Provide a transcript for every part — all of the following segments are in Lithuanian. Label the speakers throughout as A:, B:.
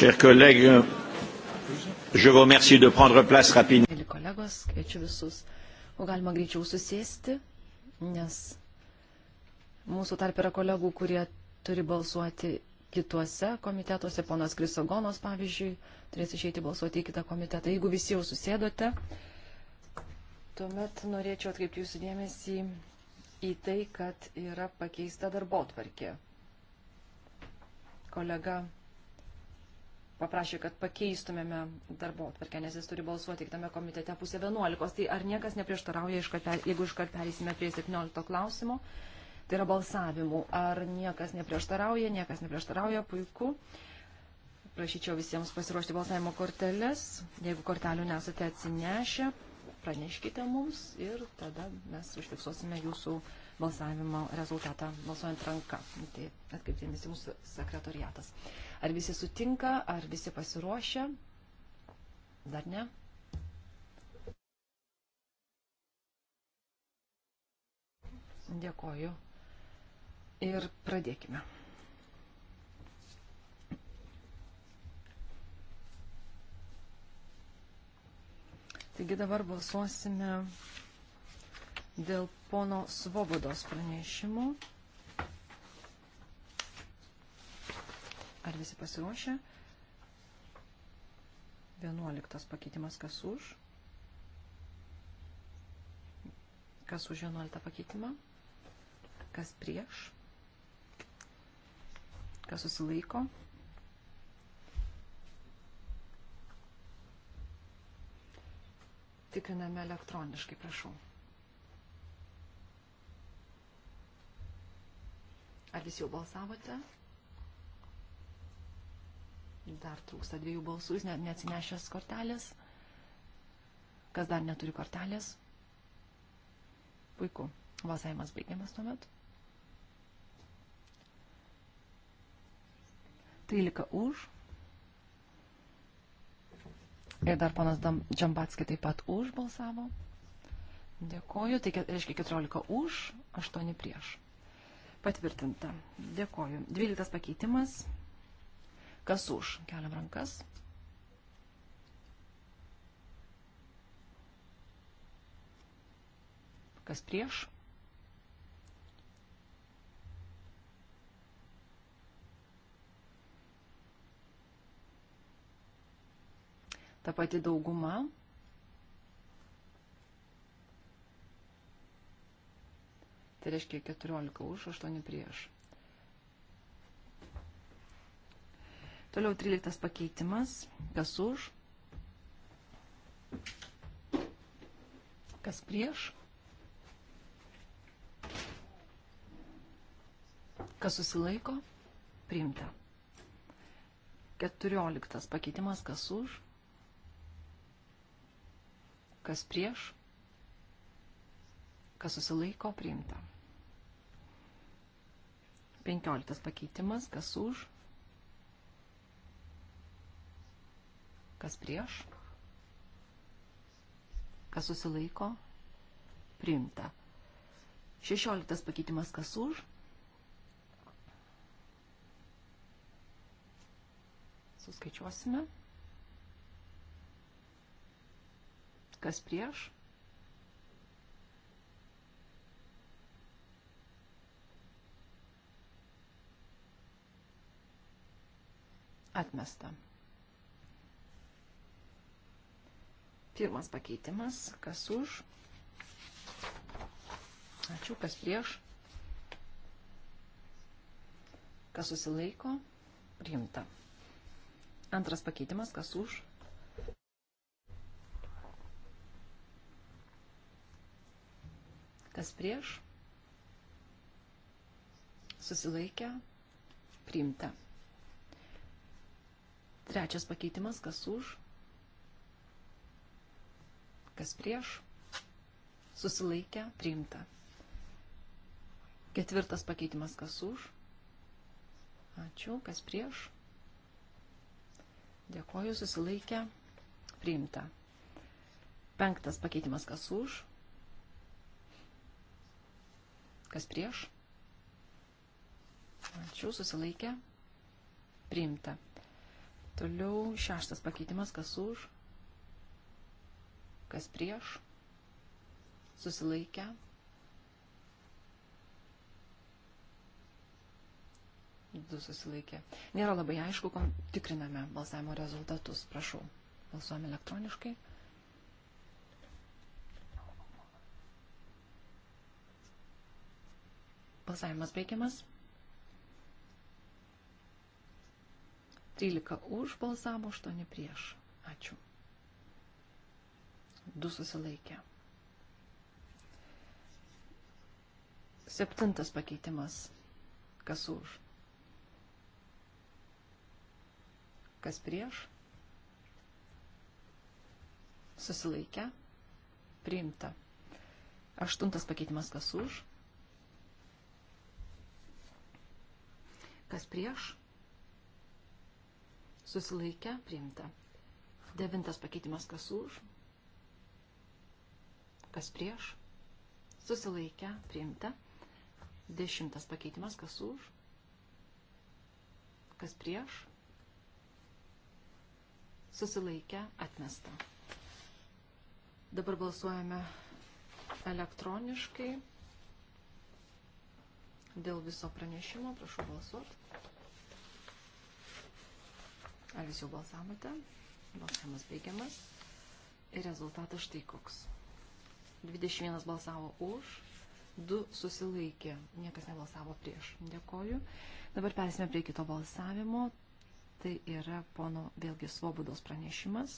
A: Chers collègues, je vous remercie de prendre place rapidement.
B: Mėly kolegos, kviečiu visus, o galima greičiau susėsti, nes mūsų tarp yra kolegų, kurie turi balsuoti kituose komitetuose, ponas Krisogonos, pavyzdžiui, turės išeiti balsuoti į kitą komitetą. Jeigu visi jau susėdote, tuomet norėčiau atkreipti jūsų dėmesį į tai, kad yra pakeista darbo tvarkė. Kolega paprašė, kad pakeistumėme darbo atvarkę, nes jis turi balsuoti kitame komitete pusė 11. Tai ar niekas neprieštarauja, jeigu iškart perėsime prie 17 klausimo, tai yra balsavimų. Ar niekas neprieštarauja, niekas neprieštarauja, puiku. Prašyčiau visiems pasiruošti balsavimo korteles. Jeigu kortelių nesate atsinešę, praneškite mums ir tada mes užfiksuosime jūsų balsavimo rezultatą balsuojant ranka. Tai atkreiptėmės mūsų sekretoriatas. Ar visi sutinka, ar visi pasiruošę? Dar ne? Dėkoju. Ir pradėkime. Taigi dabar balsuosime dėl pono Svobodos pranešimo. Ar visi pasiruošę? Vienuoliktas pakeitimas kas už? Kas už vienuoliktą pakeitimą? Kas prieš? Kas susilaiko? Tikriname elektroniškai, prašau. Ar visi jau balsavote? Dar trūksta dviejų balsų, jis neatsinešęs kortelės. Kas dar neturi kortelės? Puiku. Balsavimas baigiamas tuomet. 13 už. Ir dar ponas Džambatski taip pat už balsavo. Dėkoju. Tai reiškia 14 už, 8 prieš. Patvirtinta. Dėkoju. 12 pakeitimas. Kas už? Keliam rankas. Kas prieš? Ta pati dauguma. Tai reiškia 14 už, 8 prieš. Toliau 13 pakeitimas. Kas už? Kas prieš? Kas susilaiko? Priimta. 14 pakeitimas. Kas už? Kas prieš? Kas susilaiko? Priimta. 15 pakeitimas. Kas už? Kas prieš? Kas susilaiko? Priimta. Šešioliktas pakeitimas kas už? Suskaičiuosime. Kas prieš? Atmesta. Pirmas pakeitimas, kas už. Ačiū, kas prieš. Kas susilaiko, priimta. Antras pakeitimas, kas už. Kas prieš? Susilaikę? Priimta. Trečias pakeitimas, kas už? kas prieš, susilaikę, priimta. Ketvirtas pakeitimas, kas už. Ačiū, kas prieš. Dėkoju, susilaikę, priimta. Penktas pakeitimas, kas už. Kas prieš. Ačiū, susilaikę, priimta. Toliau šeštas pakeitimas, kas už kas prieš, susilaikę. Du susilaikė. Nėra labai aišku, kom tikriname balsavimo rezultatus. Prašau, balsuojame elektroniškai. Balsavimas baigiamas. 13 už balsavo, 8 prieš. Ačiū du susilaikė. Septintas pakeitimas. Kas už? Kas prieš? Susilaikę. Priimta. Aštuntas pakeitimas. Kas už? Kas prieš? Susilaikę. Priimta. Devintas pakeitimas. Kas už? kas prieš, susilaikę, priimta. Dešimtas pakeitimas, kas už, kas prieš, susilaikę, atmesta. Dabar balsuojame elektroniškai dėl viso pranešimo. Prašau balsuoti. Ar jūs jau balsavote? Balsavimas baigiamas. Ir rezultatas štai koks. 21 balsavo už, 2 susilaikė, niekas nebalsavo prieš. Dėkoju. Dabar persime prie kito balsavimo. Tai yra pono vėlgi svobodos pranešimas.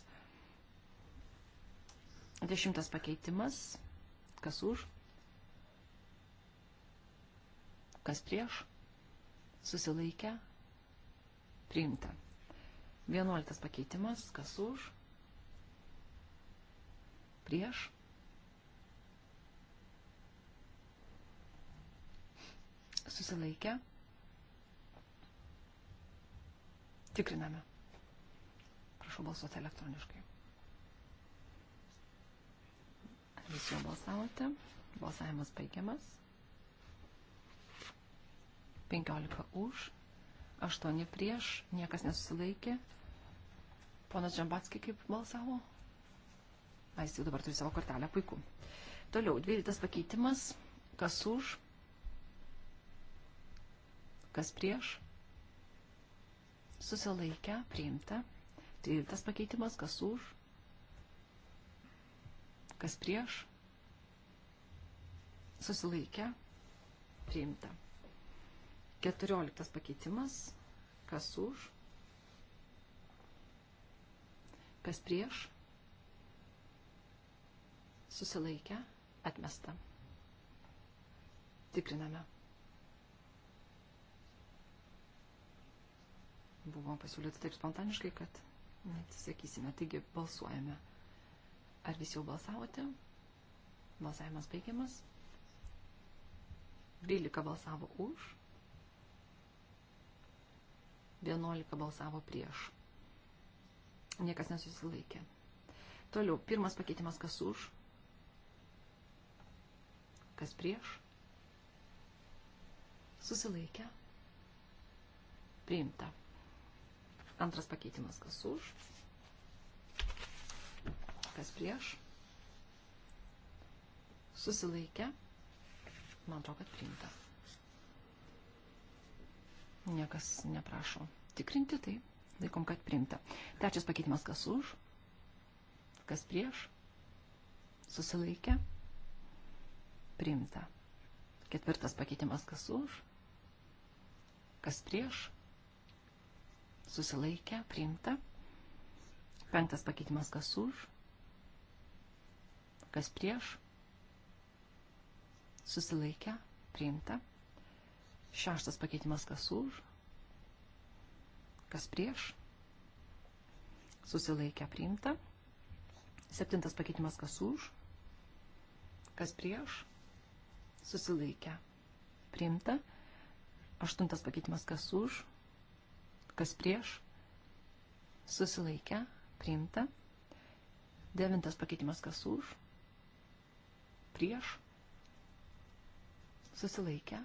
B: Dešimtas pakeitimas. Kas už? Kas prieš? Susilaikę? Priimta. Vienuoliktas pakeitimas. Kas už? Prieš? susilaikę. Tikriname. Prašau balsuoti elektroniškai. Visi jau balsavote. Balsavimas baigiamas. 15 už, 8 prieš, niekas nesusilaikė. Ponas Džambatski kaip balsavo? A, jis jau dabar turi savo kortelę, puiku. Toliau, 12 pakeitimas, kas už, kas prieš, susilaikę, priimta. 13 pakeitimas, kas už, kas prieš, susilaikę, priimta. 14 pakeitimas, kas už, kas prieš, susilaikę, atmesta. Tikriname. buvo pasiūlyta taip spontaniškai, kad atsisakysime. Taigi balsuojame. Ar visi jau balsavote? Balsavimas baigiamas. 12 balsavo už, 11 balsavo prieš. Niekas nesusilaikė. Toliau, pirmas pakeitimas kas už, kas prieš, susilaikė, priimta. Antras pakeitimas, kas už, kas prieš, susilaikė, man atrodo, kad priimta. Niekas neprašo tikrinti, tai laikom, kad priimta. Trečias pakeitimas, kas už, kas prieš, susilaikė, priimta. Ketvirtas pakeitimas, kas už, kas prieš, susilaikę, priimta. Penktas pakeitimas kas už, kas prieš, susilaikę, priimta. Šeštas pakeitimas kas už, kas prieš, susilaikę, priimta. Septintas pakeitimas kas už, kas prieš, susilaikę, priimta. Aštuntas pakeitimas kas už, kas prieš, susilaikę, priimta. Devintas pakeitimas, kas už, prieš, susilaikę,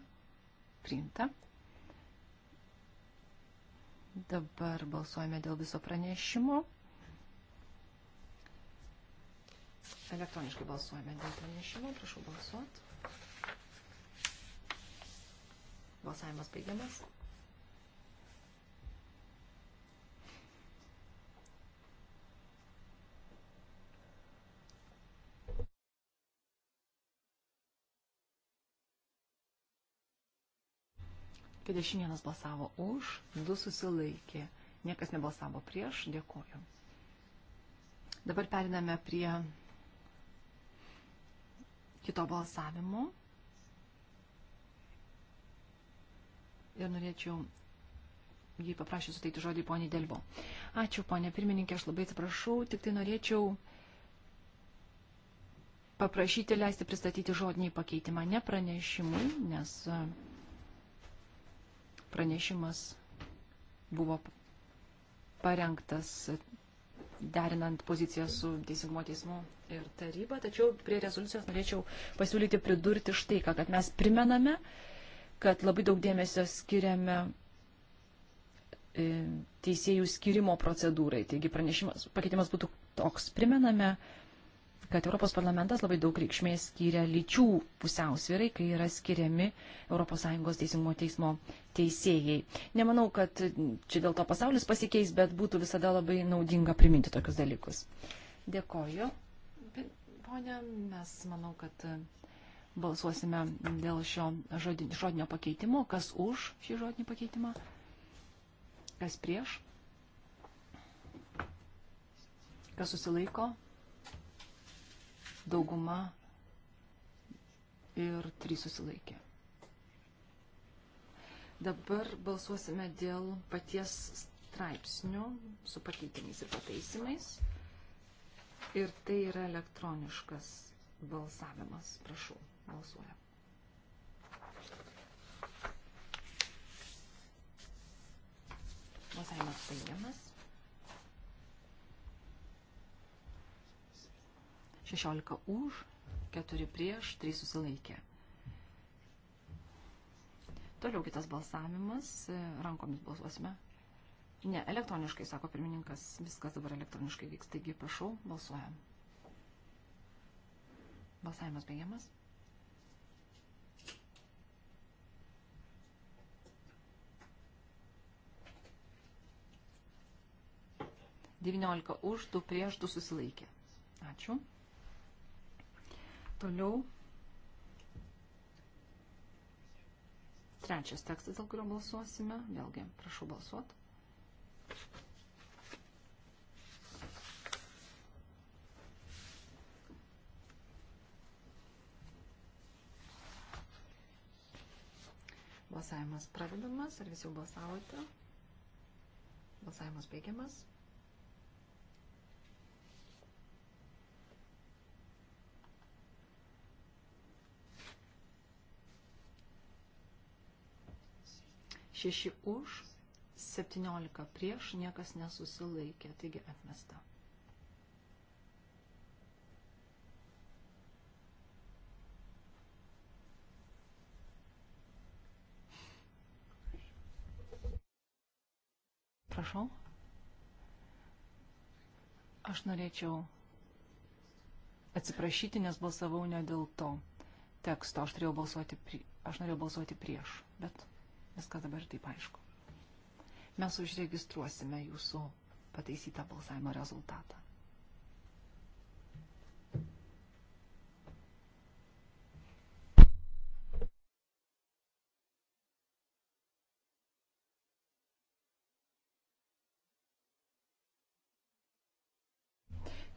B: priimta. Dabar balsuojame dėl viso pranešimo. Elektroniškai balsuojame dėl pranešimo. Prašau balsuoti. Balsavimas baigiamas. 51 balsavo už, 2 susilaikė. Niekas nebalsavo prieš, dėkoju. Dabar periname prie kito balsavimo. Ir norėčiau jį paprašyti suteikti žodį poniai Delbo. Ačiū, ponė pirmininkė, aš labai atsiprašau, tik tai norėčiau paprašyti leisti pristatyti žodinį pakeitimą ne pranešimui, nes pranešimas buvo parengtas derinant poziciją su Teisingumo teismu ir taryba, tačiau prie rezoliucijos norėčiau pasiūlyti pridurti štai ką, kad mes primename, kad labai daug dėmesio skiriame e, teisėjų skirimo procedūrai. Taigi pranešimas, pakeitimas būtų toks. Primename, kad Europos parlamentas labai daug reikšmės skiria lyčių pusiausvirai, kai yra skiriami ES teisingumo teismo teisėjai. Nemanau, kad čia dėl to pasaulis pasikeis, bet būtų visada labai naudinga priminti tokius dalykus. Dėkoju. Pone, mes manau, kad e, balsuosime dėl šio žodinio pakeitimo. Kas už šį žodinį pakeitimą? Kas prieš? Kas susilaiko? dauguma ir trys susilaikė. Dabar balsuosime dėl paties straipsnio su pakeitimais ir pataisimais. Ir tai yra elektroniškas balsavimas. Prašau, balsuoja. Balsavimas baigiamas. 16 už, 4 prieš, 3 susilaikė. Toliau kitas balsavimas. Rankomis balsuosime. Ne, elektroniškai, sako pirmininkas. Viskas dabar elektroniškai vyks. Taigi, prašau, balsuojam. Balsavimas baigiamas. Devyniolika už, du prieš, du susilaikė. Ačiū. Toliau. Trečias tekstas, dėl kurio balsuosime. Vėlgi, prašau balsuoti. Balsavimas pradedamas, ar visi jau balsavote? Balsavimas baigiamas. 6 už, 17 prieš, niekas nesusilaikė, taigi atmesta. Prašau. Aš norėčiau atsiprašyti, nes balsavau ne dėl to teksto. Aš, balsuoti, aš norėjau balsuoti prieš, bet Viskas dabar taip aišku. Mes užregistruosime jūsų pataisytą balsavimo rezultatą.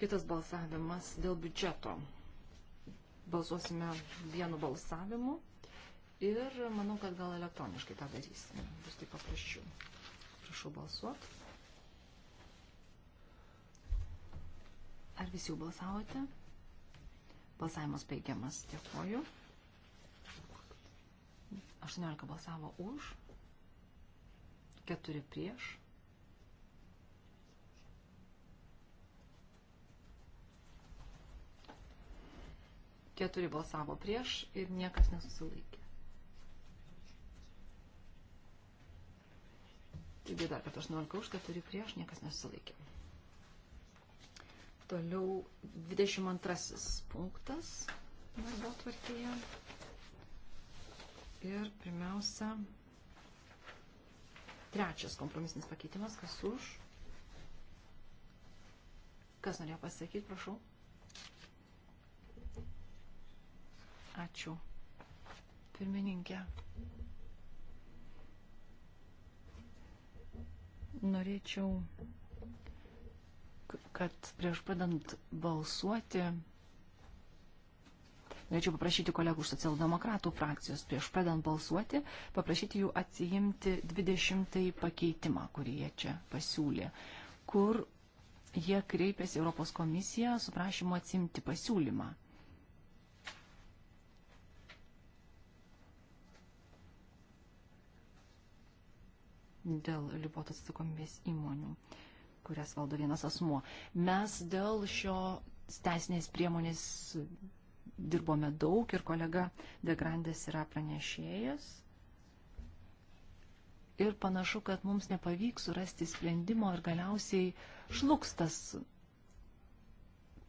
B: Kitas balsavimas dėl biudžeto. Balsuosime vienu balsavimu ir manau, kad gal elektroniškai tą darysime. Bus taip paprasčiau. Prašau balsuoti. Ar visi jau balsavote? Balsavimas baigiamas. Dėkuoju. 18 balsavo už, 4 prieš. keturi balsavo prieš ir niekas nesusilaikė. Taigi dar kartą 18 už, 4 prieš, niekas nesusilaikė. Toliau 22 punktas darbo tvarkėje. Ir pirmiausia, trečias kompromisinis pakeitimas, kas už. Kas norėjo pasakyti, prašau. Ačiū. Pirmininkė. Norėčiau, kad prieš pradant balsuoti, norėčiau paprašyti kolegų iš socialdemokratų frakcijos prieš pradant balsuoti, paprašyti jų atsijimti 20 pakeitimą, kurį jie čia pasiūlė, kur jie kreipėsi Europos komisiją su prašymu atsimti pasiūlymą dėl libotos atsakomybės įmonių, kurias valdo vienas asmuo. Mes dėl šio teisinės priemonės dirbome daug ir kolega Degrandės yra pranešėjas. Ir panašu, kad mums nepavyks surasti sprendimo ir galiausiai šluks tas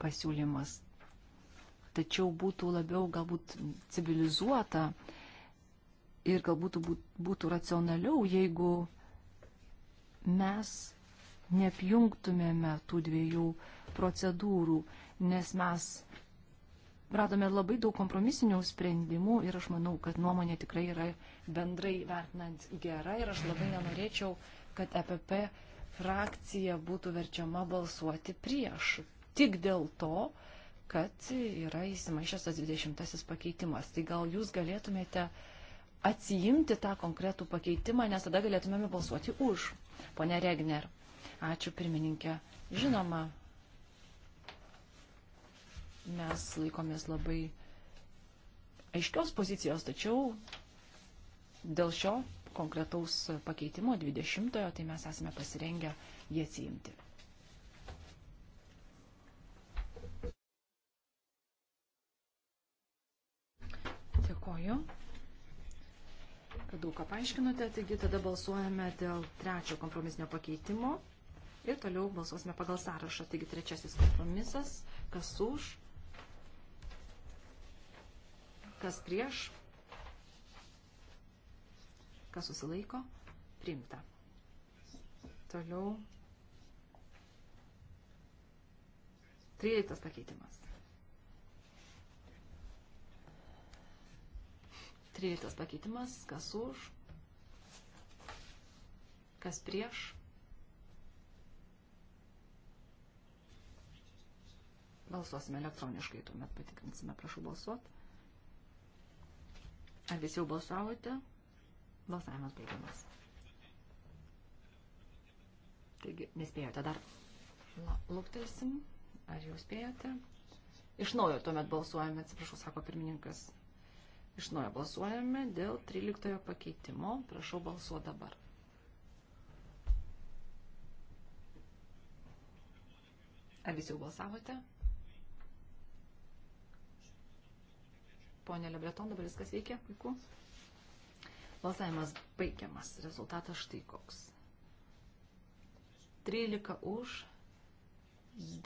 B: pasiūlymas. Tačiau būtų labiau galbūt civilizuota ir galbūt būtų racionaliau, jeigu mes neapjungtumėme tų dviejų procedūrų, nes mes radome labai daug kompromisinių sprendimų ir aš manau, kad nuomonė tikrai yra bendrai vertinant gera ir aš labai nenorėčiau, kad EPP frakcija būtų verčiama balsuoti prieš. Tik dėl to, kad yra įsimaišęs tas 20 pakeitimas. Tai gal jūs galėtumėte uh, atsijimti tą konkretų pakeitimą, nes tada galėtumėme balsuoti už. Pone Regner, ačiū pirmininkė. Žinoma, mes laikomės labai aiškios pozicijos, tačiau dėl šio konkretaus pakeitimo 20-ojo, tai mes esame pasirengę jį atsijimti. Dėkoju daug ką paaiškinote, taigi tada balsuojame dėl trečio kompromisinio pakeitimo ir toliau balsuosime pagal sąrašą. Taigi trečiasis kompromisas, kas už, kas prieš, kas susilaiko, priimta. Toliau. Tryliktas pakeitimas. 13 pakeitimas, kas už, kas prieš. Balsuosime elektroniškai, tuomet patikrinsime, prašau balsuoti. Ar visi jau balsavote? Balsavimas baigiamas. Taigi, nespėjote dar. La, lauktelsim, ar jau spėjote? Iš naujo tuomet balsuojame, atsiprašau, sako pirmininkas. Iš naujo balsuojame dėl 13 pakeitimo. Prašau balsuo dabar. Ar visi jau balsavote? Pone Lebreton, dabar viskas veikia, puiku. Balsavimas baigiamas, rezultatas štai koks. 13 už,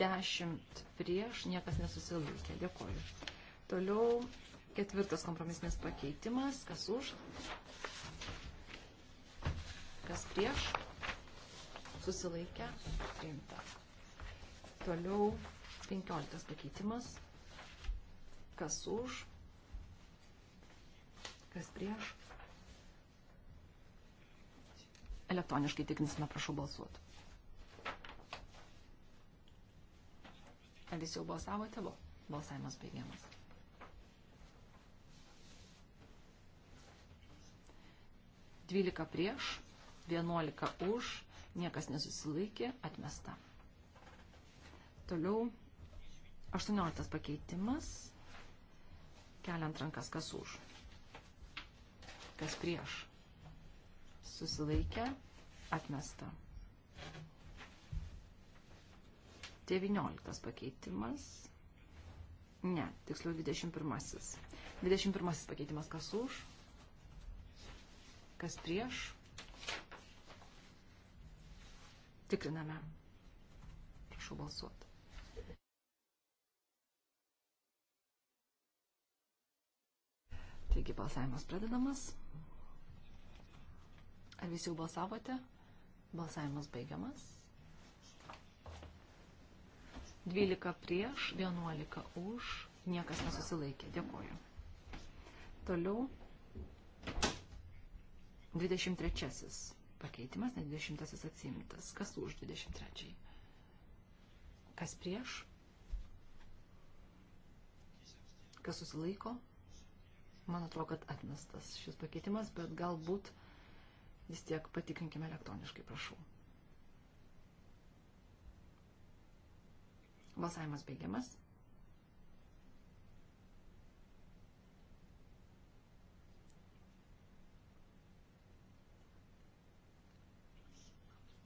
B: 10 prieš, niekas nesusilaikė. Dėkoju. Toliau Ketvirtas kompromisinis pakeitimas. Kas už? Kas prieš? Susilaikę. Priimta. Toliau 15 pakeitimas. Kas už? Kas prieš? Elektroniškai tikrinsime, prašau balsuoti. Ar visi jau balsavote? Balsavimas baigiamas. 12 prieš, 11 už, niekas nesusilaikė, atmesta. Toliau 18 pakeitimas, keliant rankas kas už, kas prieš, susilaikė, atmesta. 19 pakeitimas. Ne, tiksliau 21. 21 pakeitimas kas už, kas prieš. Tikriname. Prašau balsuoti. Taigi balsavimas pradedamas. Ar visi jau balsavote? Balsavimas baigiamas. 12 prieš, 11 už, niekas nesusilaikė. Dėkoju. Toliau 23 pakeitimas, ne 20 atsimtas. Kas už 23? Kas prieš? Kas susilaiko? Man atrodo, kad atmestas šis pakeitimas, bet galbūt vis tiek patikrinkime elektroniškai, prašau. Balsavimas baigiamas.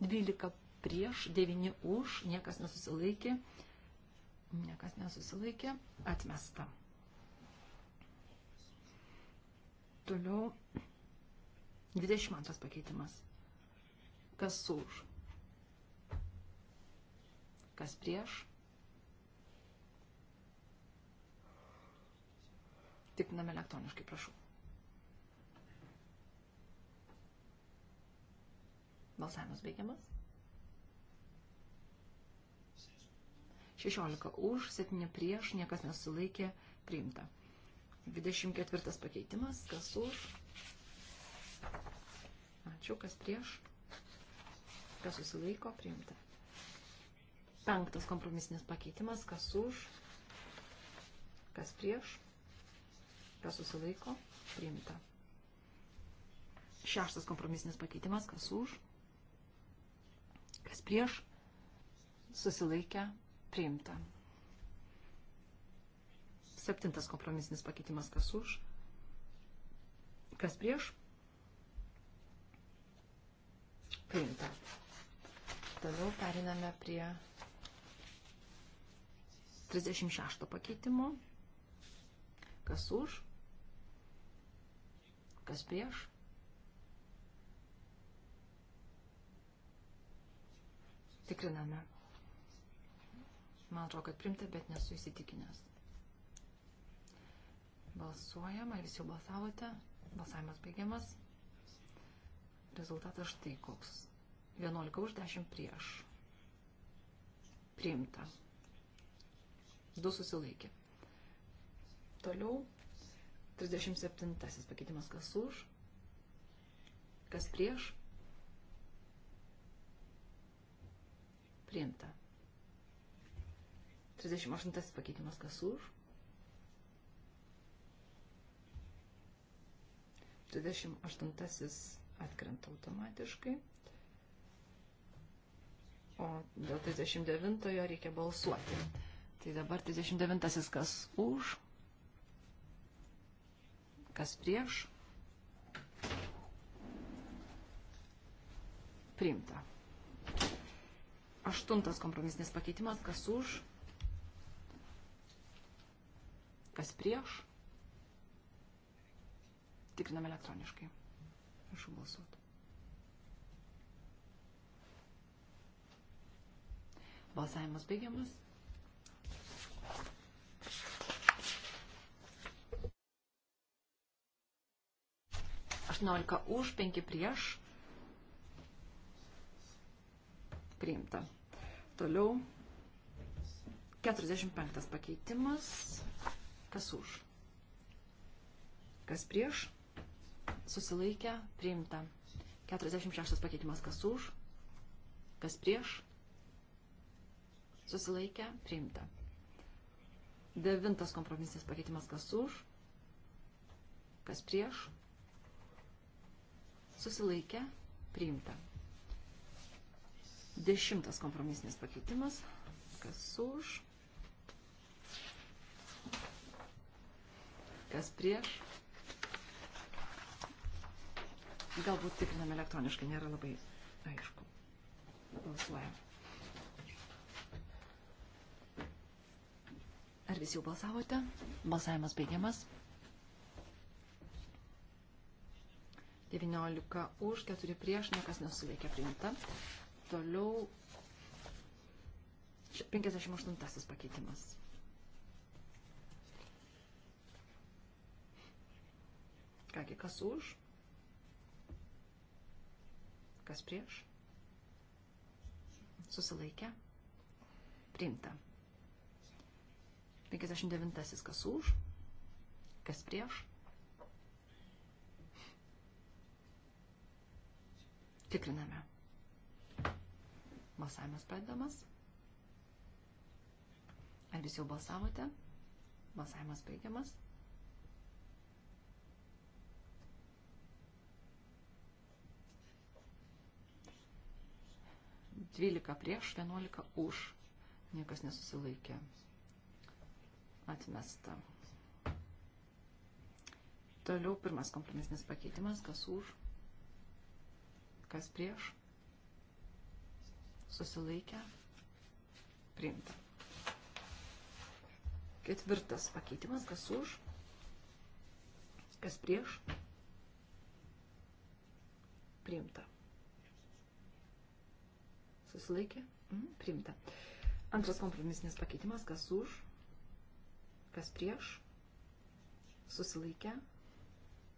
B: 12 prieš, 9 už, niekas nesusilaikė, niekas nesusilaikė, atmesta. Toliau 22 pakeitimas. Kas už? Kas prieš? Tikriname elektroniškai, prašau. Balsavimas baigiamas. 16 už, 7 prieš, niekas nesulaikė, priimta. 24 pakeitimas, kas už. Ačiū, kas prieš. Kas susilaiko, priimta. Penktas kompromisinis pakeitimas, kas už. Kas prieš. Kas susilaiko, priimta. Šeštas kompromisinis pakeitimas, kas už kas prieš, susilaikę, priimta. Septintas kompromisinis pakeitimas, kas už, kas prieš, priimta. Toliau periname prie 36 pakeitimo, kas už, kas prieš, Tikriname. Man atrodo, kad primta, bet nesu įsitikinęs. Balsuojam, ar visi jau balsavote? Balsavimas baigiamas. Rezultatas štai koks. 11 už 10 prieš. Priimta. Du susilaikė. Toliau 37 pakeitimas kas už, kas prieš, Priimta. 38 pakeitimas kas už. 38 atkrenta automatiškai. O dėl 39 reikia balsuoti. Tai dabar 39 kas už, kas prieš. Priimta. Aštuntas kompromisinis pakeitimas, kas už, kas prieš. Tikriname elektroniškai. Prašau balsuoti. Balsavimas baigiamas. Aštuoniolika už, penki prieš. priimta. Toliau 45 pakeitimas. Kas už? Kas prieš? Susilaikę, priimta. 46 pakeitimas. Kas už? Kas prieš? Susilaikę, priimta. Devintas kompromisinis pakeitimas. Kas už? Kas prieš? Susilaikę, priimta. Dešimtas kompromisinis pakeitimas. Kas už? Kas prieš? Galbūt tikrinam elektroniškai, nėra labai aišku. Balsuojam. Ar visi jau balsavote? Balsavimas baigiamas. 19 už, 4 prieš, niekas nesuveikė priimta. Toliau 58 pakeitimas. Kągi, kas už? Kas prieš? Susilaikę? Priimta. 59 kas už? Kas prieš? Tikriname. Balsavimas pradedamas. Ar visi jau balsavote? Balsavimas baigiamas. Dvylika prieš, vienuolika už. Niekas nesusilaikė. Atmesta. Toliau pirmas kompromisinis pakeitimas, kas už, kas prieš susilaikę, priimta. Ketvirtas pakeitimas, kas už, kas prieš, priimta. Susilaikė, mm, priimta. Antras kompromisinis pakeitimas, kas už, kas prieš, susilaikę,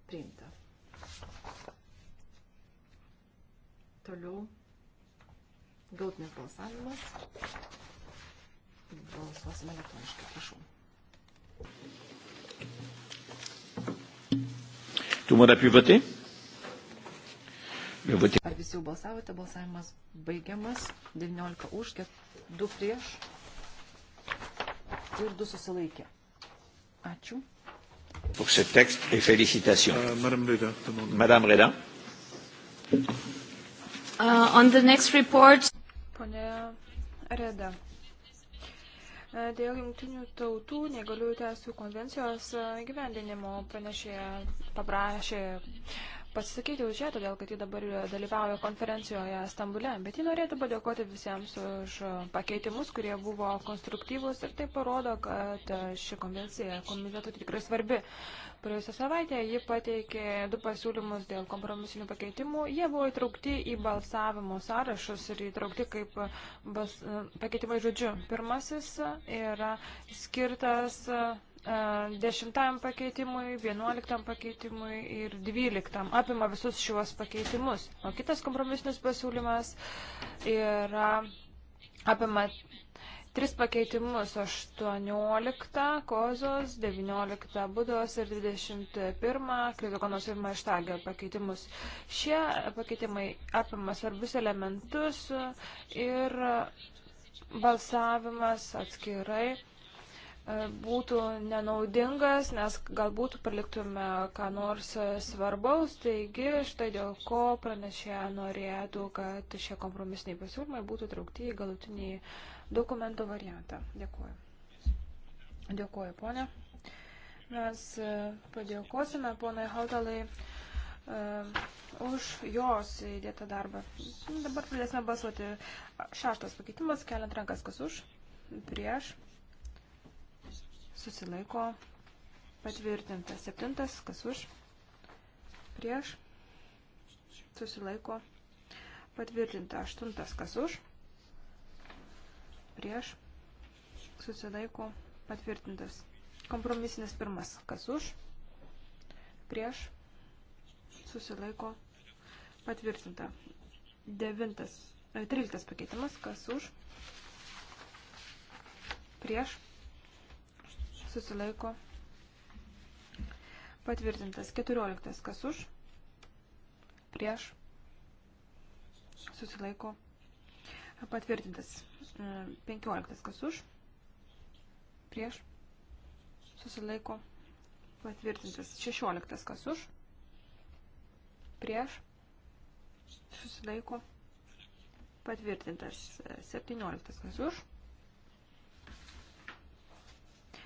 B: priimta. Toliau Galtinis balsavimas. Balsuosime elektroniškai, prašau.
A: Tu mane apivatai?
B: Ar visi jau balsavote? Balsavimas baigiamas. 19 už, 2 prieš ir 2 susilaikė. Ačiū.
A: Pour ce texte et félicitations. Euh, Madame Reda. Madame Reda.
B: Uh, on the next report
C: ponė Reda. Dėl jungtinių tautų negaliųjų teisų konvencijos gyvendinimo pranešė, paprašė pasisakyti už ją, todėl kad ji dabar dalyvauja konferencijoje Stambule, bet ji norėtų padėkoti visiems už pakeitimus, kurie buvo konstruktyvus ir tai parodo, kad ši konvencija komitetų tikrai svarbi. Praėjusią savaitę ji pateikė du pasiūlymus dėl kompromisinių pakeitimų. Jie buvo įtraukti į balsavimo sąrašus ir įtraukti kaip bas, pakeitimai žodžiu. Pirmasis yra skirtas 10 pakeitimui, 11 pakeitimui ir 12 apima visus šiuos pakeitimus. O kitas kompromisinis pasiūlymas yra apima 3 pakeitimus 18, kozos, 19 būdos ir 21, kritikonos ir maštagio pakeitimus. Šie pakeitimai apima svarbius elementus ir balsavimas atskirai E, būtų nenaudingas, nes galbūt paliktume ką nors e, svarbaus. Taigi, štai dėl ko pranešė norėtų, kad šie kompromisiniai pasiūlymai būtų traukti į galutinį dokumento variantą. Dėkuoju. Dėkuoju, ponė. Mes e, padėkosime ponai Hautalai už jos įdėtą darbą. Dabar pradėsime balsuoti. Šeštas pakeitimas, keliant rankas, kas už, prieš, susilaiko patvirtinta. Septintas, kas už, prieš, susilaiko patvirtinta. Aštuntas, kas už, prieš, susilaiko patvirtintas. Kompromisinis pirmas, kas už, prieš, susilaiko patvirtinta. Devintas, e, tryliktas pakeitimas, kas už, prieš, susilaiko patvirtintas. 14. Kas už, prieš, susilaiko patvirtintas. 15. Mm, Kas už, prieš, susilaiko patvirtintas. 16. Kas už, prieš, susilaiko patvirtintas. 17. Kas už, prieš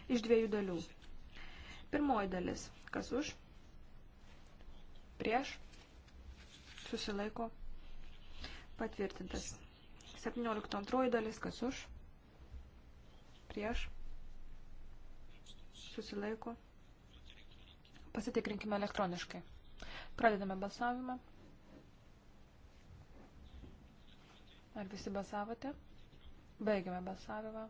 C: iš dviejų dalių. Pirmoji dalis. Kas už? Prieš. Susilaiko. Patvirtintas. 17 antroji dalis. Kas už? Prieš. Susilaiko. Pasitikrinkime elektroniškai. Pradedame balsavimą. Ar visi balsavote? Baigiame balsavimą.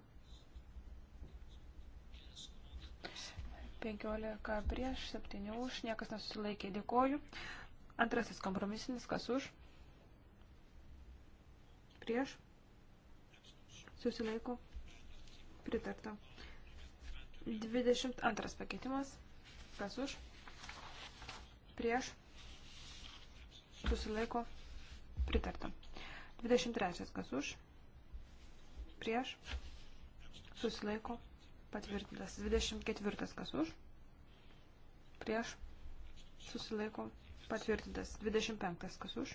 C: 15 prieš, 7 už, niekas nesusilaikė, dėkoju. Antrasis kompromisinis, kas už? Prieš? Susilaiko? Pritarta. 22 pakeitimas, kas už? Prieš? Susilaiko? Pritarta. 23 kas už? Prieš? Susilaiko? Pritarta patvirtintas. 24 kas už, prieš, susilaiko, patvirtintas. 25 kas už,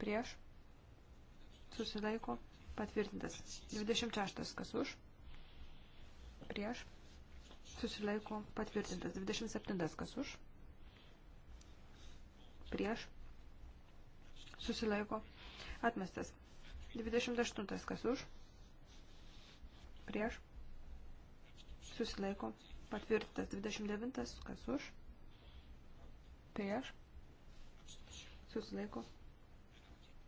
C: prieš, susilaiko, patvirtintas. 26 kas už, prieš, susilaiko, patvirtintas. 27 kas už, prieš, susilaiko, atmestas. 28 kas už, prieš, susilaiko patvirtintas 29, kas už, prieš, susilaiko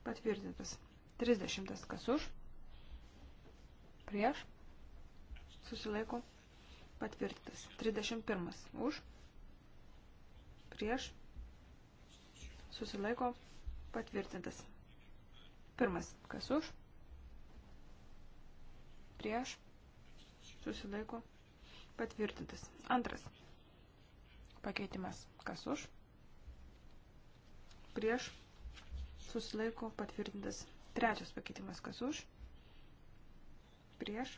C: patvirtintas 30, kas už, prieš, susilaiko patvirtintas 31, už, prieš, susilaiko patvirtintas pirmas, kas už, prieš, susilaiko patvirtintas Patvirtintas. Antras pakeitimas. Kas už? Prieš. Susilaiko. Patvirtintas. Trečias pakeitimas. Kas už? Prieš.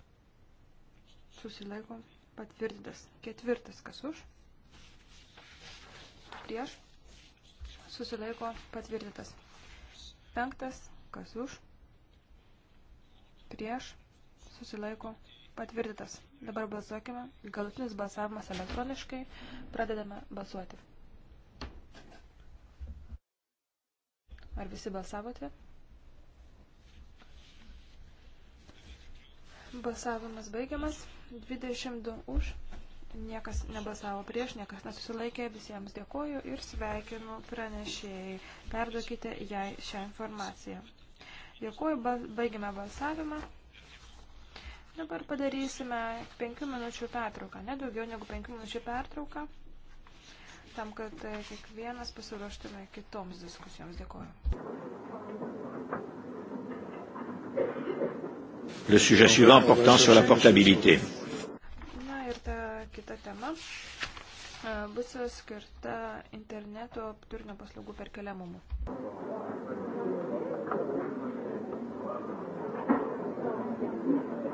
C: Susilaiko. Patvirtintas. Ketvirtas. Kas už? Prieš. Susilaiko. Patvirtintas. Penktas. Kas už? Prieš. Susilaiko. Patvirtintas Patvirtintas. Dabar balsuokime. Galutinis balsavimas elektroniškai. Pradedame balsuoti. Ar visi balsavote? Balsavimas baigiamas. 22 už. Niekas nebalsavo prieš, niekas nesusilaikė. Visiems dėkoju ir sveikinu pranešėjai. Perduokite jai šią informaciją. Dėkoju, baigiame balsavimą. Dabar padarysime 5 minučių pertrauką, ne daugiau negu 5 minučių pertrauką, tam, kad e, kiekvienas pasiruoštume
A: kitoms diskusijoms. Dėkuoju. Le sujet suivant portant sur la portabilité.
C: Na ir ta kita tema e, bus skirta interneto turinio paslaugų
A: perkeliamumu. Thank you.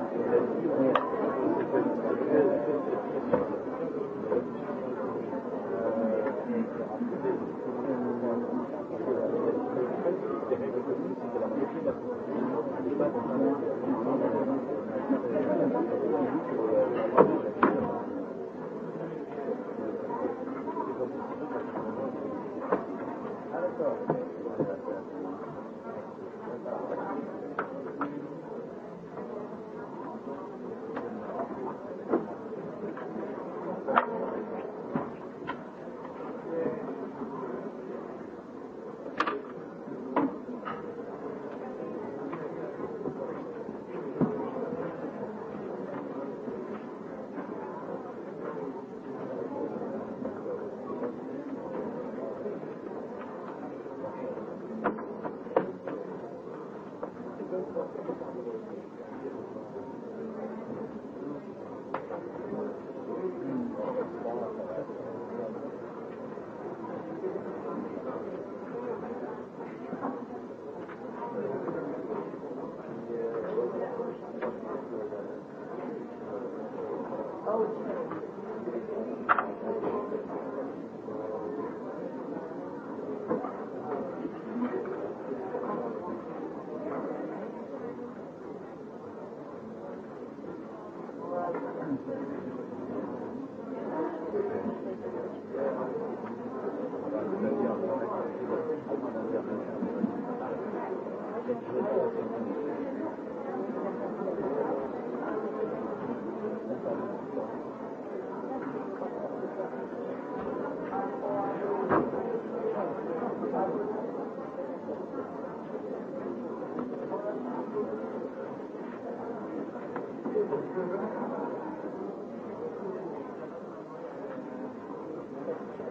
A: Vous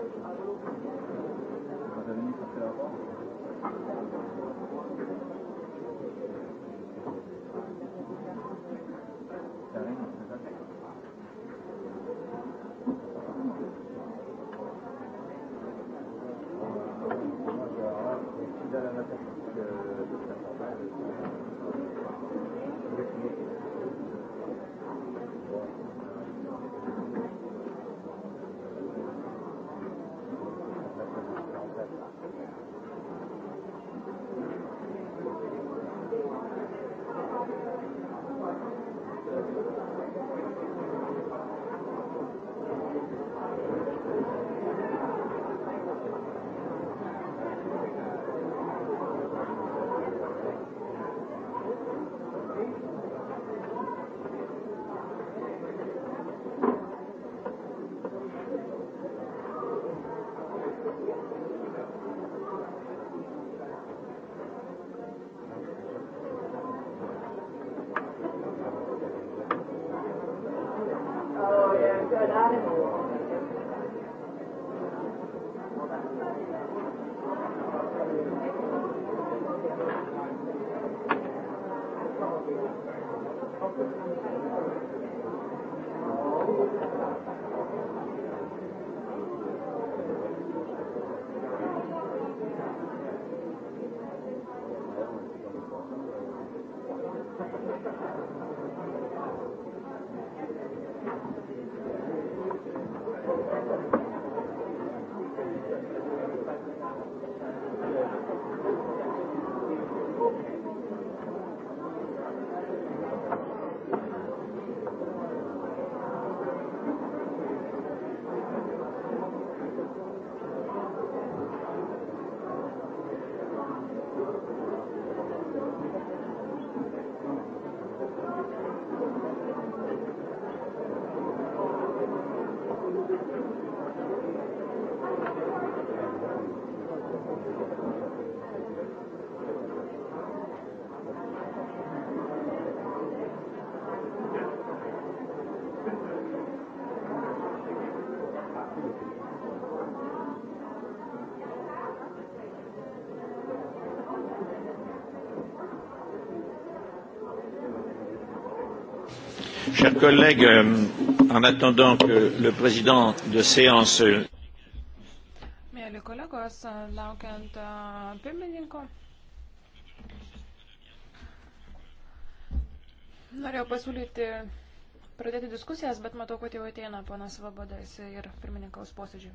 A: avez mis ça fait avant Chers collègues, euh, en attendant que le président de séance. Euh, Mėly kolegos,
C: laukiant uh, pirmininko. Norėjau pasiūlyti pradėti diskusijas, bet matau, kad jau ateina ponas Vabodas ir pirmininkaus posėdžiui.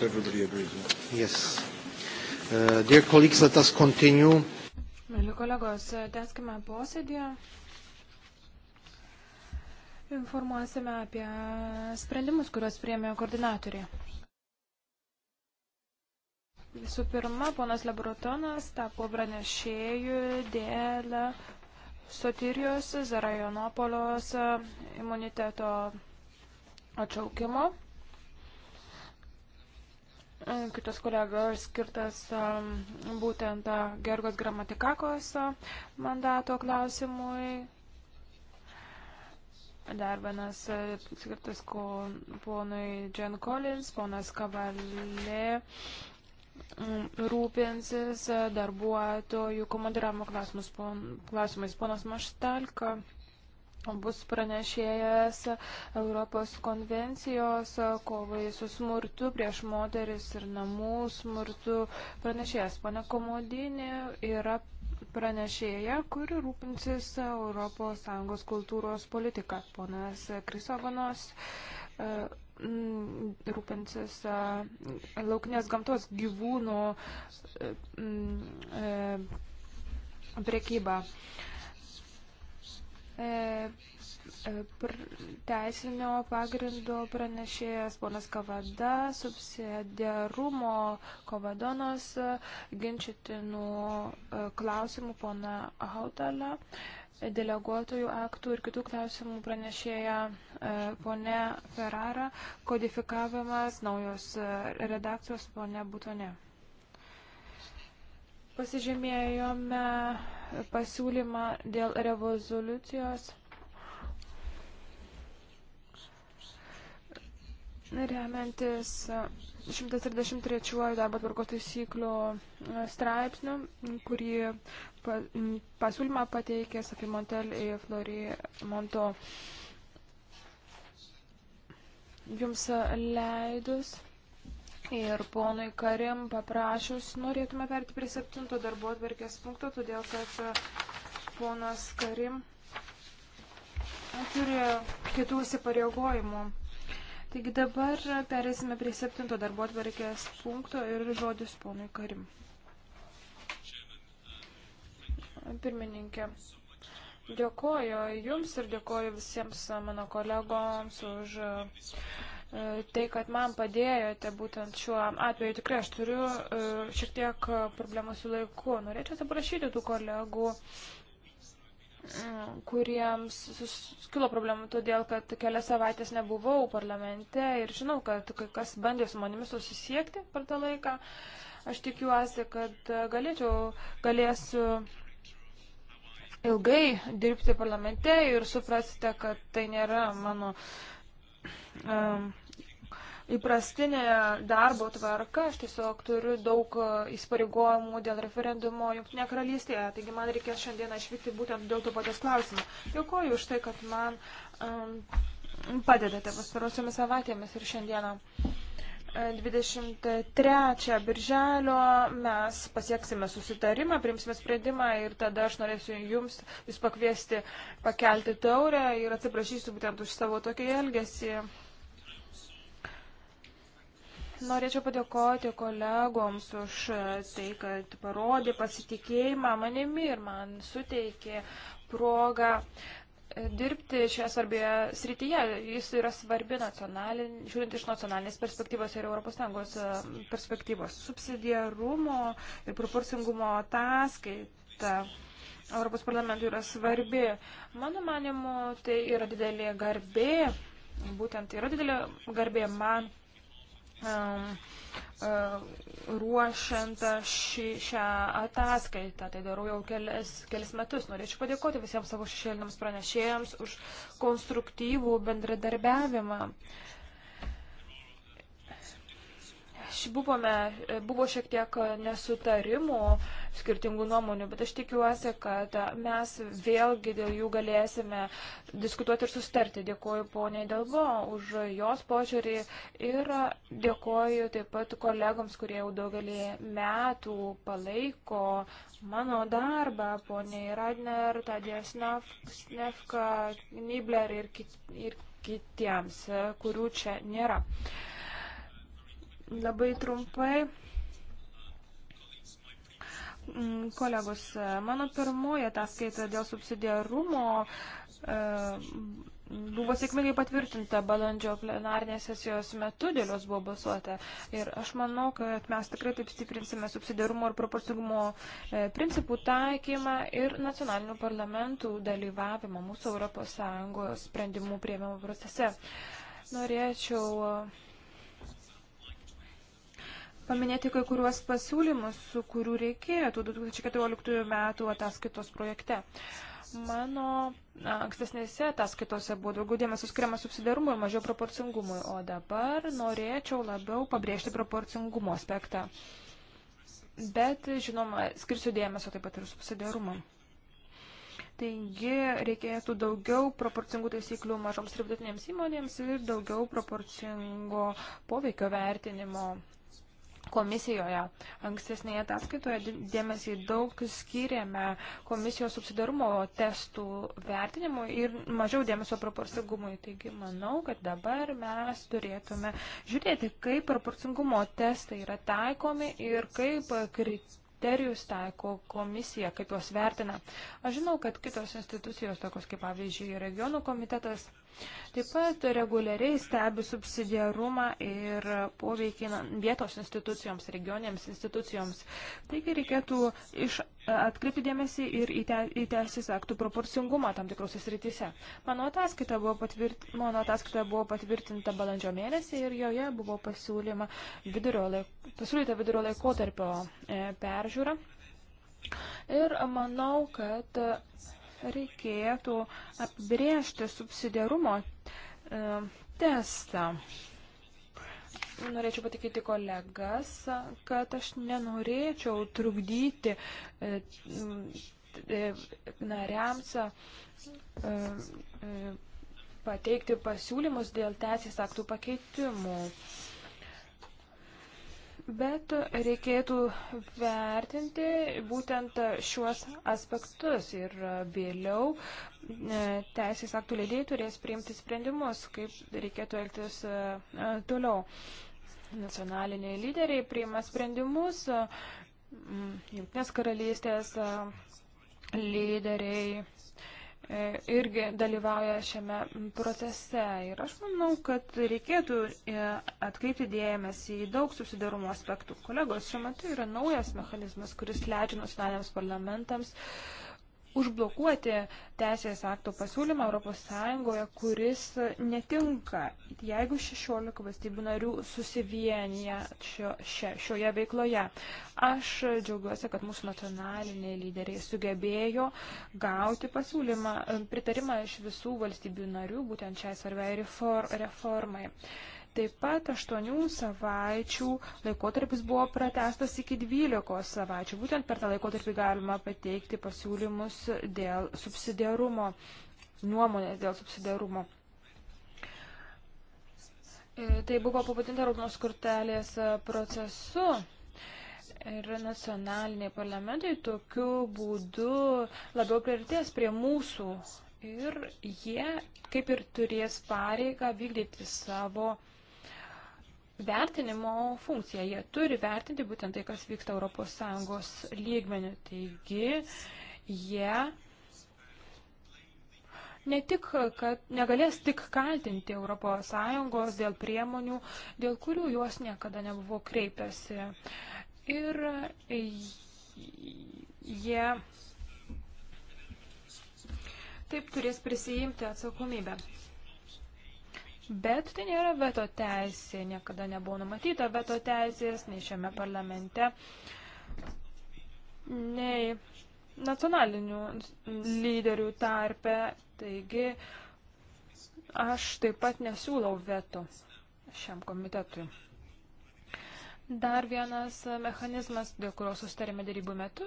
D: if everybody agrees. Yeah? Yes. Uh, dear colleagues, let us continue.
C: Mėly kolegos, tęskime posėdį. Informuosime apie sprendimus, kuriuos priemė koordinatoriai. Visų pirma, ponas Lebrotonas tapo pranešėjų dėl Sotirijos Zarajonopolos imuniteto atšaukimo kitas kolega skirtas um, būtent uh, Gergos gramatikakos uh, mandato klausimui. Dar vienas uh, skirtas ponui Jen Collins, ponas Kavalė mm, rūpinsis darbuotojų komandiravimo klausimus, pon, klausimais, ponas Maštalka bus pranešėjas Europos konvencijos kovai su smurtu prieš moteris ir namų smurtu pranešėjas. Pane Komodinė yra pranešėja, kuri rūpinsis ES kultūros politiką. Ponas Krisogonos e, mm, rūpinsis e, laukinės gamtos gyvūnų e, mm, prekybą. E, e, teisinio pagrindo pranešėjas ponas Kavada, subsidiarumo Kavadonos, ginčytinų e, klausimų pona Hautala, deleguotojų aktų ir kitų klausimų pranešėja ponė Ferrara, kodifikavimas naujos redakcijos ponė Butone. Pasižymėjome pasiūlymą dėl revoliucijos. Remiantis 133 darbo tvarkos taisyklių e, straipsnių, kurį pasiūlymą pateikė Safi Montel į Flori Monto. Jums leidus Ir ponui Karim paprašius, norėtume perti prie septinto darbo atverkės punkto, todėl kad e, ponas Karim turi kitų įsipareigojimų. Taigi dabar perėsime prie septinto darbo atverkės punkto ir žodis ponui Karim. Pirmininkė, dėkoju Jums ir dėkoju visiems mano kolegoms už E, tai, kad man padėjote būtent šiuo atveju. Tikrai aš turiu e, šiek tiek problemų su laiku. Norėčiau atsiprašyti tų kolegų mm, kuriems kilo problemų todėl, kad kelias savaitės nebuvau parlamente ir žinau, kad kai kas bandė su manimi susisiekti per tą laiką. Aš tikiuosi, kad galėčiau, galėsiu ilgai dirbti parlamente ir suprasite, kad tai nėra mano uh, įprastinė darbo tvarka, aš tiesiog turiu daug e, įsipareigojimų dėl referendumo Junktinė karalystėje, taigi man reikės šiandieną išvykti būtent dėl to paties klausimo. Dėkuoju už tai, kad man um, padedate pastarosiomis savaitėmis ir šiandieną. 23 e, birželio mes pasieksime susitarimą, priimsime sprendimą ir tada aš norėsiu jums, jūs pakviesti pakelti taurę ir atsiprašysiu būtent už savo tokį elgesį. Norėčiau padėkoti kolegoms už tai, kad parodė pasitikėjimą manimi ir man suteikė progą e, dirbti šioje svarbioje srityje. Jis yra svarbi žiūrint iš nacionalinės perspektyvos ir ES e, perspektyvos. Subsidiarumo ir proporcingumo ataskaita. Europos parlamentui yra svarbi. Mano manimu, tai yra didelė garbė būtent yra didelė garbė man E, ruošiant šį, šią ataskaitą. Tai darau jau kelias, kelias metus. Norėčiau padėkoti visiems savo šešėliniams pranešėjams už konstruktyvų bendradarbiavimą. Uh, buvome, e, buvo šiek tiek e, nesutarimų, skirtingų nuomonių, bet aš tikiuosi, kad e, mes vėlgi dėl jų galėsime diskutuoti ir sustarti. Dėkuoju poniai Delbo už jos požiūrį ir dėkuoju taip pat kolegams, kurie jau daugelį metų palaiko mano darbą, poniai Radner, Tadės Nefka, Nibler ir, kit, ir kitiems, kurių čia nėra. Uh, Labai trumpai. Mm, kolegos, mano pirmoji ataskaita dėl subsidiarumo e, buvo sėkmingai patvirtinta balandžio plenarnės sesijos metu, dėl jos buvo balsuota. Ir aš manau, kad mes tikrai taip stiprinsime subsidiarumo ir proporcingumo e, principų taikymą ir nacionalinių parlamentų dalyvavimą mūsų ES sprendimų prieimimo procese. Norėčiau paminėti kai kuriuos pasiūlymus, kurių reikėtų 2014 metų ataskaitos projekte. Mano ankstesnėse ataskaitose buvo daugiau dėmesio skiriama subsidarumui ir mažiau proporcingumui, o dabar norėčiau labiau pabrėžti proporcingumo aspektą. Bet, žinoma, skirsiu dėmesio taip pat ir subsidarumui. Taigi reikėtų daugiau proporcingų taisyklių mažoms ir vidutinėms įmonėms ir daugiau proporcingo poveikio vertinimo komisijoje. Ankstesnėje ataskaitoje dėmesį daug skiriame komisijos subsidarumo testų vertinimui ir mažiau dėmesio proporcingumui. Taigi manau, kad dabar mes turėtume žiūrėti, kaip proporcingumo testai yra taikomi ir kaip kriterijus taiko komisija, kaip juos vertina. Aš žinau, kad kitos institucijos, tokios kaip pavyzdžiui regionų komitetas, Taip pat reguliariai stebi subsidiarumą ir poveikį vietos institucijoms, regionėms institucijoms. Taigi reikėtų iš, atkreipti dėmesį ir į, te, į teisės aktų proporcingumą tam tikrose srityse. Mano ataskaita, buvo patvirt, mano ataskaita buvo patvirtinta balandžio mėnesį ir joje buvo pasiūlyma vidurio laik, pasiūlyta vidurio laikotarpio e, peržiūra. Ir manau, kad reikėtų apibriežti subsidiarumo e, testą. Norėčiau patikyti kolegas, kad aš nenorėčiau trukdyti e, e, nariams pateikti pasiūlymus dėl teisės aktų pakeitimų. Bet reikėtų vertinti būtent šiuos aspektus ir vėliau e, teisės aktų leidėjai turės priimti sprendimus, kaip reikėtų elgtis e, toliau. Nacionaliniai lyderiai priima sprendimus, e, Junktinės karalystės lyderiai E, irgi dalyvauja šiame procese. Ir aš manau, kad reikėtų e, atkreipti dėmesį į daug susidarumo aspektų. Kolegos, šiuo metu yra naujas mechanizmas, kuris leidžia nacionaliniams parlamentams uh, užblokuoti teisės akto pasiūlymą ES, kuris netinka, jeigu 16 valstybių narių susivienyje šio, šio, šioje veikloje. Aš džiaugiuosi, kad mūsų nacionaliniai lyderiai sugebėjo gauti pasiūlymą, pritarimą iš visų valstybių narių būtent šiai svarbiai reformai. Taip pat 8 savaičių laikotarpis buvo pratestas iki 12 savaičių. Būtent per tą laikotarpį galima pateikti pasiūlymus dėl subsidiarumo, nuomonės dėl subsidiarumo. E, tai buvo pavadinta raudonos kortelės procesu. Ir nacionaliniai parlamentai tokiu būdu labiau prioritės prie mūsų ir jie kaip ir turės pareigą vykdyti savo vertinimo funkciją. Jie turi vertinti būtent tai, kas vyksta ES lygmenių. Taigi, jie ne tik, kad negalės tik kaltinti ES dėl priemonių, dėl kurių juos niekada nebuvo kreipiasi. Ir jie taip turės prisijimti atsakomybę. Bet tai nėra veto teisė, niekada nebuvo numatyta veto teisės, nei šiame parlamente, nei nacionalinių lyderių tarpe. Taigi aš taip pat nesiūlau veto šiam komitetui. Dar vienas mechanizmas, dėl kurio sustarėme darybų metu,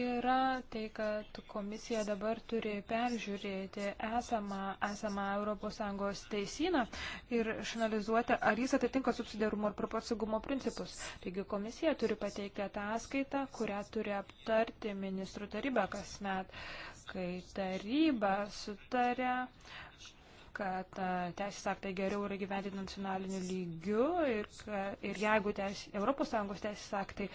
C: yra tai, kad komisija dabar turi peržiūrėti esamą, esamą ES teisyną ir išanalizuoti, ar jis atitinka subsidiarumo ir proporcingumo principus. Taigi komisija turi pateikti ataskaitą, kurią turi aptarti ministrų taryba kasmet, kai taryba sutarė kad e, teisės aktai geriau yra gyvendinti nacionaliniu lygiu ir, ir jeigu teis, ES teisės aktai,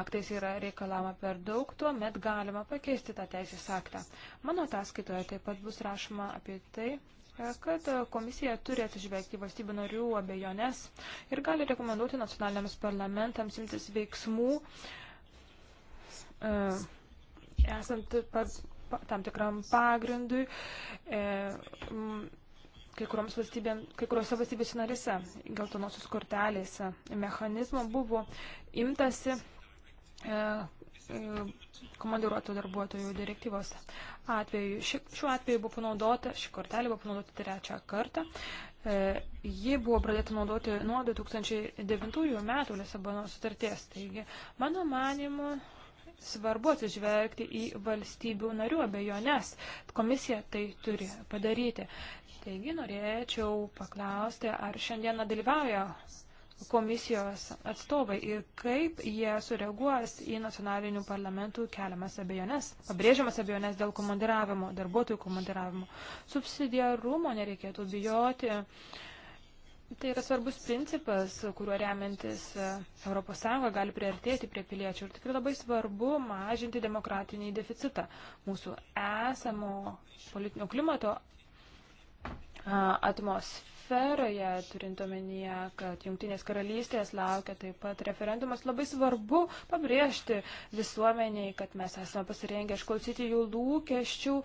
C: aktais yra reikalama per daug, tuomet galima pakeisti tą teisės aktą. Mano ataskaitoje taip pat bus rašoma apie tai, e, kad komisija turi atsižvelgti valstybių narių abejonės ir gali rekomenduoti nacionaliniams parlamentams imtis veiksmų, e, esant pat tam tikram pagrindui. E, m, kai, valstybė, kai kuriuose valstybėse narise geltonosios kortelėse mechanizmo buvo imtasi e, e komandiruotų darbuotojų direktyvos atveju. Ši, šiuo atveju buvo panaudota, ši kortelė buvo panaudota trečią kartą. E, ji buvo pradėta naudoti nuo 2009 metų Lisabono sutarties. Taigi, mano manimu, svarbu atsižvelgti į valstybių narių abejones. Komisija tai turi padaryti. Taigi norėčiau paklausti, ar šiandieną dalyvauja komisijos atstovai ir kaip jie sureaguos į nacionalinių parlamentų keliamas abejonės, pabrėžiamas abejonės dėl komandiravimo, darbuotojų komandiravimo. Subsidiarumo nereikėtų bijoti. Tai yra svarbus principas, kuriuo remiantis ES gali priartėti prie piliečių ir tikrai labai svarbu mažinti demokratinį deficitą mūsų esamo politinio klimato atmosferoje, turint omenyje, kad Junktinės karalystės laukia taip pat referendumas, labai svarbu pabrėžti visuomeniai, kad mes esame pasirengę išklausyti jų lūkesčių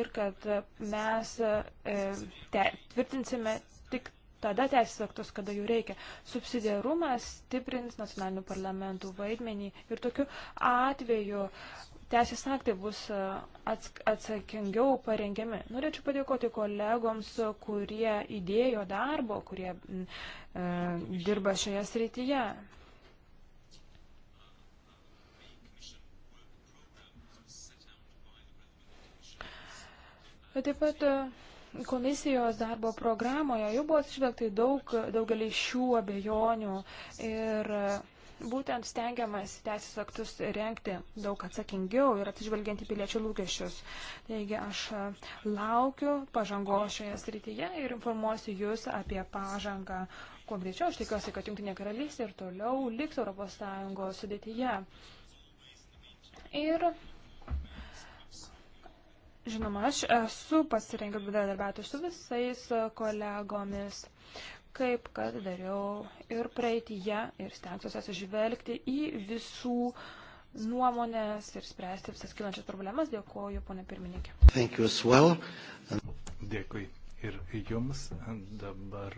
C: ir kad mes e, te, tvirtinsime tik tada teisės aktus, kada jų reikia. Subsidiarumas stiprins nacionalinių parlamentų vaidmenį ir tokiu atveju teisės aktai bus e, atsakingiau parengiami. Norėčiau padėkoti kolegoms, kurie įdėjo darbo, kurie e, dirba šioje srityje. Taip pat e, komisijos darbo programoje jau buvo atsižvelgta į daug, daugelį šių abejonių ir e, būtent stengiamas teisės aktus renkti daug atsakingiau ir atsižvelgiant į piliečių lūkesčius. Taigi aš e, laukiu pažangos šioje srityje ir informuosiu Jūs apie pažangą. Kuo greičiau aš tikiuosi, kad Junktinė karalystė ir toliau liks ES sudėtyje. Ir žinoma, aš esu pasirengęs bendradarbiauti su visais kolegomis kaip kad dariau ir praeitįje, ir stengsiuosi atsižvelgti į visų nuomonės ir spręsti visas kilančias problemas. Dėkuoju, ponė pirmininkė.
D: Well. Dėkui ir jums. Dabar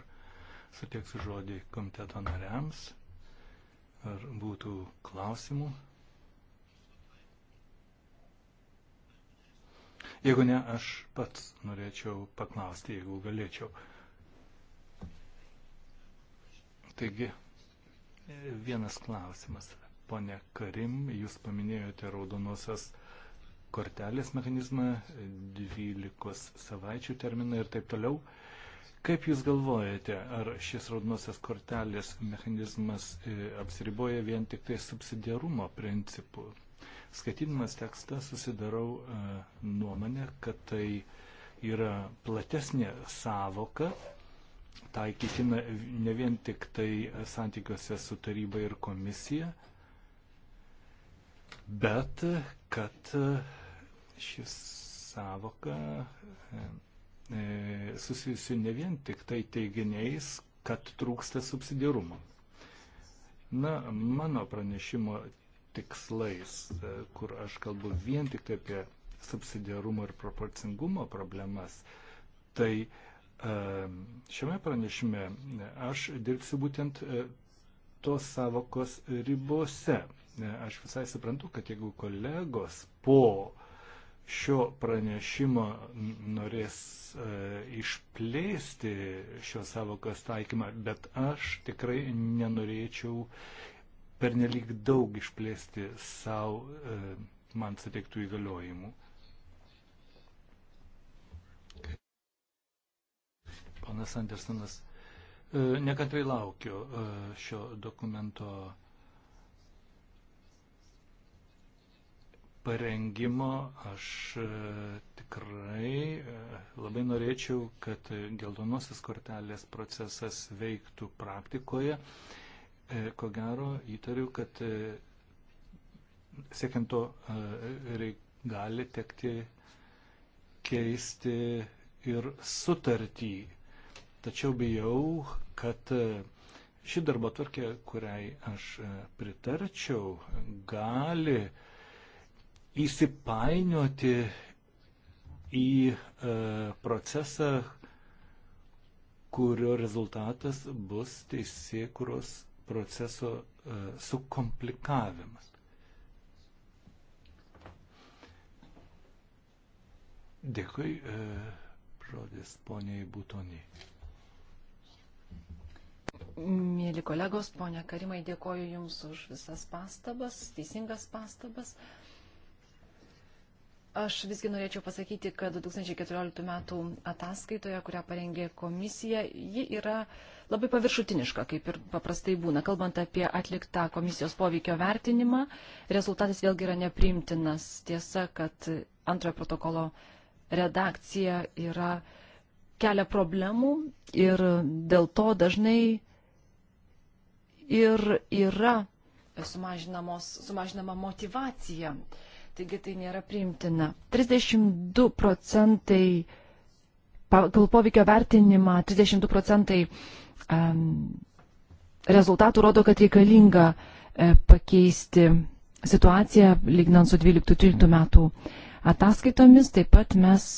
D: suteiksiu žodį komiteto nariams. Ar būtų klausimų? Jeigu ne, aš pats norėčiau paklausti, jeigu galėčiau. Uh, Taigi, vienas klausimas. Pone Karim, jūs paminėjote raudonosios kortelės mechanizmą, 12 savaičių terminą ir taip toliau. Kaip Jūs galvojate, ar šis raudonosios kortelės mechanizmas e, apsiriboja vien tik tai subsidiarumo principu? Skaitydamas tekstą susidarau e, nuomonę, kad tai yra platesnė savoka taikytina ne vien tik tai santykiuose su taryba ir komisija, bet kad šis savoka e, susijusi ne vien tik tai teiginiais, kad trūksta subsidiarumo. Na, mano pranešimo tikslais, e, kur aš kalbu vien tik tai apie subsidiarumo ir proporcingumo problemas, tai e, Ehm, šiame pranešime aš dirbsiu būtent e, tos savokos ribose. E, aš visai suprantu, kad jeigu kolegos po šio pranešimo norės e, išplėsti šios savokos taikymą, bet aš tikrai nenorėčiau pernelyg daug išplėsti savo man suteiktų įgaliojimų. ponas Andersonas. E, Nekantrai laukiu e, šio dokumento parengimo. Aš e, tikrai labai norėčiau, kad geltonosios kortelės procesas veiktų praktikoje. Ko gero, įtariu, kad siekiant to gali tekti keisti ir sutartį tačiau bijau, kad e, ši darbo tvarkė, kuriai aš e, pritarčiau, gali įsipainioti į e, procesą, kurio rezultatas bus teisėkuros proceso sukomplikavimas. Dėkui, žodis poniai Būtoniai.
B: Mėly kolegos, ponia Karimai, dėkoju Jums už visas pastabas, teisingas pastabas. Aš visgi norėčiau pasakyti, kad 2014 metų ataskaitoje, kurią parengė komisija, ji yra labai paviršutiniška, kaip ir paprastai būna. Kalbant apie atliktą komisijos poveikio vertinimą, rezultatas vėlgi yra nepriimtinas. Tiesa, kad antrojo protokolo redakcija yra kelia problemų ir dėl to dažnai ir yra sumažinama motivacija. Taigi tai nėra priimtina. 32 procentai pagal poveikio vertinimą, 32 procentai um, rezultatų rodo, kad reikalinga e, pakeisti situaciją, lygnant su 12-13 metų ataskaitomis. Taip pat mes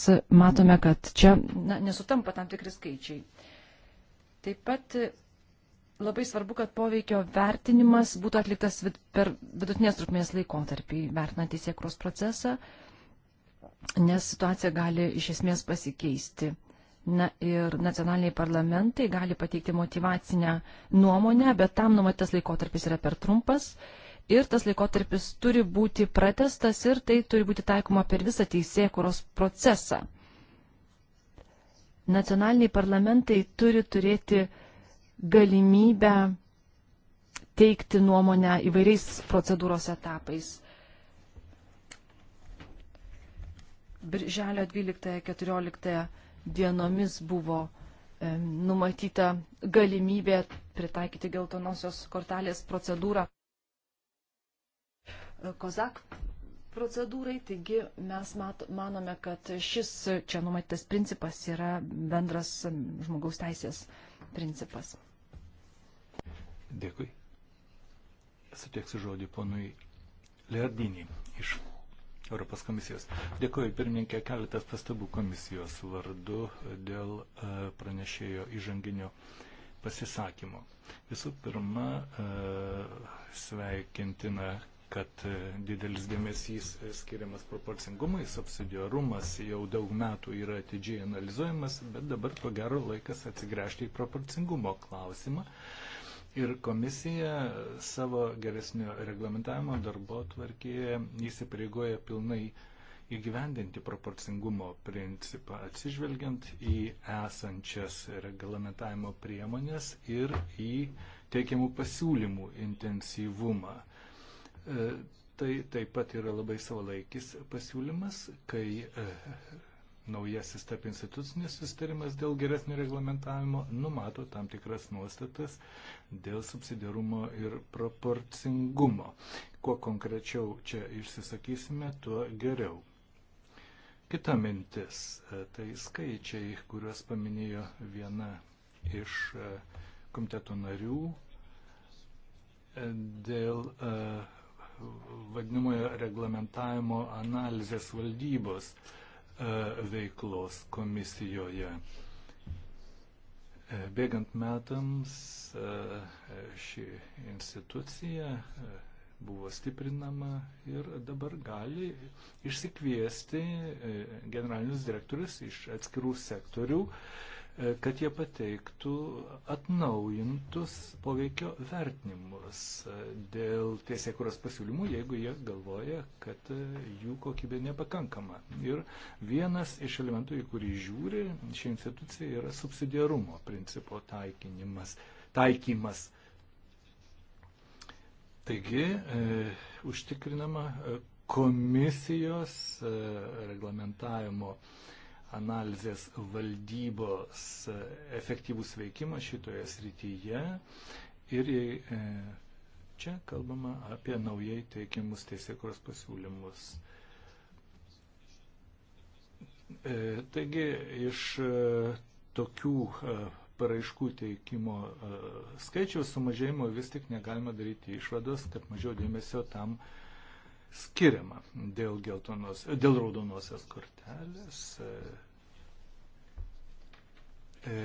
B: matome, kad čia na, nesutampa tam tikri skaičiai. Taip pat labai svarbu, kad poveikio vertinimas būtų atliktas vid per vidutinės trukmės laikotarpį, vertinant teisėkros procesą, nes situacija gali iš esmės pasikeisti. Na ir nacionaliniai parlamentai gali pateikti motivacinę nuomonę, bet tam numatytas laikotarpis yra per trumpas ir tas laikotarpis turi būti pratestas ir tai turi būti taikoma per visą teisėkuros procesą. Nacionaliniai parlamentai turi turėti uh, galimybę teikti nuomonę įvairiais procedūros etapais. Birželio 12-14 dienomis buvo numatyta galimybė pritaikyti geltonosios kortelės procedūrą. E, Kozak procedūrai, taigi mes mat, manome, kad šis čia numatytas principas yra bendras žmogaus teisės principas.
D: Dėkui. Suteiksiu žodį ponui Leardinį iš Europos komisijos. Dėkuoju, pirmininkė, keletas pastabų komisijos vardu dėl e, pranešėjo įžanginio pasisakymo. Visų pirma, e, sveikintina, kad e, didelis dėmesys skiriamas proporcingumui, subsidiarumas jau daug metų yra atidžiai analizuojamas, bet dabar ko gero laikas atsigręžti į proporcingumo klausimą Ir komisija savo geresnio reglamentavimo darbo tvarkėje įsipareigoja pilnai įgyvendinti proporcingumo principą, atsižvelgiant į esančias reglamentavimo priemonės ir į teikiamų pasiūlymų intensyvumą. E, tai taip pat yra labai savalaikis pasiūlymas, kai e, naujasis tarp institucinis sustarimas dėl geresnio reglamentavimo numato tam tikras nuostatas dėl subsidiarumo ir proporcingumo. Kuo konkrečiau čia išsisakysime, tuo geriau. Kita mintis e, - tai skaičiai, kuriuos paminėjo viena iš e, komiteto narių e, dėl vadinamojo reglamentavimo analizės valdybos. Uh, E, veiklos komisijoje. E, bėgant metams e, ši institucija buvo stiprinama ir dabar gali išsikviesti generalinius direktorius iš atskirų sektorių E, kad jie pateiktų atnaujintus poveikio vertinimus e, dėl tiesiekuros pasiūlymų, jeigu jie galvoja, kad e, jų kokybė nepakankama. Ir vienas iš elementų, į kurį žiūri ši institucija, yra subsidiarumo principo taikinimas, taikymas. Taigi, e, užtikrinama komisijos e, reglamentavimo e, analizės valdybos efektyvus veikimas šitoje srityje. Ir e, čia kalbama apie naujai teikiamus teisėkos pasiūlymus. E, taigi iš e, tokių paraiškų teikimo skaičiaus sumažėjimo vis tik negalima daryti išvados, kad mažiau dėmesio tam uh, skiriama dėl, geltonos, dėl raudonosios kortelės. E, e,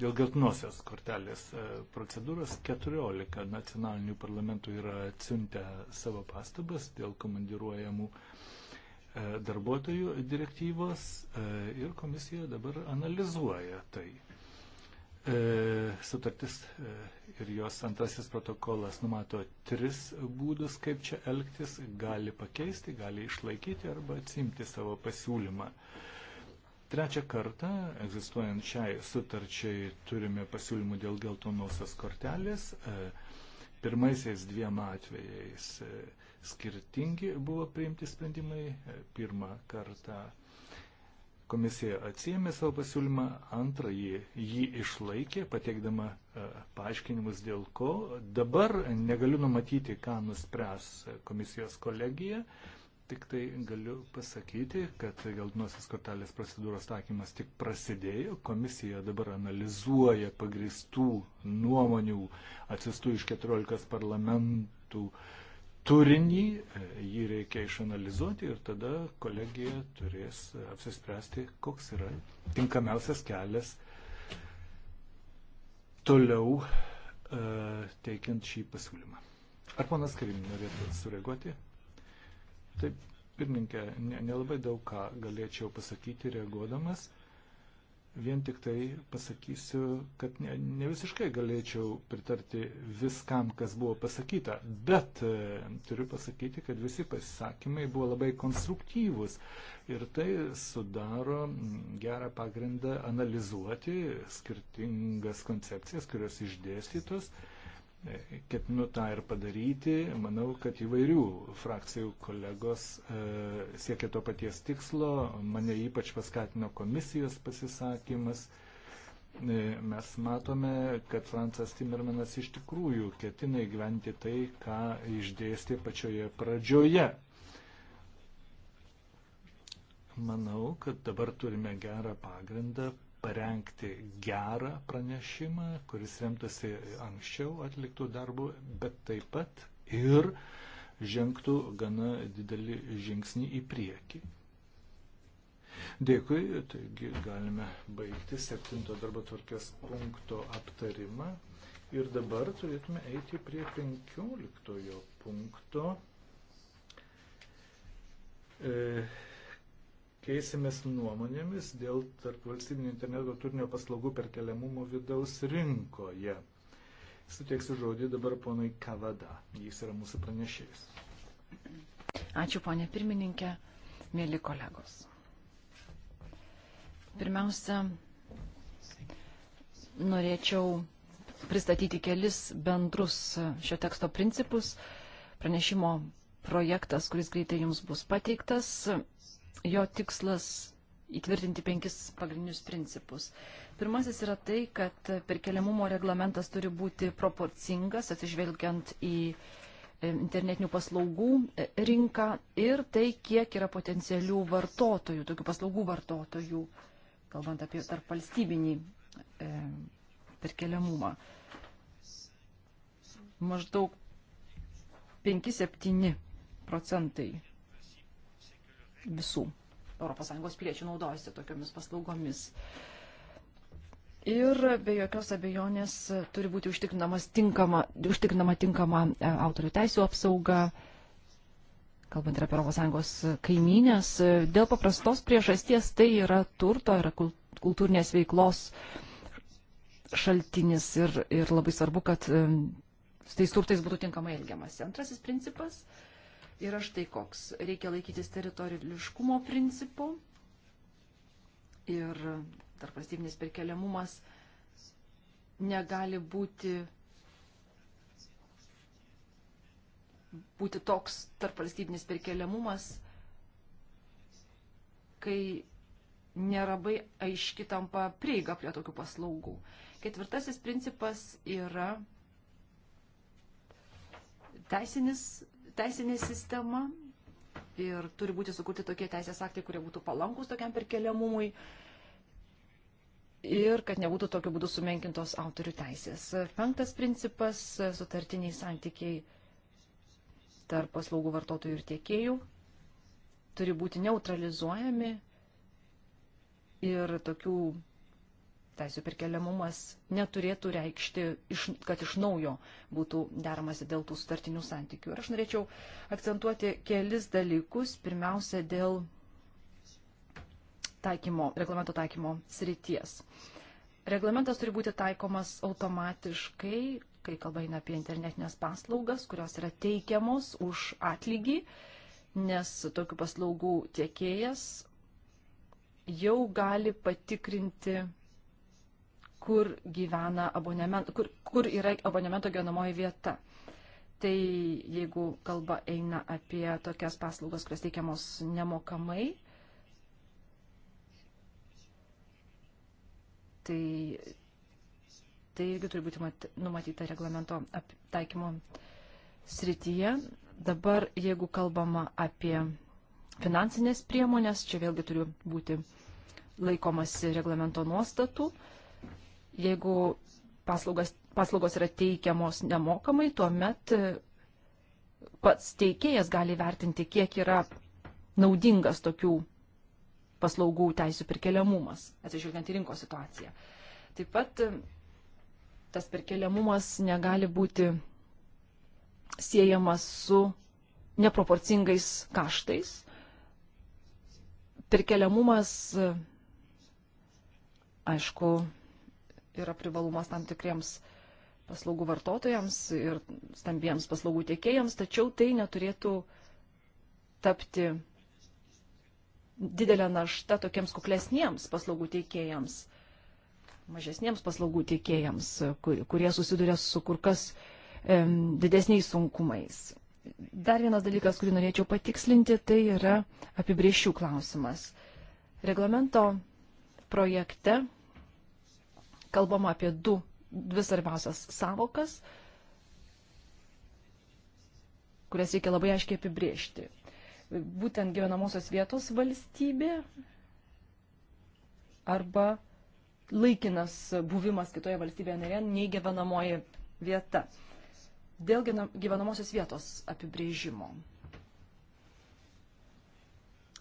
D: dėl geltonosios kortelės e, procedūros 14 nacionalinių parlamentų yra atsiuntę savo pastabas dėl komandiruojamų darbuotojų direktyvos ir komisija dabar analizuoja tai. E, sutartis e, ir jos antrasis protokolas numato tris būdus, kaip čia elgtis, gali pakeisti, gali išlaikyti arba atsimti savo pasiūlymą. Trečią kartą, egzistuojant šiai sutarčiai, turime pasiūlymų dėl geltonosios kortelės. E, pirmaisiais dviem atvejais skirtingi buvo priimti sprendimai. Pirmą kartą Komisija atsiemė savo pasiūlymą, antrą jį, jį išlaikė, pateikdama e, paaiškinimus dėl ko. Dabar negaliu numatyti, ką nuspręs komisijos kolegija, tik tai galiu pasakyti, kad geltonosios kortelės procedūros taikymas tik prasidėjo. Komisija dabar analizuoja pagristų nuomonių atsistų iš 14 parlamentų uh, turinį, jį reikia išanalizuoti ir tada kolegija turės apsispręsti, koks yra tinkamiausias kelias toliau e, teikiant šį pasiūlymą. Ar ponas Karim norėtų sureaguoti? Taip, pirmininkė, nelabai ne daug ką galėčiau pasakyti reaguodamas. E, Vien tik tai pasakysiu, kad ne, ne visiškai galėčiau pritarti viskam, kas buvo pasakyta, bet e, turiu pasakyti, kad visi pasisakymai buvo labai konstruktyvūs ir tai sudaro gerą pagrindą analizuoti skirtingas koncepcijas, kurios išdėstytos. Uh, ketinu tą ir padaryti. Manau, kad įvairių frakcijų kolegos e, siekia to paties tikslo. Mane ypač paskatino komisijos pasisakymas. E, mes matome, kad Francas Timmermanas iš tikrųjų ketina įgyventi tai, ką išdėstė pačioje pradžioje. Manau, kad dabar turime gerą pagrindą parengti gerą pranešimą, kuris remtasi anksčiau atliktų darbų, bet taip pat ir žengtų gana didelį žingsnį į priekį. Dėkui, taigi galime baigti septinto darbo tvarkės punkto aptarimą ir dabar turėtume eiti prie penkioliktojo punkto. E, keisimės nuomonėmis dėl tarp valstybinio interneto turinio paslaugų perkeliamumo vidaus rinkoje. Suteiksiu žodį dabar ponui Kavada. Jis yra mūsų pranešėjas.
B: Ačiū, ponė pirmininkė, mėly kolegos. Pirmiausia, norėčiau pristatyti kelis bendrus šio teksto principus. Pranešimo projektas, kuris greitai jums bus pateiktas, Jo tikslas įtvirtinti penkis pagrindinius principus. Pirmasis yra tai, kad perkeliamumo reglamentas turi būti proporcingas, atsižvelgiant į e, internetinių paslaugų e, rinką ir tai, kiek yra potencialių vartotojų, tokių paslaugų vartotojų, kalbant apie tarp valstybinį e, perkeliamumą. Maždaug 5-7 procentai visų ES piliečių naudojasi tokiomis paslaugomis. Ir be jokios abejonės turi būti tinkama, užtikrinama tinkama e, autorių teisų apsauga, kalbant ir apie ES kaimynės. E, dėl paprastos priežasties tai yra turto, yra kultūrinės veiklos šaltinis ir, ir labai svarbu, kad e, tais turtais būtų tinkamai elgiamasi. Antrasis principas yra štai koks. Reikia laikytis teritoriškumo principų ir tarpvalstybinis perkeliamumas negali būti, būti toks tarpvalstybinis perkeliamumas, kai nerabai aiški tampa prieiga prie tokių paslaugų. Ketvirtasis principas yra teisinis teisinė sistema ir turi būti sukurti tokie teisės aktai, kurie būtų palankus tokiam perkeliamumui ir kad nebūtų tokiu būdu sumenkintos autorių teisės. Penktas principas - sutartiniai santykiai tarp paslaugų vartotojų ir tiekėjų turi būti neutralizuojami ir tokių teisų perkeliamumas neturėtų reikšti, iš, kad iš naujo būtų deramasi dėl tų sutartinių santykių. Ir aš norėčiau akcentuoti kelis dalykus. Pirmiausia, dėl taikymo, reglamento taikymo srities. Reglamentas turi būti taikomas automatiškai, kai kalba eina apie internetinės paslaugas, kurios yra teikiamos už atlygį, nes tokių paslaugų tiekėjas jau gali patikrinti kur gyvena abonement, kur, kur yra abonemento gyvenamoji vieta. Tai jeigu kalba eina apie tokias paslaugas, kurios teikiamos nemokamai, tai, tai irgi turi būti mat, numatyta reglamento taikymo srityje. Dabar, jeigu kalbama apie finansinės priemonės, čia vėlgi turi būti laikomasi reglamento nuostatų. Uh, Jeigu paslaugas, paslaugos yra teikiamos nemokamai, tuomet e, pats teikėjas gali vertinti, kiek yra naudingas tokių paslaugų teisų pirkeliamumas, atsižvelgiant į rinkos situaciją. Taip pat e, tas perkeliamumas negali būti siejamas su neproporcingais kaštais. Perkeliamumas, e, aišku, yra privalumas tam tikriems paslaugų vartotojams ir stambiems paslaugų tiekėjams, tačiau tai neturėtų tapti didelę naštą tokiems kuklesniems paslaugų tiekėjams, mažesniems paslaugų tiekėjams, kur, kurie susiduria su kur kas em, didesniais sunkumais. Dar vienas dalykas, kurį norėčiau patikslinti, tai yra apibriešių klausimas. Reglamento projekte kalbama apie du, dvi svarbiausias savokas, kurias reikia labai aiškiai apibriežti. Būtent gyvenamosios vietos valstybė arba laikinas buvimas kitoje valstybėje narėje nei gyvenamoji vieta. Dėl gyvenamosios vietos apibrėžimo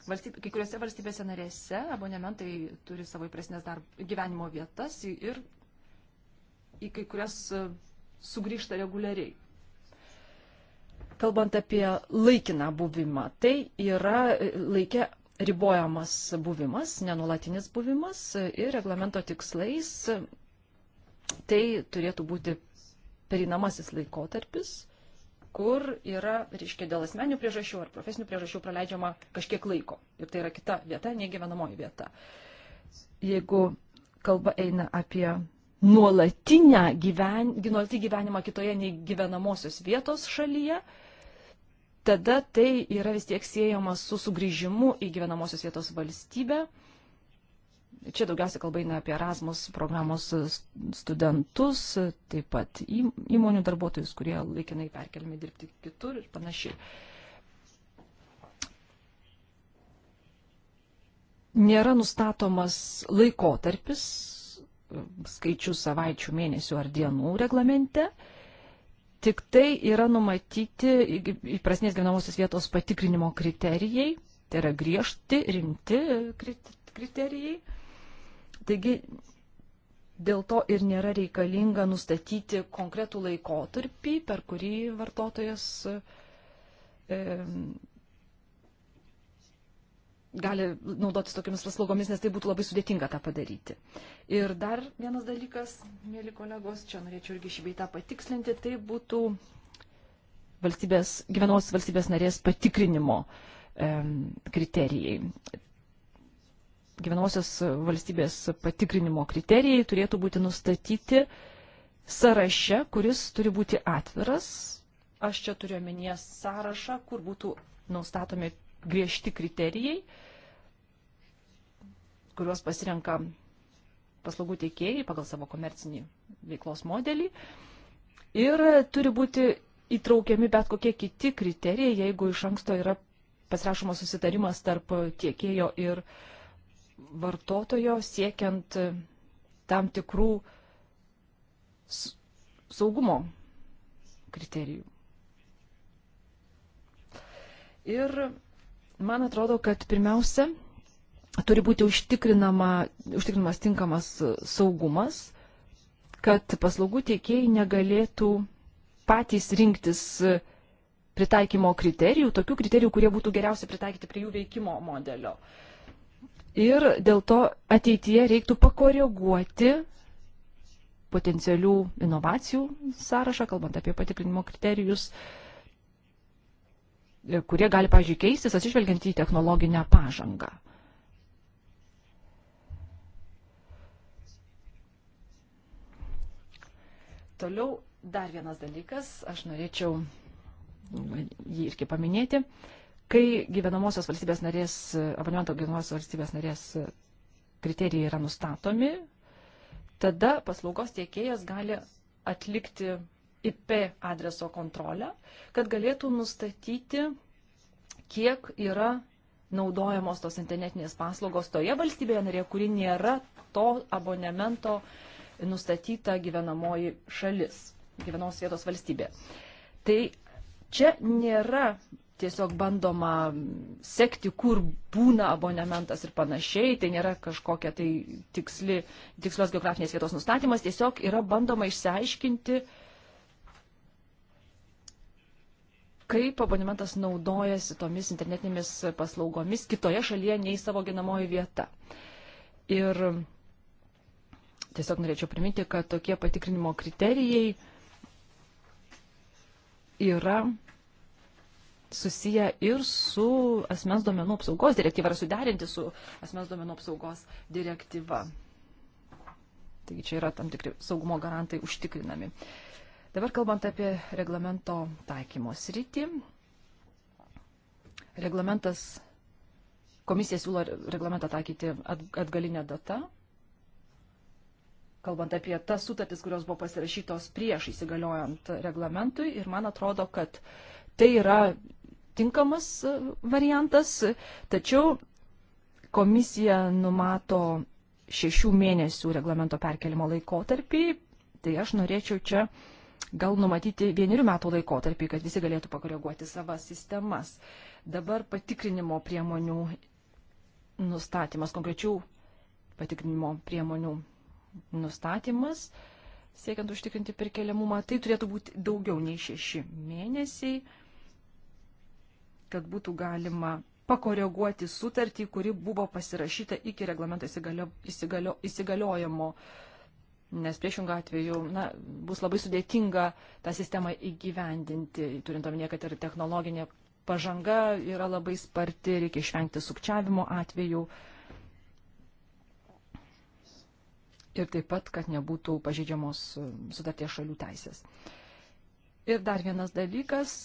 B: Valstyb, kai kuriuose valstybėse narėse abonementai turi savo įprasnės gyvenimo vietas ir į kai kurias e, sugrįžta reguliariai. Kalbant apie laikiną buvimą, tai yra e, laikia ribojamas buvimas, nenulatinis buvimas e, ir reglamento tikslais tai turėtų būti perinamasis laikotarpis kur yra, reiškia, dėl asmenių priežasčių ar profesinių priežasčių praleidžiama kažkiek laiko. Ir tai yra kita vieta, negyvenamoji vieta. Jeigu kalba eina apie nuolatinę gyven, nuolatinį gyvenimą kitoje nei gyvenamosios vietos šalyje, tada tai yra vis tiek siejama su sugrįžimu į gyvenamosios vietos valstybę Čia daugiausia kalba eina apie Erasmus programos studentus, taip pat įmonių darbuotojus, kurie laikinai perkeliami dirbti kitur ir panašiai. Nėra nustatomas laikotarpis, skaičių savaičių, mėnesių ar dienų reglamente, tik tai yra numatyti įprasnės gyvenamosios vietos patikrinimo kriterijai, tai yra griežti, rimti kriterijai Taigi dėl to ir nėra reikalinga nustatyti konkretų laikotarpį, per kurį vartotojas e, gali naudotis tokiamis paslaugomis, nes tai būtų labai sudėtinga tą padaryti. Ir dar vienas dalykas, mėly kolegos, čia norėčiau irgi šį beitą patikslinti, tai būtų valstybės, gyvenos valstybės narės patikrinimo e, kriterijai gyvenosios valstybės patikrinimo kriterijai turėtų būti nustatyti sąraše, kuris turi būti atviras. Aš čia turiu omenyje sąrašą, kur būtų nustatomi griežti kriterijai, kuriuos pasirenka paslaugų teikėjai pagal savo komercinį veiklos modelį. Ir turi būti įtraukiami bet kokie kiti kriterijai, jeigu iš anksto yra pasirašomas susitarimas tarp tiekėjo ir uh, vartotojo siekiant e, tam tikrų saugumo kriterijų. Ir man atrodo, kad pirmiausia, turi būti užtikrinamas tinkamas saugumas, kad paslaugų teikėjai negalėtų patys rinktis pritaikymo kriterijų, tokių kriterijų, kurie būtų geriausia pritaikyti prie jų veikimo modelio. Uh, Ir dėl to ateityje reiktų pakoreguoti potencialių inovacijų sąrašą, kalbant apie patikrinimo kriterijus, e, kurie gali, pažiūrėjau, keistis atsižvelgiant į technologinę pažangą. Toliau dar vienas dalykas, aš norėčiau jį irgi paminėti. Uh, Kai gyvenamosios valstybės narės, abonemento gyvenamosios valstybės narės kriterijai yra nustatomi, tada paslaugos tiekėjas gali atlikti IP adreso kontrolę, kad galėtų nustatyti, kiek yra naudojamos tos internetinės paslaugos toje valstybėje narėje, kuri nėra to abonemento nustatyta gyvenamoji šalis, gyvenos vietos valstybė. Tai čia nėra tiesiog bandoma sekti, kur būna abonementas ir panašiai, tai nėra kažkokia tai tiksli, tikslios geografinės vietos nustatymas, tiesiog yra bandoma išsiaiškinti, kaip abonementas naudojasi tomis internetinėmis paslaugomis kitoje šalyje nei savo ginamoji vieta. Ir tiesiog norėčiau priminti, kad tokie patikrinimo kriterijai yra susiję ir su asmens duomenų apsaugos direktyva, ar suderinti su asmens duomenų apsaugos direktyva. Taigi čia yra tam tikri saugumo garantai užtikrinami. Dabar kalbant apie reglamento taikymo sritį. Reglamentas, komisija siūlo reglamentą taikyti atgalinę datą, kalbant apie tas sutartis, kurios buvo pasirašytos prieš įsigaliojant reglamentui. Ir man atrodo, kad tai yra tinkamas e, variantas, tačiau komisija numato šešių mėnesių reglamento perkelimo laikotarpį, tai aš norėčiau čia gal numatyti vienerių metų laikotarpį, kad visi galėtų pakoreguoti savas sistemas. Dabar patikrinimo priemonių nustatymas, konkrečių patikrinimo priemonių nustatymas, siekiant užtikrinti perkeliamumą, tai turėtų būti daugiau nei šeši mėnesiai kad būtų galima pakoreguoti sutartį, kuri buvo pasirašyta iki reglamento įsigalio, įsigalio, įsigaliojimo. Nes priešingą atveju na, bus labai sudėtinga tą sistemą įgyvendinti, turint omenyje, kad ir technologinė pažanga yra labai sparti, reikia išvengti sukčiavimo atvejų. Ir taip pat, kad nebūtų pažeidžiamos sutarties šalių teisės. Ir dar vienas dalykas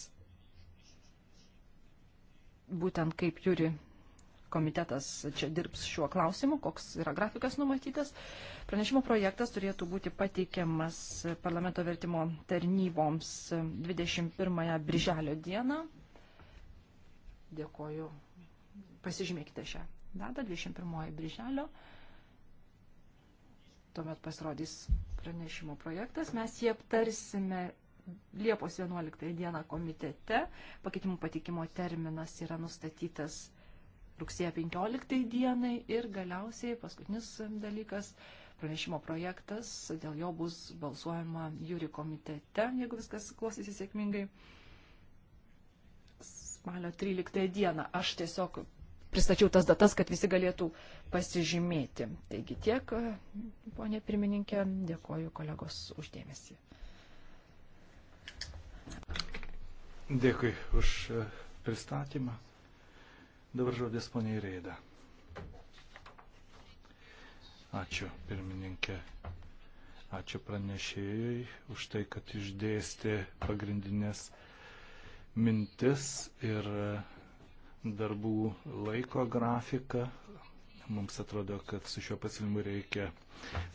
B: būtent kaip Jūri komitetas čia dirbs šiuo klausimu, koks yra grafikas numatytas. Pranešimo projektas turėtų būti pateikiamas parlamento vertimo tarnyboms 21 birželio dieną. Dėkoju. Pasižymėkite šią datą, 21 birželio. Tuomet pasirodys pranešimo projektas. Mes jį aptarsime Liepos 11 dieną komitete. Pakeitimų patikimo terminas yra nustatytas rugsėjo 15 dienai ir galiausiai paskutinis dalykas pranešimo projektas, dėl jo bus balsuojama jūri komitete, jeigu viskas klostysi sėkmingai, spalio 13 dieną. Aš tiesiog pristačiau tas datas, kad visi galėtų pasižymėti. Taigi tiek, ponė pirmininkė, dėkoju kolegos uždėmesį.
D: Dėkui už e, pristatymą. Dabar žodis poniai Reida. Ačiū pirmininkė. Ačiū pranešėjai už tai, kad išdėstė pagrindinės mintis ir e, darbų laiko grafiką. Mums atrodo, kad su šiuo pasiūlymu reikia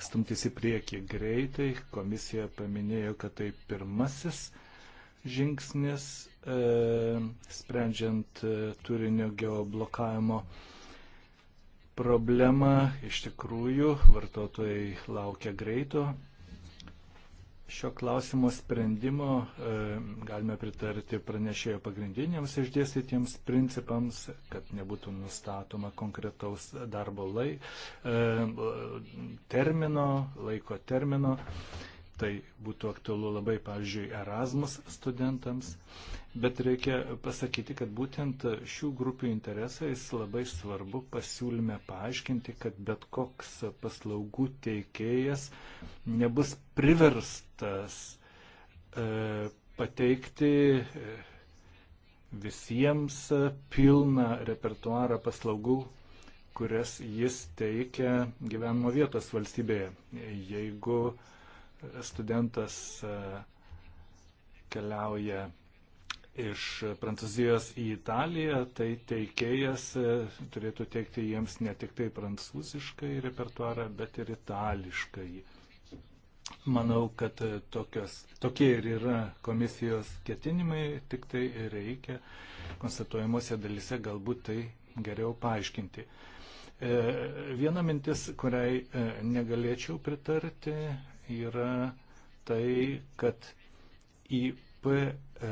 D: stumtis į priekį greitai. Komisija paminėjo, kad tai pirmasis žingsnis, e, sprendžiant e, turinio geoblokavimo problemą. Iš tikrųjų, vartotojai laukia greito šio klausimo sprendimo e, galime pritarti pranešėjo pagrindiniams išdėstytiems principams, kad nebūtų nustatoma konkretaus darbo lai, termino, laiko termino. Tai būtų aktualu labai, pavyzdžiui, Erasmus studentams, bet reikia pasakyti, kad būtent šių grupių interesais labai svarbu pasiūlyme paaiškinti, kad bet koks paslaugų teikėjas nebus priverstas e, pateikti e, visiems pilną repertuarą paslaugų kurias jis teikia gyvenimo vietos valstybėje. Jeigu uh, studentas e, keliauja iš Prancūzijos į Italiją, tai teikėjas e, turėtų teikti jiems ne tik tai prancūziškai repertuarą, bet ir itališkai. Manau, kad e, tokios, tokie ir yra komisijos ketinimai, tik tai reikia konstatuojamuose dalyse galbūt tai geriau paaiškinti. Viena mintis, kuriai negalėčiau pritarti, yra tai, kad IP e,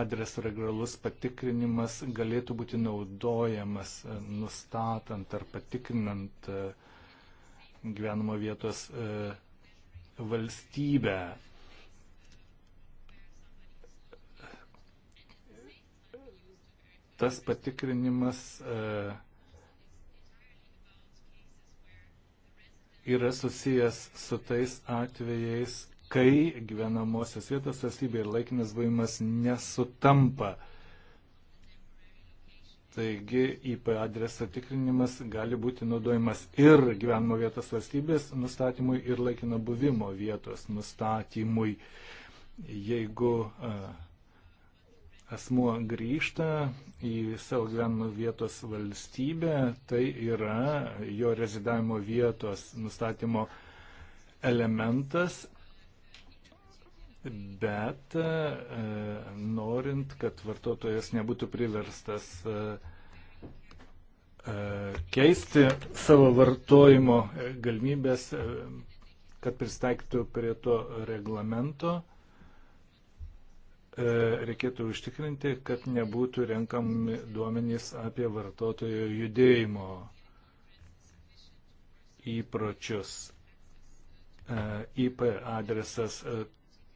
D: adreso regularus patikrinimas galėtų būti naudojamas e, nustatant ar patikrinant e, gyvenamo vietos valstybę. Tas patikrinimas uh, yra susijęs su tais atvejais, kai gyvenamosios vietos asybė ir laikinas buvimas nesutampa. Taigi IP adreso tikrinimas gali būti naudojamas ir gyvenimo vietos valstybės nustatymui, ir laikino buvimo vietos nustatymui. Jeigu uh, asmuo grįžta į savo gyvenimo vietos valstybę, tai yra jo rezidavimo vietos nustatymo elementas, bet e, norint, kad vartotojas nebūtų priverstas e, e keisti savo vartojimo e, galimybės, e, kad pristaiktų prie to reglamento, e, E, reikėtų užtikrinti, kad nebūtų renkami duomenys apie vartotojo judėjimo įpročius. E, IP adresas e,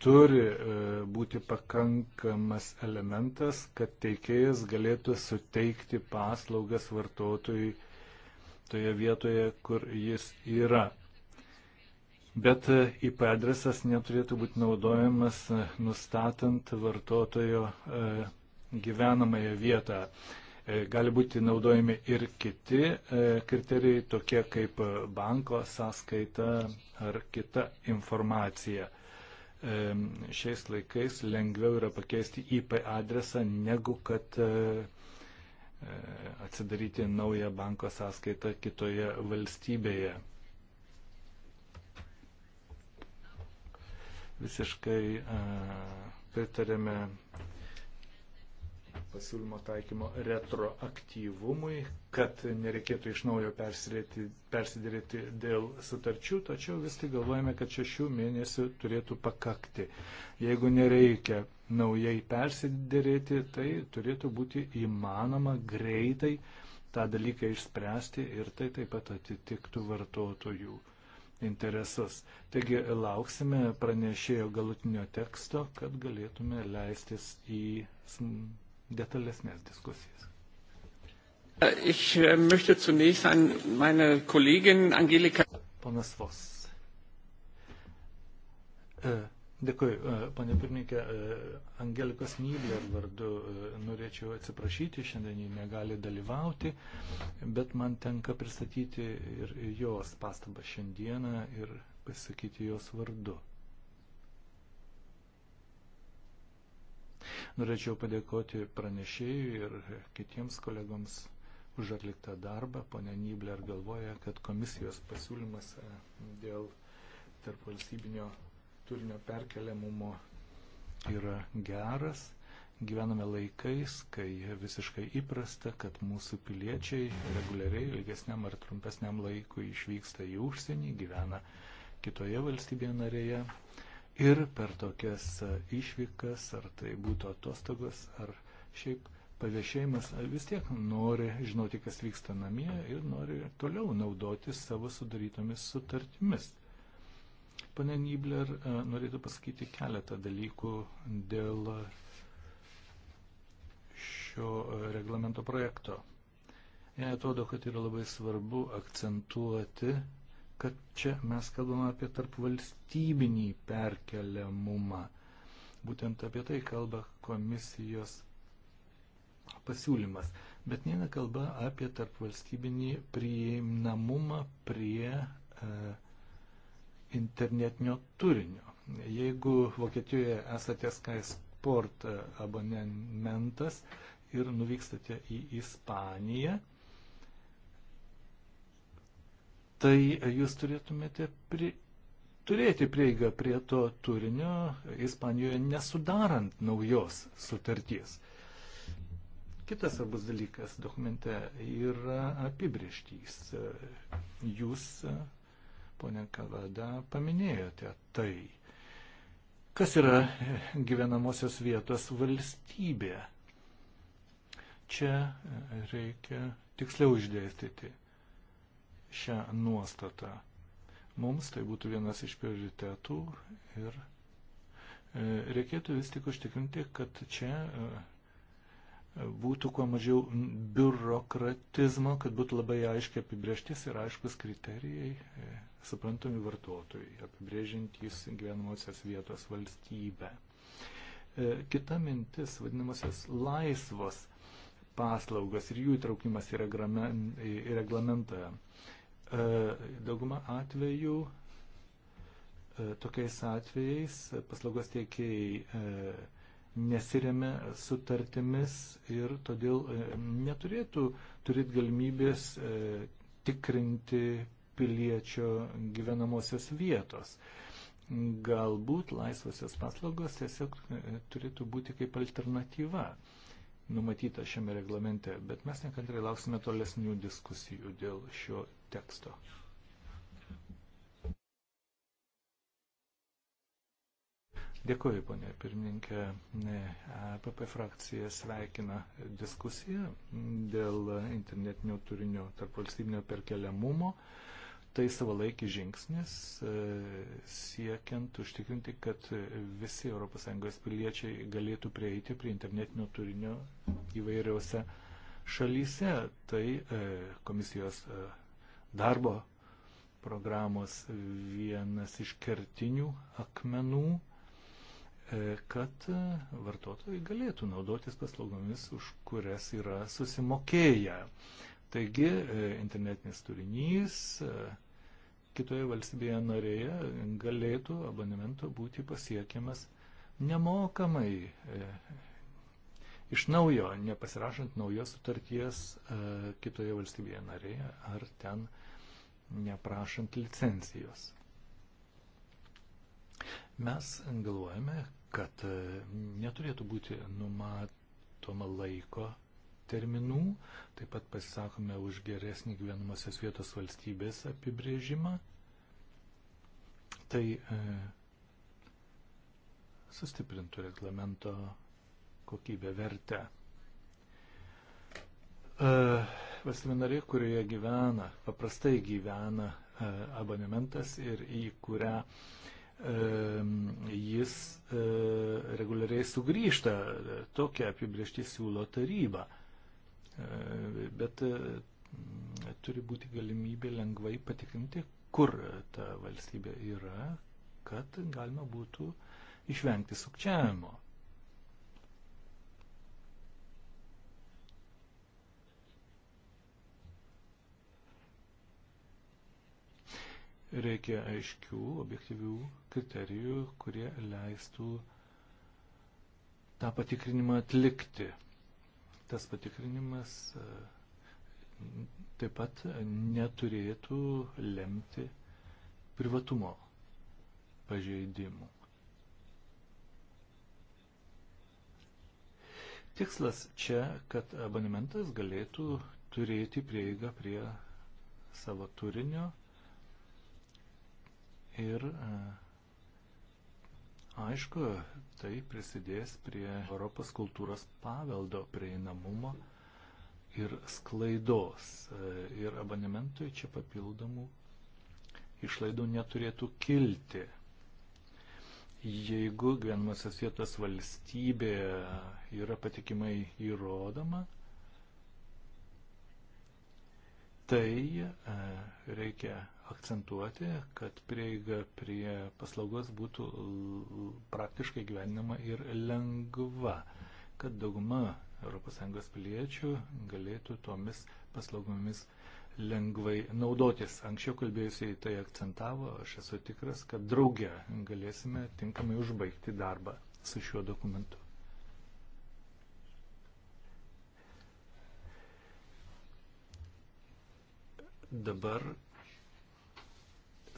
D: turi būti pakankamas elementas, kad teikėjas galėtų suteikti paslaugas vartotojui toje vietoje, kur jis yra. Bet e, IP adresas neturėtų būti naudojamas e, nustatant vartotojo e, gyvenamąją vietą. Gali būti naudojami ir kiti kriterijai, tokie kaip banko sąskaita ar kita informacija. Šiais laikais lengviau yra pakeisti IP adresą negu kad atsidaryti naują banko sąskaitą kitoje valstybėje. Visiškai e, pritarėme pasiūlymo taikymo retroaktyvumui, kad nereikėtų iš naujo persidėrėti dėl sutarčių, tačiau vis tik galvojame, kad šešių mėnesių turėtų pakakti. Jeigu nereikia naujai persidėrėti, tai turėtų būti įmanoma greitai tą dalyką išspręsti ir tai taip pat atitiktų vartotojų interesus. Taigi lauksime pranešėjo galutinio teksto, kad galėtume leistis į detalesnės diskusijas. Äh, ich äh, möchte zunächst an meine Kollegin Angelika. Ponas Voss. Äh, Dėkui, e, panė pirmininkė, e, Angelikos Mylės vardu e, norėčiau atsiprašyti, šiandien jį negali dalyvauti, bet man tenka pristatyti ir jos pastabą šiandieną ir pasakyti jos vardu. Norėčiau padėkoti pranešėjui ir kitiems kolegoms už atliktą darbą. Pone Nybler galvoja, kad komisijos pasiūlymas dėl tarp valstybinio turinio perkeliamumo yra geras. Gyvename laikais, kai visiškai įprasta, kad mūsų piliečiai reguliariai ilgesniam ar trumpesniam laikui išvyksta į užsienį, gyvena kitoje valstybėje narėje. Ir per tokias išvykas, ar tai būtų atostogos, ar šiaip paviešėjimas vis tiek nori žinoti, kas vyksta namie ir nori toliau naudotis savo sudarytomis sutartimis. Pane Nibler e, norėtų pasakyti keletą dalykų dėl šio e, reglamento projekto. Jei atrodo, kad yra labai svarbu akcentuoti, kad čia mes kalbame apie tarp valstybinį perkeliamumą. Būtent apie tai kalba komisijos pasiūlymas. Bet neina kalba apie tarp valstybinį prieinamumą prie e, internetinio turinio. Jeigu Vokietijoje esate SkySport abonementas ir nuvykstate į Ispaniją, tai jūs turėtumėte pri, turėti prieigą prie to turinio Ispanijoje nesudarant naujos sutarties. Kitas svarbus dalykas dokumente yra apibrieštys. Jūs ponė Kavada, paminėjote tai. Kas yra gyvenamosios vietos valstybė? Čia reikia tiksliau išdėstyti šią nuostatą. Mums tai būtų vienas iš prioritetų ir e, reikėtų vis tik užtikrinti, kad čia e, būtų kuo mažiau biurokratizmo, kad būtų labai aiškiai apibrieštis ir aiškus kriterijai e, suprantami vartotojui, apibrėžiantys gyvenamosios vietos valstybę. E, kita mintis, vadinamosios laisvos paslaugos ir jų įtraukimas į reglamentą. E, dauguma atvejų, e, tokiais atvejais paslaugos tiekėjai nesiremia sutartimis ir todėl neturėtų turėti galimybės tikrinti piliečio gyvenamosios vietos. Galbūt laisvosios paslaugos tiesiog e, turėtų būti kaip alternatyva numatyta šiame reglamente, bet mes nekantrai lauksime tolesnių diskusijų dėl šio teksto. Dėkuoju, ponė pirmininkė. APP frakcija sveikina diskusiją dėl internetinio turinio tarp valstybinio perkeliamumo. Tai savalaikis žingsnis e, siekiant užtikrinti, kad visi ES piliečiai galėtų prieiti prie internetinio turinio įvairiose šalyse. Tai e, komisijos e, darbo programos vienas iš kertinių akmenų, kad vartotojai galėtų naudotis paslaugomis, už kurias yra susimokėję. Taigi e, internetinis turinys e, kitoje valstybėje narėje galėtų abonemento būti pasiekiamas nemokamai, e, iš naujo, nepasirašant naujos sutarties kitoje valstybėje narėje ar ten neprašant licencijos. Mes galvojame, kad neturėtų būti numatoma laiko terminų, taip pat pasisakome už geresnį gyvenamosios vietos valstybės apibrėžimą. Tai e, sustiprintų reglamento kokybę vertę. E, Valstybinariai, kurioje gyvena, paprastai gyvena e, abonementas ir į kurią e, jis e, reguliariai sugrįžta. Tokią apibriežtį siūlo taryba. E, bet e, turi būti galimybė lengvai patikrinti, kur ta valstybė yra, kad galima būtų išvengti sukčiavimo. Reikia aiškių, objektyvių kriterijų, kurie leistų tą patikrinimą atlikti tas patikrinimas e, taip pat neturėtų lemti privatumo pažeidimų. Tikslas čia, kad abonementas galėtų turėti prieigą prie savo turinio ir uh, Aišku, tai prisidės prie Europos kultūros paveldo prieinamumo ir sklaidos. Ir abonementui čia papildomų išlaidų neturėtų kilti. Jeigu gyvenamasis vietos valstybė yra patikimai įrodoma, tai e, reikia akcentuoti, kad prieiga prie paslaugos būtų praktiškai gyvenama ir lengva, kad dauguma ES piliečių galėtų tomis paslaugomis lengvai naudotis. Anksčiau kalbėjusiai tai akcentavo, aš esu tikras, kad draugė galėsime tinkamai užbaigti darbą su šiuo dokumentu. dabar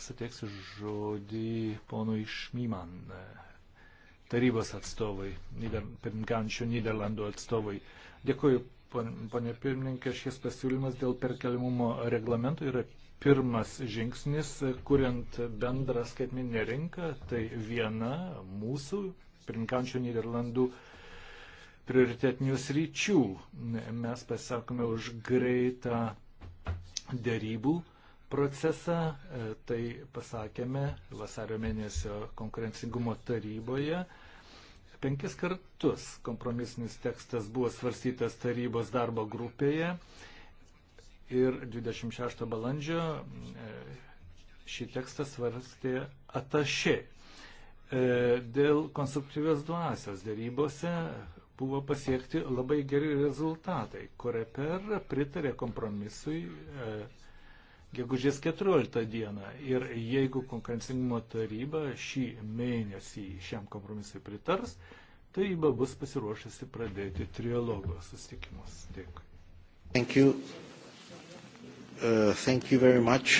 D: suteiksiu žodį ponui Šmyman, tarybos atstovai, Nider, pirmkančių Niderlandų atstovai. Dėkuoju, ponė pirmininkė, šis pasiūlymas dėl perkelimumo reglamento yra pirmas žingsnis, kuriant bendrą skaitminę rinką, tai viena mūsų, pirmkančių Niderlandų, prioritetinių sryčių. Mes pasakome už greitą dėrybų procesą. E, tai pasakėme vasario mėnesio konkurencingumo taryboje. Penkis kartus kompromisinis tekstas buvo svarstytas tarybos darbo grupėje ir 26 balandžio e, šį tekstą svarstė atašė. E, dėl konstruktyvios dvasios dėrybose buvo pasiekti labai geri rezultatai, kurie per pritarė kompromisui gegužės 14 dieną. Ir jeigu konkurencingumo taryba šį mėnesį šiam kompromisui pritars, taryba bus pasiruošusi pradėti trialogo susitikimus. Dėkui. Thank you. Uh, thank you very much.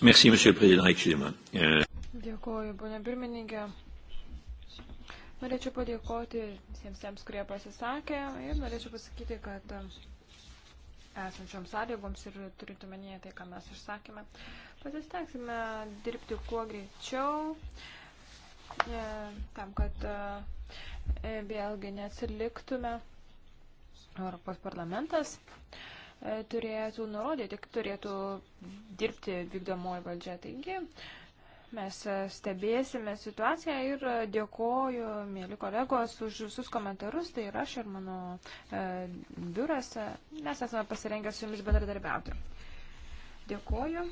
A: Merci, Monsieur le Président. Excusez-moi. Euh...
C: Dėkuoju, ponia pirmininkė. Norėčiau padėkoti visiems tiems, kurie pasisakė ir norėčiau pasakyti, kad e, esančiom sąlygoms ir turint omenyje tai, ką mes išsakėme, pasistengsime dirbti kuo greičiau e, tam, kad e, vėlgi neatsiliktume. Europos parlamentas turėtų nurodyti, turėtų dirbti vykdomoji valdžia. Taigi, Mes e, stebėsime situaciją ir e, dėkoju, mėly kolegos, už visus komentarus. Tai ir aš, ir mano e, biuras. Mes esame pasirengę su jumis bendradarbiauti. Dėkoju.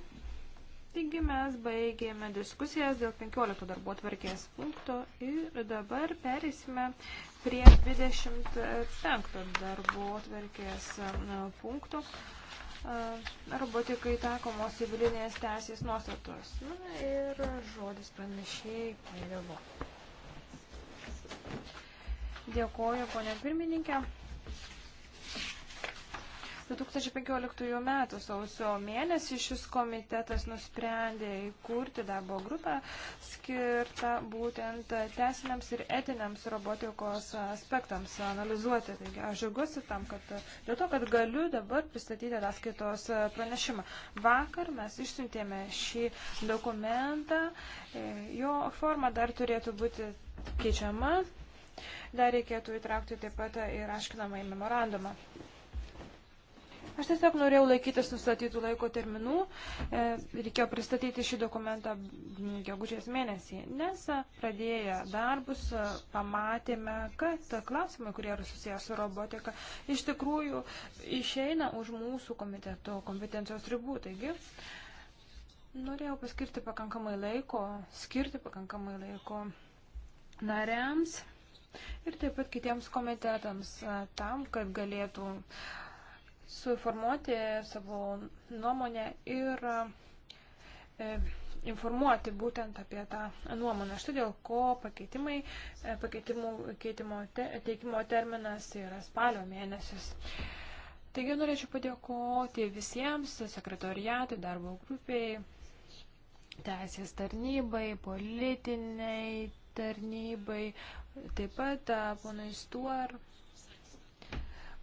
C: Taigi mes baigėme diskusijas dėl 15 darbo tvarkės punkto ir dabar perėsime prie 25 darbo tvarkės punkto robotikai taikomos civilinės teisės nuostatos. Na ir žodis pranešėjai, ponė Dėkoju, ponė pirmininkė. 2015 m. sausio mėnesį šis komitetas nusprendė įkurti darbo grupę skirtą būtent teisiniams ir etiniams robotikos aspektams analizuoti. Taigi aš žiūrėsiu tam, kad dėl to, kad galiu dabar pristatyti ataskaitos pranešimą. Vakar mes išsiuntėme šį dokumentą. Jo forma dar turėtų būti keičiama. Dar reikėtų įtraukti taip pat ir aiškinamą į memorandumą. Aš tiesiog norėjau laikytis nustatytų laiko terminų, e, reikėjo pristatyti šį dokumentą gegužės mėnesį, nes pradėję darbus e, pamatėme, kad klausimai, kurie yra susijęs su robotika, iš tikrųjų išeina už mūsų komiteto kompetencijos ribų. Taigi, norėjau paskirti pakankamai laiko, skirti pakankamai laiko nariams ir taip pat kitiems komitetams e, tam, kad galėtų uh, suformuoti savo nuomonę ir e, informuoti būtent apie tą nuomonę. Štai dėl ko pakeitimai, e, pakeitimų keitimo te, teikimo terminas yra spalio mėnesis. Taigi norėčiau padėkoti visiems, sekretoriatui, darbo grupiai, teisės tarnybai, politiniai tarnybai, taip pat ponui Stuar,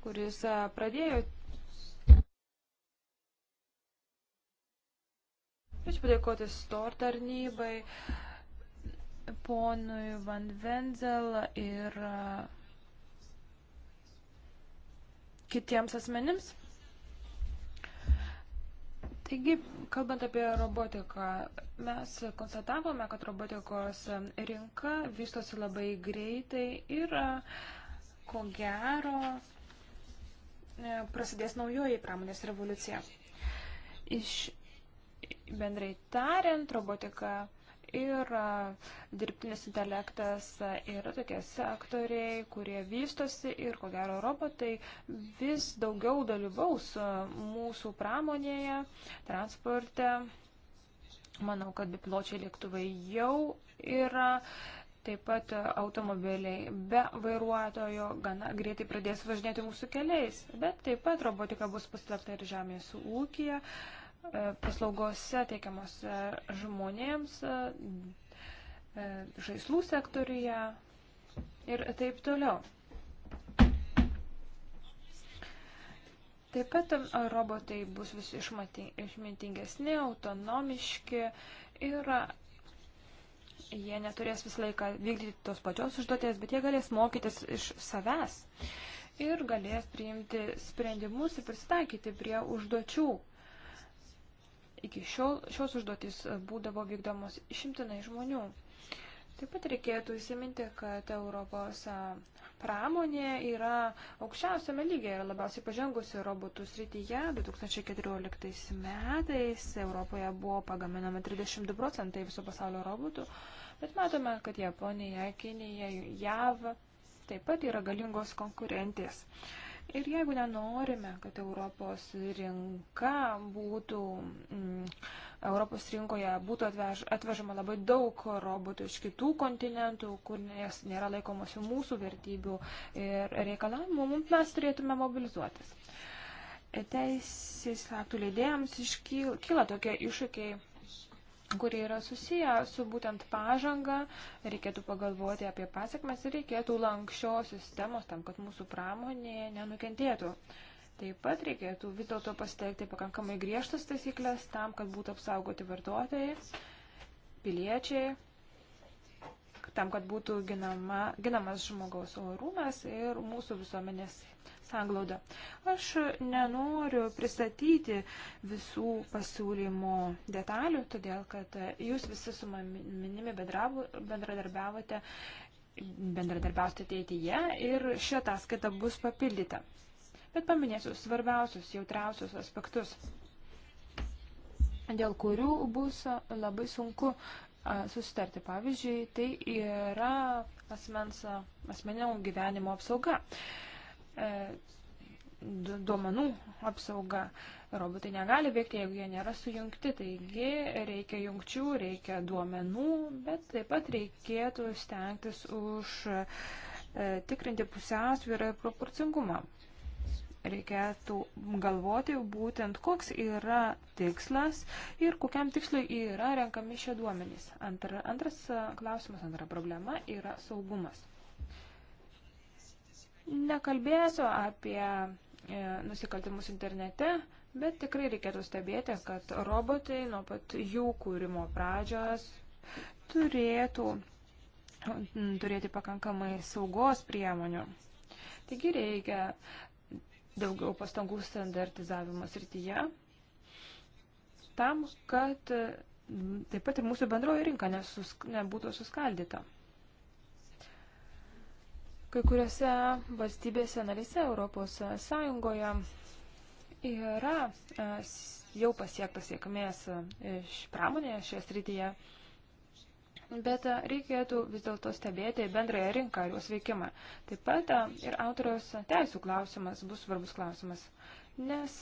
C: kuris pradėjo Ačiū padėkoti STOR tarnybai, ponui Van Venzel ir uh, kitiems asmenims. Taigi, kalbant apie robotiką, mes konstatavome, kad robotikos rinka vystosi labai greitai ir uh, ko gero uh, prasidės naujoji pramonės revoliucija. Iš Bendrai tariant, robotika ir dirbtinis intelektas yra tokie sektoriai, kurie vystosi ir ko gero robotai vis daugiau dalyvaus mūsų pramonėje, transporte. Manau, kad bipločiai lėktuvai jau yra. Taip pat automobiliai be vairuotojo gana greitai pradės važinėti mūsų keliais, bet taip pat robotika bus pasitelkta ir žemės ūkija. Uh, E, paslaugose teikiamos e, žmonėms, e, žaislų sektoriuje ir taip toliau. Taip pat robotai bus vis išmintingesni, autonomiški ir jie neturės visą laiką vykdyti tos pačios užduotės, bet jie galės mokytis iš savęs ir galės priimti sprendimus ir pristaikyti prie užduočių Iki šiol šios užduotys būdavo vykdomos šimtinai žmonių. Taip pat reikėtų įsiminti, kad Europos pramonė yra aukščiausiame lygiai ir labiausiai pažengusi robotų srityje. 2014 metais Europoje buvo pagaminama 32 procentai viso pasaulio robotų, bet matome, kad Japonija, Kinija, JAV taip pat yra galingos konkurentės. Ir jeigu nenorime, kad Europos rinka būtų, mm, Europos rinkoje būtų atvež, atvežama labai daug robotų iš kitų kontinentų, kur nėra laikomasi mūsų vertybių ir reikalavimų, mes turėtume mobilizuotis. Teisės aktų leidėjams iškyla tokie iššūkiai kurie yra susiję su būtent pažanga, reikėtų pagalvoti apie pasiekmes ir reikėtų lankščios sistemos tam, kad mūsų pramonė nenukentėtų. Taip pat reikėtų vis dėlto pasitelkti pakankamai griežtas taisyklės tam, kad būtų apsaugoti vartotojai, piliečiai, tam, kad būtų ginama, ginamas žmogaus orumas ir mūsų visuomenės sanglaudą. Aš nenoriu pristatyti visų pasiūlymų detalių, todėl kad jūs visi su manimi bendradarbiavote bendradarbiausite ateityje ir ši ataskaita bus papildyta. Bet paminėsiu svarbiausius, jautriausius aspektus, dėl kurių bus labai sunku susitarti. Pavyzdžiui, tai yra asmens, asmenių gyvenimo apsauga. E, duomenų apsauga. Robotai negali veikti, jeigu jie nėra sujungti, taigi reikia jungčių, reikia duomenų, bet taip pat reikėtų stengtis už e, tikrinti pusiausvyrą ir proporcingumą. Reikėtų galvoti būtent, koks yra tikslas ir kokiam tikslui yra renkami šie duomenys. Antra, antras klausimas, antra problema yra saugumas. Nekalbėsiu apie e, nusikaltimus internete, bet tikrai reikėtų stebėti, kad robotai nuo pat jų kūrimo pradžios turėtų turėti pakankamai saugos priemonių. Taigi reikia daugiau pastangų standartizavimo srityje, tam, kad taip pat ir mūsų bendroji rinka nesus, nebūtų suskaldyta kai kuriuose valstybėse narise Europos Sąjungoje yra e, jau pasiektas sėkmės iš e, pramonėje šioje srityje, bet e, reikėtų vis dėlto stebėti bendrąją rinką ir jos veikimą. Taip pat ir autoriaus teisų klausimas bus svarbus klausimas, nes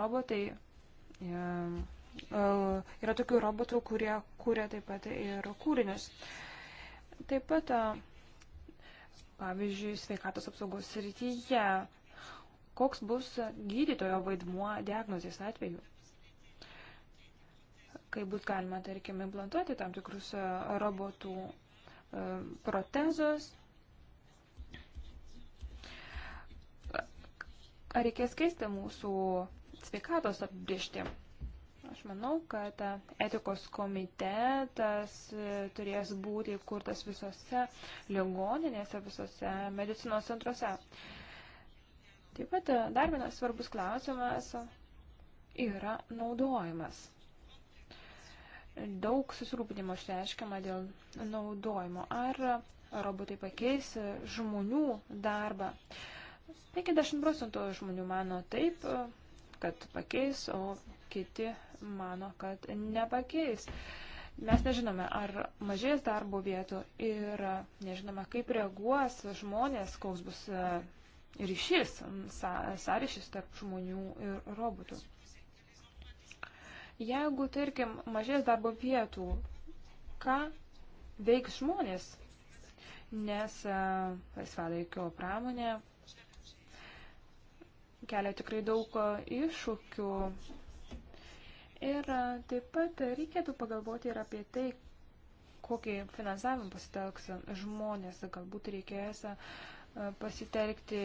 C: robotai yra tokių robotų, kurie kūrė taip pat ir kūrinius. Taip pat pavyzdžiui, sveikatos apsaugos srityje. Koks bus gydytojo vaidmuo diagnozės atveju? Kai bus galima, tarkim, implantuoti tam tikrus e, robotų e, protezus, ar reikės keisti mūsų sveikatos apibriežtį? Aš manau, kad etikos komitetas e, turės būti kurtas visose ligoninėse, visose medicinos centruose. Taip pat e, dar vienas svarbus klausimas yra naudojimas. Daug susirūpinimo išreiškiama dėl naudojimo. Ar robotai pakeis žmonių darbą? 50 procentų žmonių mano taip, kad pakeis, o kiti mano, kad nepakeis. Mes nežinome, ar mažės darbo vietų ir nežinome, kaip reaguos žmonės, koks bus e, ryšys, sąryšys tarp žmonių ir robotų. Jeigu, tarkim, mažės darbo vietų, ką veiks žmonės, nes e, laisvalaikio pramonė kelia tikrai daug e, iššūkių Ir taip pat reikėtų pagalvoti ir apie tai, kokį finansavimą pasitelks žmonės. Galbūt reikės pasitelkti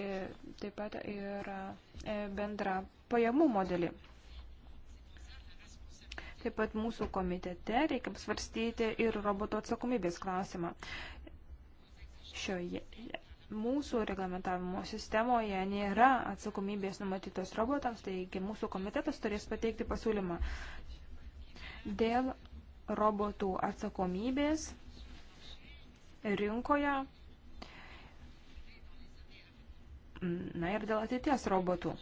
C: taip pat ir e, bendrą pajamų modelį. Taip pat mūsų komitete reikia svarstyti ir roboto atsakomybės klausimą. Šioje, mūsų reglamentavimo sistemoje nėra atsakomybės numatytos robotams, taigi mūsų komitetas turės pateikti pasiūlymą dėl robotų atsakomybės rinkoje. Na ir dėl ateities robotų.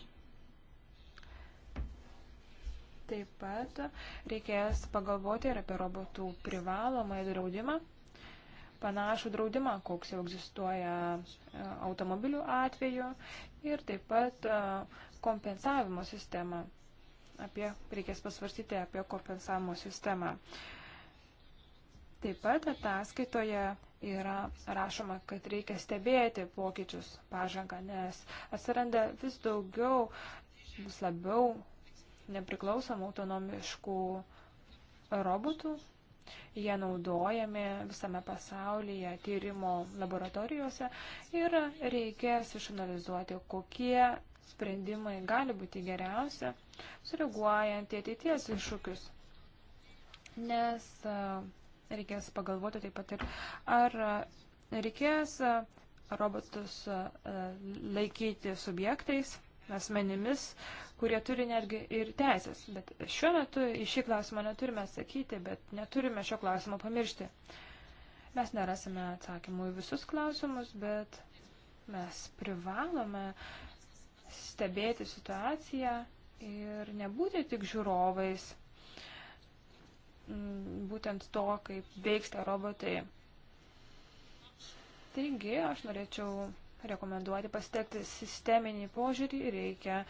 C: Taip pat reikės pagalvoti ir apie robotų privalomą įdraudimą panašų draudimą, koks jau egzistuoja e, automobilių atveju ir taip pat e, kompensavimo sistemą. Apie, reikės pasvarstyti apie kompensavimo sistemą. Taip pat ataskaitoje yra rašoma, kad reikia stebėti pokyčius pažangą, nes atsiranda vis daugiau, vis labiau nepriklausomų autonomiškų robotų, Jie naudojami visame pasaulyje tyrimo laboratorijose ir reikės išanalizuoti, kokie sprendimai gali būti geriausia, sureaguojant į ateities iššūkius. Nes reikės pagalvoti taip pat ir, ar reikės robotus laikyti subjektais asmenimis, kurie turi netgi ir teisės. Bet šiuo metu į šį klausimą neturime atsakyti, bet neturime šio klausimo pamiršti. Mes nerasime atsakymų į visus klausimus, bet mes privalome stebėti situaciją ir nebūti tik žiūrovais mm, būtent to, kaip veiksta robotai. Taigi, aš norėčiau rekomenduoti pasitekti sisteminį požiūrį, reikia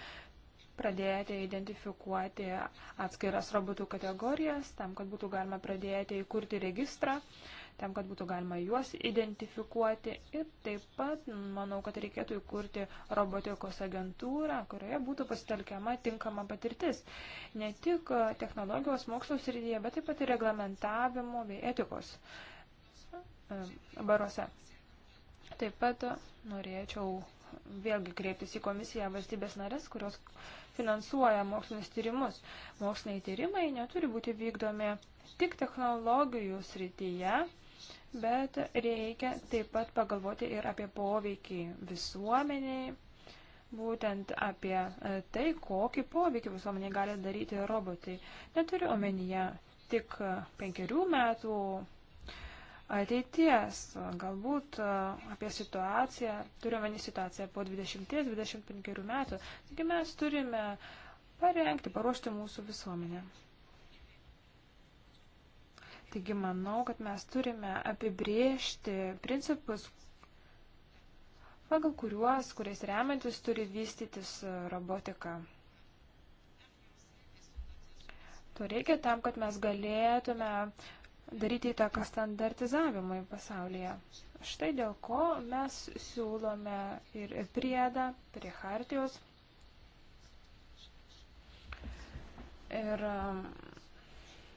C: pradėti identifikuoti atskiras robotų kategorijas, tam, kad būtų galima pradėti įkurti registrą, tam, kad būtų galima juos identifikuoti. Ir taip pat, manau, kad reikėtų įkurti robotikos agentūrą, kurioje būtų pasitelkiama tinkama patirtis. Ne tik technologijos mokslo srityje, bet taip pat ir reglamentavimo bei etikos e, baruose. Taip pat norėčiau vėlgi kreiptis į komisiją valstybės narės, kurios finansuoja mokslinius tyrimus. Moksliniai tyrimai neturi būti vykdomi tik technologijų srityje, bet reikia taip pat pagalvoti ir apie poveikį visuomeniai, būtent apie e, tai, kokį poveikį visuomeniai gali daryti robotai. Neturiu omenyje tik e, penkerių metų ateities, galbūt apie situaciją, turiu meni situaciją po 20-25 metų. Taigi mes turime parengti, paruošti mūsų visuomenę. Taigi manau, kad mes turime apibriežti principus, pagal kuriuos, kuriais remiantis turi vystytis robotika. To reikia tam, kad mes galėtume uh, daryti įtaką standartizavimui pasaulyje. Štai dėl ko mes siūlome ir priedą prie hartijos. Ir um,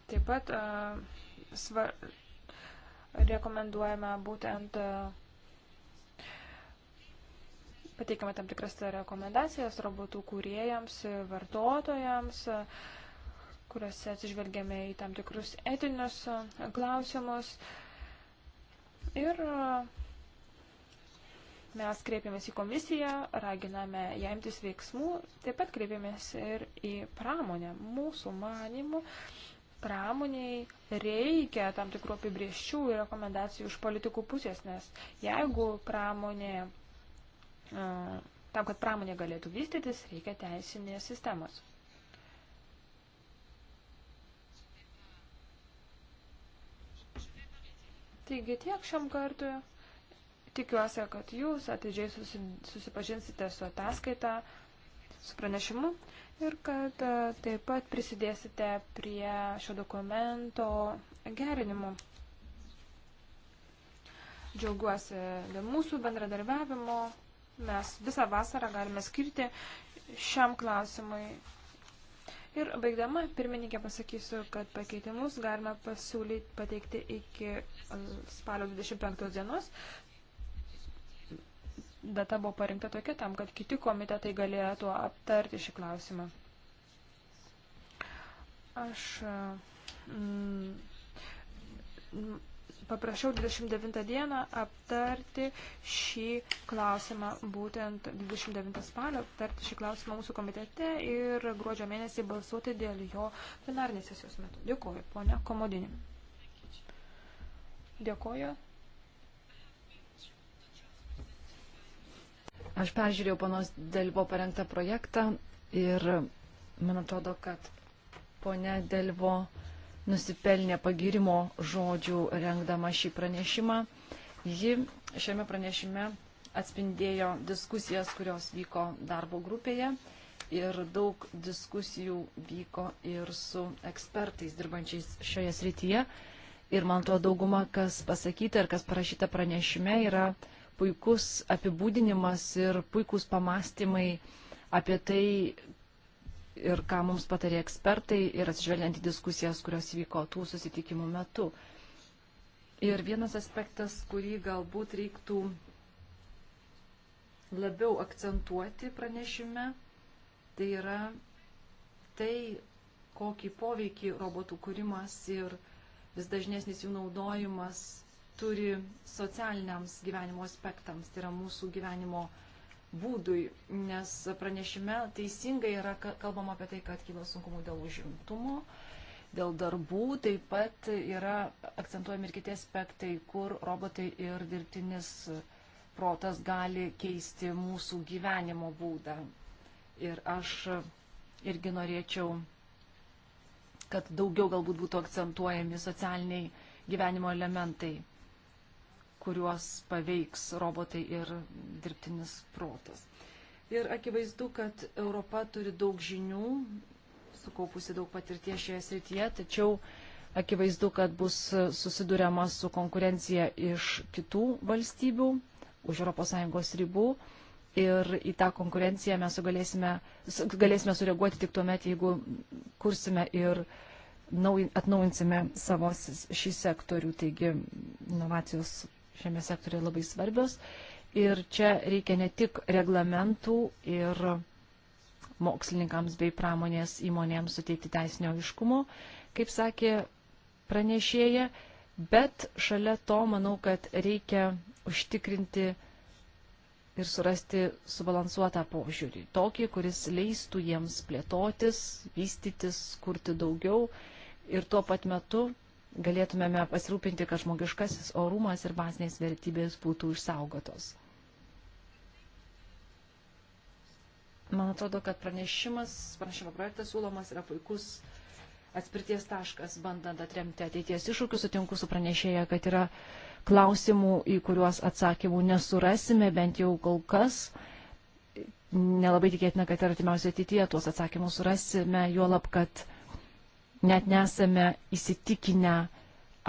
C: taip pat uh, svar, rekomenduojame būtent uh, pateikiame tam tikras rekomendacijas robotų kūrėjams, vartotojams, uh, kuriuose atsižvelgiame į tam tikrus etinius e, klausimus. Ir e, mes kreipiamės į komisiją, raginame ją imtis veiksmų, taip pat kreipiamės ir į pramonę. Mūsų manimų pramoniai reikia tam tikrų apibrieščių ir rekomendacijų iš politikų pusės, nes jeigu pramonė, e, tam, kad pramonė galėtų vystytis, reikia teisinės sistemos. Taigi tiek šiam kartui. Tikiuosi, kad jūs atidžiai susipažinsite su ataskaita, su pranešimu ir kad e, taip pat prisidėsite prie šio dokumento gerinimo. Džiaugiuosi dėl mūsų bendradarbiavimo. Mes visą vasarą galime skirti šiam klausimui Ir baigdama, pirmininkė pasakysiu, kad pakeitimus galima pasiūlyti pateikti iki e, spalio 25 dienos. Data buvo parinkta tokia tam, kad kiti komitetai galėtų aptarti šį klausimą. Aš mm, paprašiau 29 dieną aptarti šį klausimą, būtent 29 spalio aptarti šį klausimą mūsų komitete ir gruodžio mėnesį balsuoti dėl jo plenarinės sesijos metu. Dėkuoju, ponia Komodinė. Dėkuoju.
B: Aš peržiūrėjau panos Delvo parengtą projektą ir man atrodo, kad ponia Delvo nusipelnė pagirimo žodžių rengdama šį pranešimą. Ji šiame pranešime atspindėjo diskusijas, kurios vyko darbo grupėje ir daug diskusijų vyko ir su ekspertais dirbančiais šioje srityje. Ir man to dauguma, kas pasakyta ir kas parašyta pranešime, yra puikus apibūdinimas ir puikus pamastymai apie tai, ir ką mums patarė ekspertai ir atsižvelgiant į diskusijas, kurios vyko tų susitikimų metu. Ir vienas aspektas, kurį galbūt reiktų labiau akcentuoti pranešime, tai yra tai, kokį poveikį robotų kūrimas ir vis dažnesnis jų naudojimas turi socialiniams gyvenimo aspektams, tai yra mūsų gyvenimo aspektams būdui, nes pranešime teisingai yra kalbama apie tai, kad kyla sunkumų dėl užimtumo, dėl darbų, taip pat yra akcentuojami ir kiti aspektai, kur robotai ir dirbtinis protas gali keisti mūsų gyvenimo būdą. Ir aš irgi norėčiau, kad daugiau galbūt būtų akcentuojami socialiniai gyvenimo elementai kuriuos paveiks robotai ir dirbtinis protas. Ir akivaizdu, kad Europa turi daug žinių, sukaupusi daug patirties šioje srityje, tačiau akivaizdu, kad bus susidūriama su konkurencija iš kitų valstybių už ES ribų. Ir į tą konkurenciją mes galėsime, galėsime sureaguoti tik tuo met, jeigu kursime ir atnaujinsime savo šį sektorių, taigi inovacijos šiame sektorėje labai svarbios. Ir čia reikia ne tik reglamentų ir mokslininkams bei pramonės įmonėms suteikti teisinio aiškumo, kaip sakė pranešėja, bet šalia to manau, kad reikia užtikrinti ir surasti subalansuotą požiūrį, tokį, kuris leistų jiems plėtotis, vystytis, kurti daugiau ir tuo pat metu galėtumėme pasirūpinti, kad žmogiškasis orumas ir bazinės vertybės būtų išsaugotos. Man atrodo, kad pranešimas, pranešimo projektas siūlomas yra puikus atspirties taškas, bandant atremti ateities iššūkius, sutinku su pranešėja, kad yra klausimų, į kuriuos atsakymų nesurasime, bent jau kol kas. Nelabai tikėtina, kad ir atimiausia ateityje tuos atsakymus surasime, juolab, kad net nesame įsitikinę,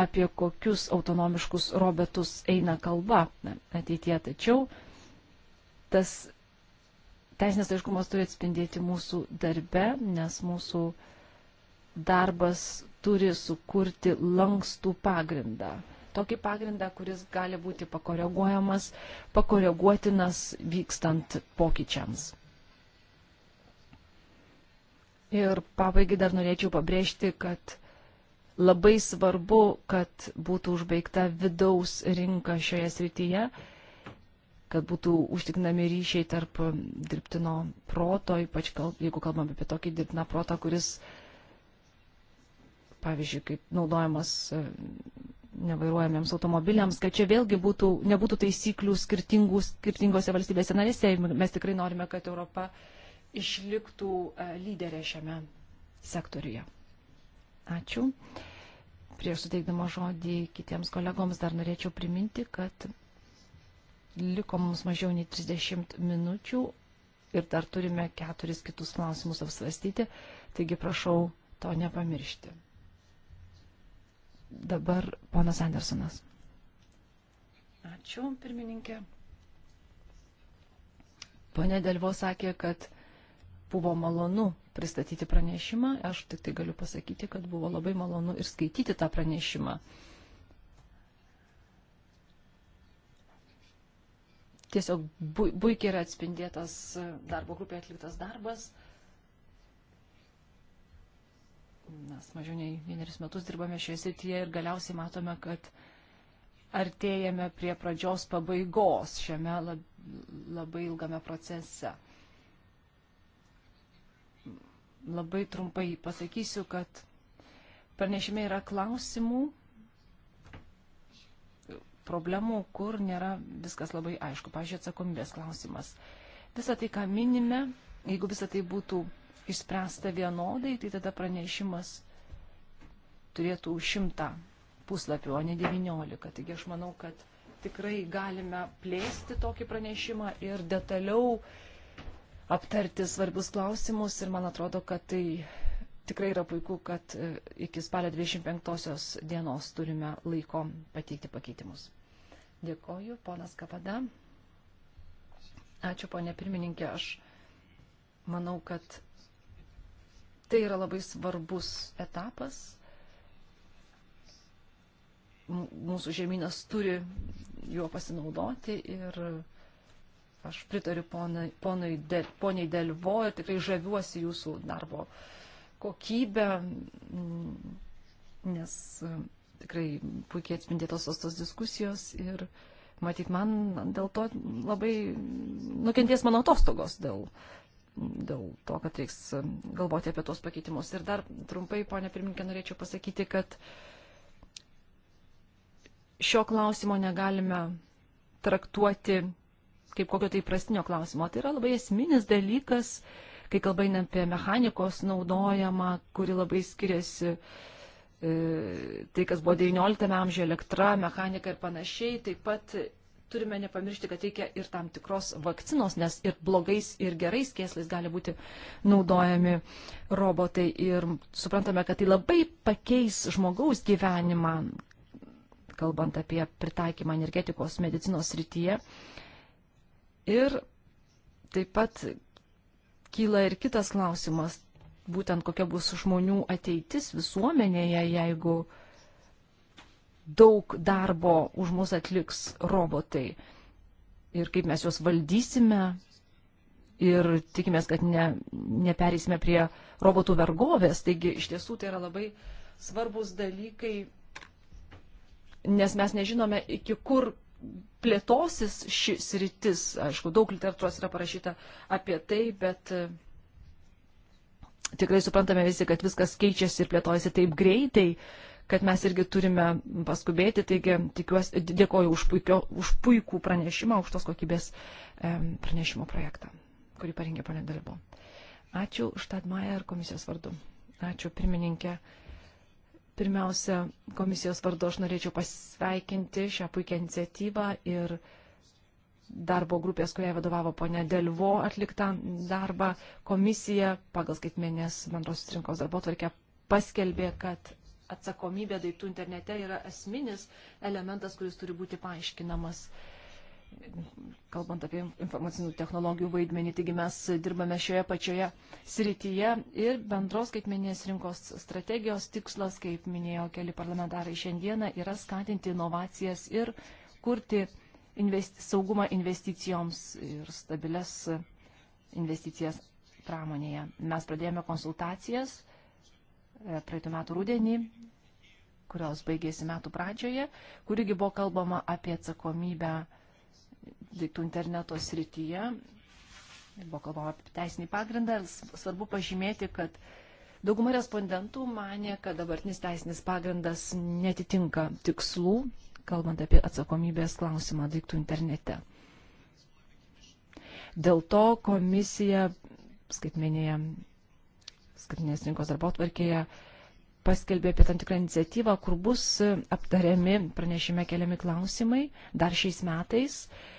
B: apie kokius autonomiškus robotus eina kalba ateitie. Tačiau tas teisinės aiškumas turi atspindėti mūsų darbe, nes mūsų darbas turi sukurti lankstų pagrindą. Tokį pagrindą, kuris gali būti pakoreguojamas, pakoreguotinas vykstant pokyčiams. Ir pabaigai dar norėčiau pabrėžti, kad labai svarbu, kad būtų užbaigta vidaus rinka šioje srityje, kad būtų užtiknami ryšiai tarp dirbtino proto, ypač kalb, jeigu kalbam apie tokį dirbtiną protą, kuris, pavyzdžiui, kaip naudojamas e, nevairuojamiems automobiliams, kad čia vėlgi būtų, nebūtų taisyklių skirtingose valstybėse narėse. Mes tikrai norime, kad Europa išliktų e, lyderė šiame sektoriuje. Ačiū. Prieš suteikdama žodį kitiems kolegoms dar norėčiau priminti, kad liko mums mažiau nei 30 minučių ir dar turime keturis kitus klausimus apsvarstyti, taigi prašau to nepamiršti. Dabar ponas Andersonas. Ačiū, pirmininkė. Pone Delvo sakė, kad buvo malonu pristatyti pranešimą. Aš tik tai galiu pasakyti, kad buvo labai malonu ir skaityti tą pranešimą. Tiesiog puikiai yra atspindėtas darbo grupė atliktas darbas. Mes mažiau nei vienerius metus dirbame šioje srityje ir galiausiai matome, kad artėjame prie pradžios pabaigos šiame lab, labai ilgame procese labai trumpai pasakysiu, kad pranešime yra klausimų, problemų, kur nėra viskas labai aišku. Pavyzdžiui, atsakomybės klausimas. Visą tai, ką minime, jeigu visą tai būtų išspręsta vienodai, tai tada pranešimas turėtų šimtą puslapių, o ne devyniolika. Taigi aš manau, kad tikrai galime plėsti tokį pranešimą ir detaliau uh, aptarti svarbius klausimus ir man atrodo, kad tai tikrai yra puiku, kad e, iki spalio 25 dienos turime laiko pateikti pakeitimus. Dėkoju, ponas Kavada. Ačiū, ponė pirmininkė. Aš manau, kad tai yra labai svarbus etapas. Mūsų žemynas turi juo pasinaudoti ir Aš pritariu ponai, ponai de, poniai Delvo ir tikrai žaviuosi jūsų darbo kokybę, mm, nes mm, tikrai puikiai atspindėtos tos, tos diskusijos ir matyt, man dėl to labai nukenties mano atostogos dėl, dėl to, kad reiks galvoti apie tos pakeitimus. Ir dar trumpai, ponia pirminkė, norėčiau pasakyti, kad šio klausimo negalime traktuoti kaip kokio tai prastinio klausimo. Tai yra labai esminis dalykas, kai kalbaina apie mechanikos naudojamą, kuri labai skiriasi e, tai, kas buvo XIX amžiuje, elektra, mechanika ir panašiai. Taip pat turime nepamiršti, kad reikia ir tam tikros vakcinos, nes ir blogais, ir gerais kėslais gali būti naudojami robotai. Ir suprantame, kad tai labai pakeis žmogaus gyvenimą, kalbant apie pritaikymą energetikos medicinos rytyje. Uh, Ir taip pat kyla ir kitas klausimas, būtent kokia bus žmonių ateitis visuomenėje, jeigu daug darbo už mus atliks robotai ir kaip mes juos valdysime, ir tikimės, kad ne, neperėsime prie robotų vergovės. Taigi iš tiesų tai yra labai svarbus dalykai, nes mes nežinome, iki kur plėtosis šis rytis. Aišku, daug literatūros yra parašyta apie tai, bet e, tikrai suprantame visi, kad viskas keičiasi ir plėtojasi taip greitai, kad mes irgi turime paskubėti. Taigi, tikiuosi, dėkoju už, puikio, už puikų pranešimą, už tos kokybės e, pranešimo projektą, kurį parengė ponė Dalibo. Ačiū Štadmaja ir komisijos vardu. Ačiū pirmininkė. Pirmiausia, komisijos vardu aš norėčiau pasveikinti šią puikią iniciatyvą ir darbo grupės, kuriai vadovavo ponė Delvo atliktą darbą. Komisija pagal skaitmenės bendrosios rinkos darbo tvarkę paskelbė, kad atsakomybė daiktų internete yra esminis elementas, kuris turi būti paaiškinamas. Uh, kalbant apie informacinių technologijų vaidmenį, taigi mes dirbame šioje pačioje srityje ir bendros skaitmeninės rinkos strategijos tikslas, kaip minėjo keli parlamentarai šiandieną, yra skatinti inovacijas ir kurti investi saugumą investicijoms ir stabilias investicijas pramonėje. Mes pradėjome konsultacijas e, praeitų metų rūdienį kurios baigėsi metų pradžioje, kurigi buvo kalbama apie atsakomybę uh, daiktų interneto srityje. Buvo kalbama apie teisinį pagrindą. Svarbu pažymėti, kad dauguma respondentų mane, kad dabartinis teisinis pagrindas netitinka tikslų, kalbant apie atsakomybės klausimą daiktų internete. Dėl to komisija skaitmenėje, skaitmenės rinkos darbo tvarkėje paskelbė apie tam tikrą iniciatyvą, kur bus aptariami pranešime keliami klausimai dar šiais metais. Uh,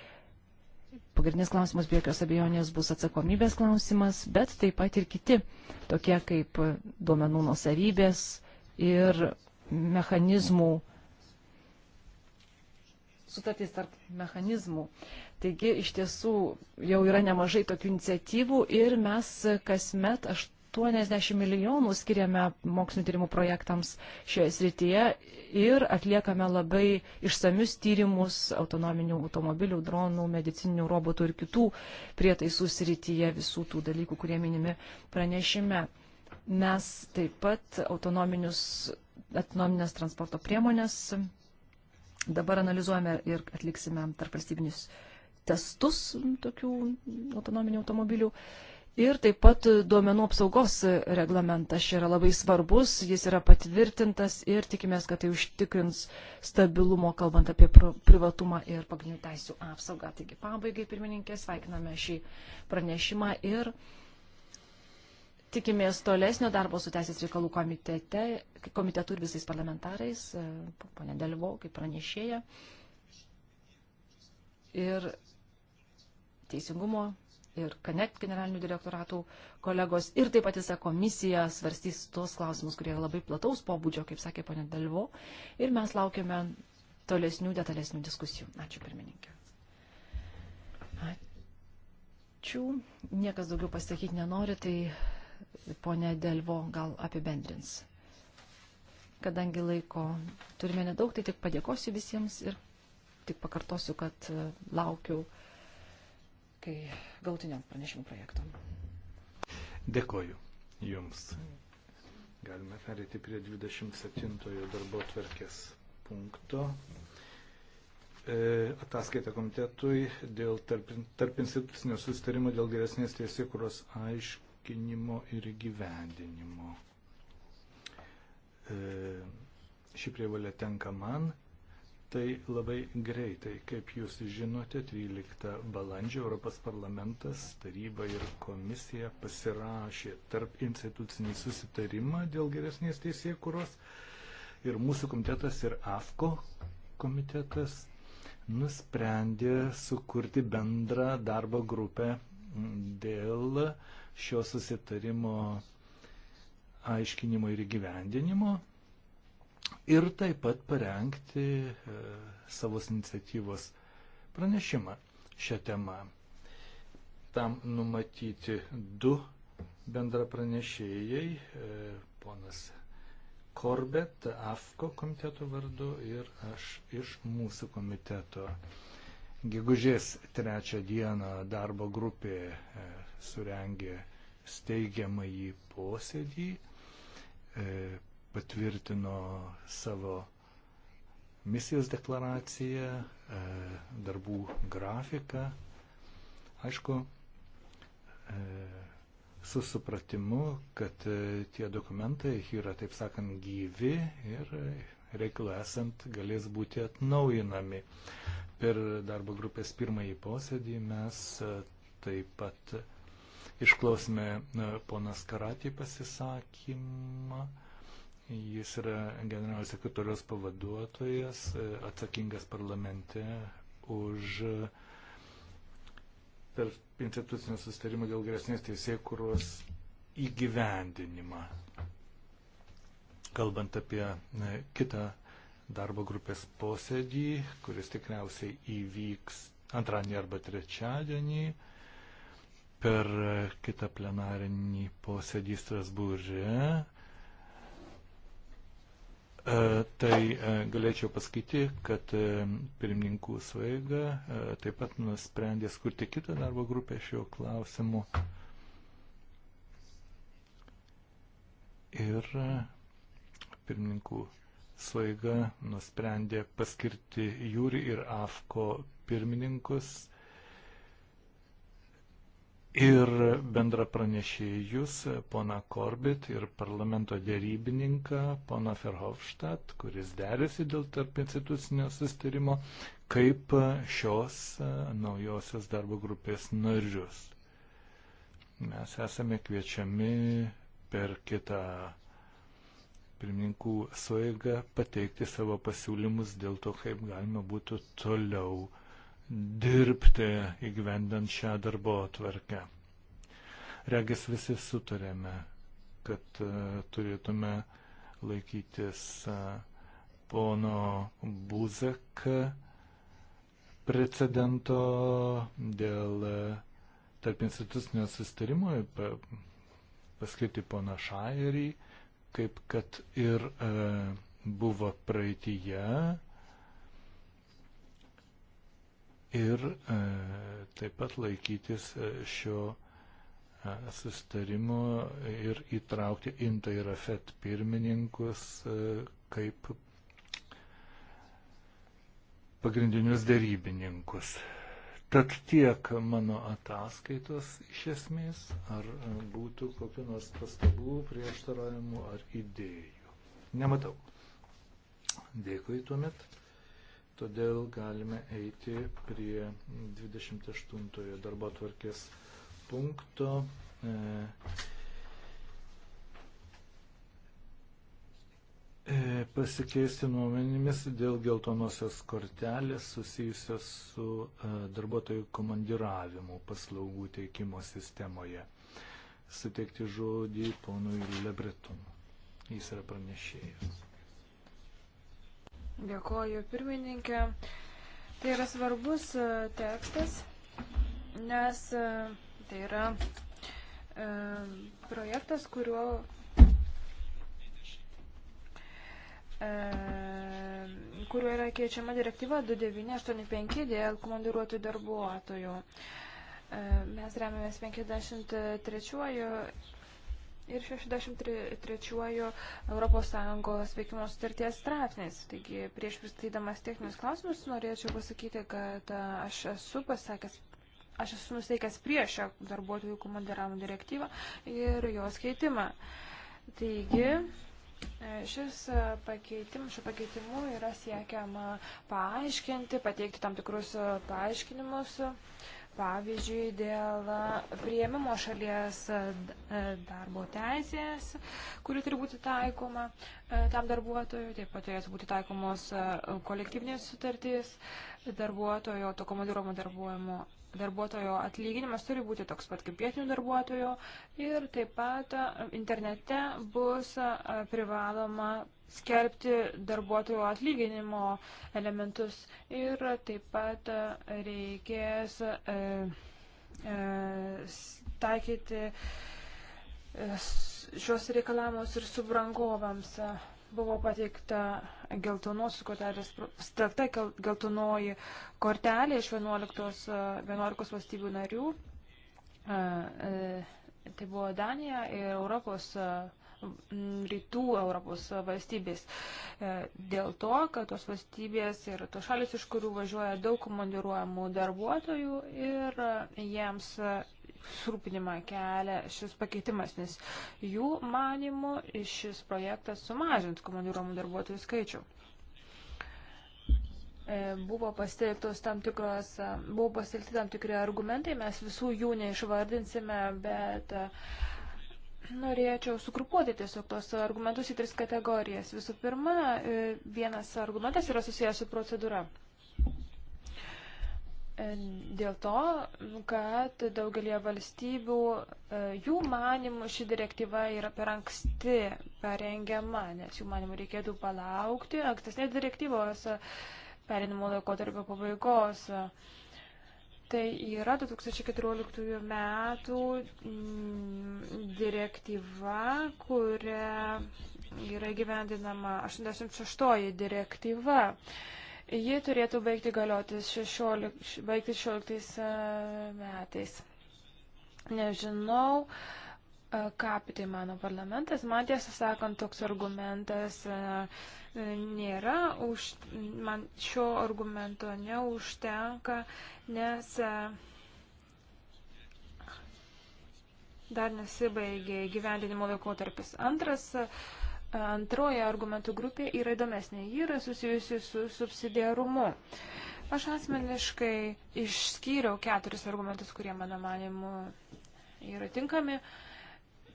B: pagrindinis klausimas be jokios abejonės bus atsakomybės klausimas, bet taip pat ir kiti, tokie kaip duomenų nusavybės ir mechanizmų, sutartys tarp mechanizmų. Taigi iš tiesų jau yra nemažai tokių iniciatyvų ir mes kasmet aš 80 milijonų skiriame mokslinio tyrimų projektams šioje srityje ir atliekame labai išsamius tyrimus autonominių automobilių, dronų, medicininių robotų ir kitų prietaisų srityje visų tų dalykų, kurie minimi pranešime. Mes taip pat autonominės transporto priemonės dabar analizuojame ir atliksime tarp valstybinius testus tokių autonominių automobilių. Uh, Ir taip pat duomenų apsaugos reglamentas čia yra labai svarbus, jis yra patvirtintas ir tikimės, kad tai užtikrins stabilumo, kalbant apie privatumą ir pagrindinių teisų apsaugą. Taigi pabaigai, pirmininkė, sveikiname šį pranešimą ir tikimės tolesnio darbo su Teisės reikalų komitete, komitetu ir visais parlamentarais, e, ponė Delvo, kaip pranešėja. Ir teisingumo ir Connect generalinių direktoratų kolegos ir taip pat visa komisija svarstys tuos klausimus, kurie yra labai plataus pobūdžio, kaip sakė ponė Dalvo. Ir mes laukiame tolesnių, detalesnių diskusijų. Ačiū pirmininkė. Ačiū. Niekas daugiau pasakyti nenori, tai ponė Delvo gal apibendrins. Kadangi laiko turime nedaug, tai tik padėkosiu visiems ir tik pakartosiu, kad laukiu kai galtinio pranešimo projekto.
D: Dėkoju Jums. Galime perėti prie 27 darbo tvarkės punkto. E, ataskaita komitetui dėl tarp, tarp institucinio sustarimo dėl geresnės teisėkuros aiškinimo ir įgyvendinimo. E, ši prievalė tenka man tai labai greitai. Kaip jūs žinote, 13 balandžio Europos parlamentas, taryba ir komisija pasirašė tarp institucinį susitarimą dėl geresnės teisėkuros ir mūsų komitetas ir AFKO komitetas nusprendė sukurti bendrą darbo grupę dėl šio susitarimo aiškinimo ir įgyvendinimo ir taip pat parengti e, savos iniciatyvos pranešimą šią temą. Tam numatyti du bendra pranešėjai, e, ponas Korbet, AFKO komiteto vardu ir aš iš mūsų komiteto. Gegužės trečią dieną darbo grupė e, surengė steigiamąjį posėdį patvirtino savo misijos deklaraciją, e, darbų grafiką. Aišku, e, su supratimu, kad e, tie dokumentai yra, taip sakant, gyvi ir reikalų esant galės būti atnaujinami. Per darbo grupės pirmąjį posėdį mes taip pat išklausime ponas Karatį pasisakymą Jis yra generalinio sekretoriaus pavaduotojas, e, atsakingas parlamente už tarp e, institucinio sustarimo dėl geresnės teisėkuros įgyvendinimą. Kalbant apie e, kitą darbo grupės posėdį, kuris tikriausiai įvyks antradienį arba trečiadienį, per kitą plenarinį posėdį Strasbūrė E, tai e, galėčiau pasakyti, kad e, pirmininkų svaiga taip pat nusprendė skurti kitą darbo grupę šiuo klausimu. Ir pirmininkų svaiga nusprendė paskirti Jūri ir Afko pirmininkus
A: ir bendra
D: pranešėjus, pona Korbit ir parlamento dėrybininką, pona Ferhofštat, kuris derėsi dėl tarp institucinio sustarimo, kaip šios e, naujosios darbo grupės narius. Mes esame kviečiami per kitą pirmininkų suėgą pateikti savo pasiūlymus dėl to, kaip galima būtų toliau dirbti įgyvendant šią darbo atvarkę. Regis visi sutarėme, kad e, turėtume laikytis e, pono Buzek precedento dėl e, tarp institucinio sustarimo paskirti poną Šairį, kaip kad ir buvo praeitįje ir e, taip pat laikytis e, šio e, sustarimo ir įtraukti INTA ir AFET pirmininkus kaip pagrindinius dėrybininkus. Tad tiek mano ataskaitos iš esmės, ar būtų kokiu nors pastabų, prieštaravimų ar idėjų. Nematau. Dėkui tuomet. Todėl galime eiti prie 28 darbo tvarkės punkto. E, e, pasikeisti nuomenėmis dėl geltonosios kortelės susijusios su e, darbuotojų komandiravimu paslaugų teikimo sistemoje. Suteikti žodį ponui Lebretum. Jis yra pranešėjas.
C: Dėkoju pirmininkė. Tai yra svarbus e, tekstas, nes e, tai yra e, projektas, kuriuo e, kuriuo yra keičiama direktyva 2985 dėl komandiruotų darbuotojų. E, mes remiamės 53 ir 63 ES veikimo sutarties straipsniais. Taigi, prieš pristatydamas techninius klausimus, norėčiau pasakyti, kad aš esu pasakęs. Aš esu nusteikęs prieš šią darbuotojų komandiravimo direktyvą ir jos keitimą. Taigi, e, Šis pakeitim, šiuo pakeitimu yra siekiama paaiškinti, pateikti tam tikrus e, paaiškinimus pavyzdžiui, dėl prieimimo šalies darbo teisės, kuri turi būti taikoma tam darbuotojui, taip pat turėtų būti taikomos kolektyvinės sutartys, darbuotojo, to komandiruomo darbuojimo. Darbuotojo atlyginimas turi būti toks pat kaip vietinių darbuotojų ir taip pat internete bus privaloma skelbti darbuotojų atlyginimo elementus ir taip pat reikės e, e, taikyti e, šios reikalavimus ir subrangovams. Buvo pateikta geltonos kortelės, strakta geltonoji kortelė iš 11, 11 e, valstybių narių. E, e, tai buvo Danija ir Europos. E, Mm, rytų Europos valstybės. E, dėl to, kad tos valstybės ir tos šalis, iš kurių važiuoja daug komandiruojamų darbuotojų ir jiems surūpinimą kelia šis pakeitimas, nes jų manimų šis projektas sumažins komandiruojamų darbuotojų skaičių. E, buvo pasitelktos tam tikros, e, buvo pasitelkti tam tikri argumentai, mes visų jų neišvardinsime, bet uh, Norėčiau sugrupuoti tiesiog tos argumentus į tris kategorijas. Visų pirma, e, vienas argumentas yra susijęs su procedūra. E, dėl to, kad daugelie valstybių e, jų manimų ši direktyva yra per anksti parengiama, nes jų manimų reikėtų palaukti ankstesnės direktyvos perinimo laikotarpio pabaigos. pabaigos Tai yra 2014 metų mm, direktyva, kuria yra gyvendinama 86 direktyva. Ji turėtų baigti galiotis 16, baigti 16 e, metais. Nežinau, uh, ką apie tai mano parlamentas. Man tiesą sakant, toks argumentas nėra, už, man šio argumento neužtenka, nes dar nesibaigė gyvendinimo laikotarpis. Antras, antroji argumentų grupė yra įdomesnė, ji yra susijusi su subsidiarumu. Aš asmeniškai išskyriau keturis argumentus, kurie mano manimu yra tinkami. Uh,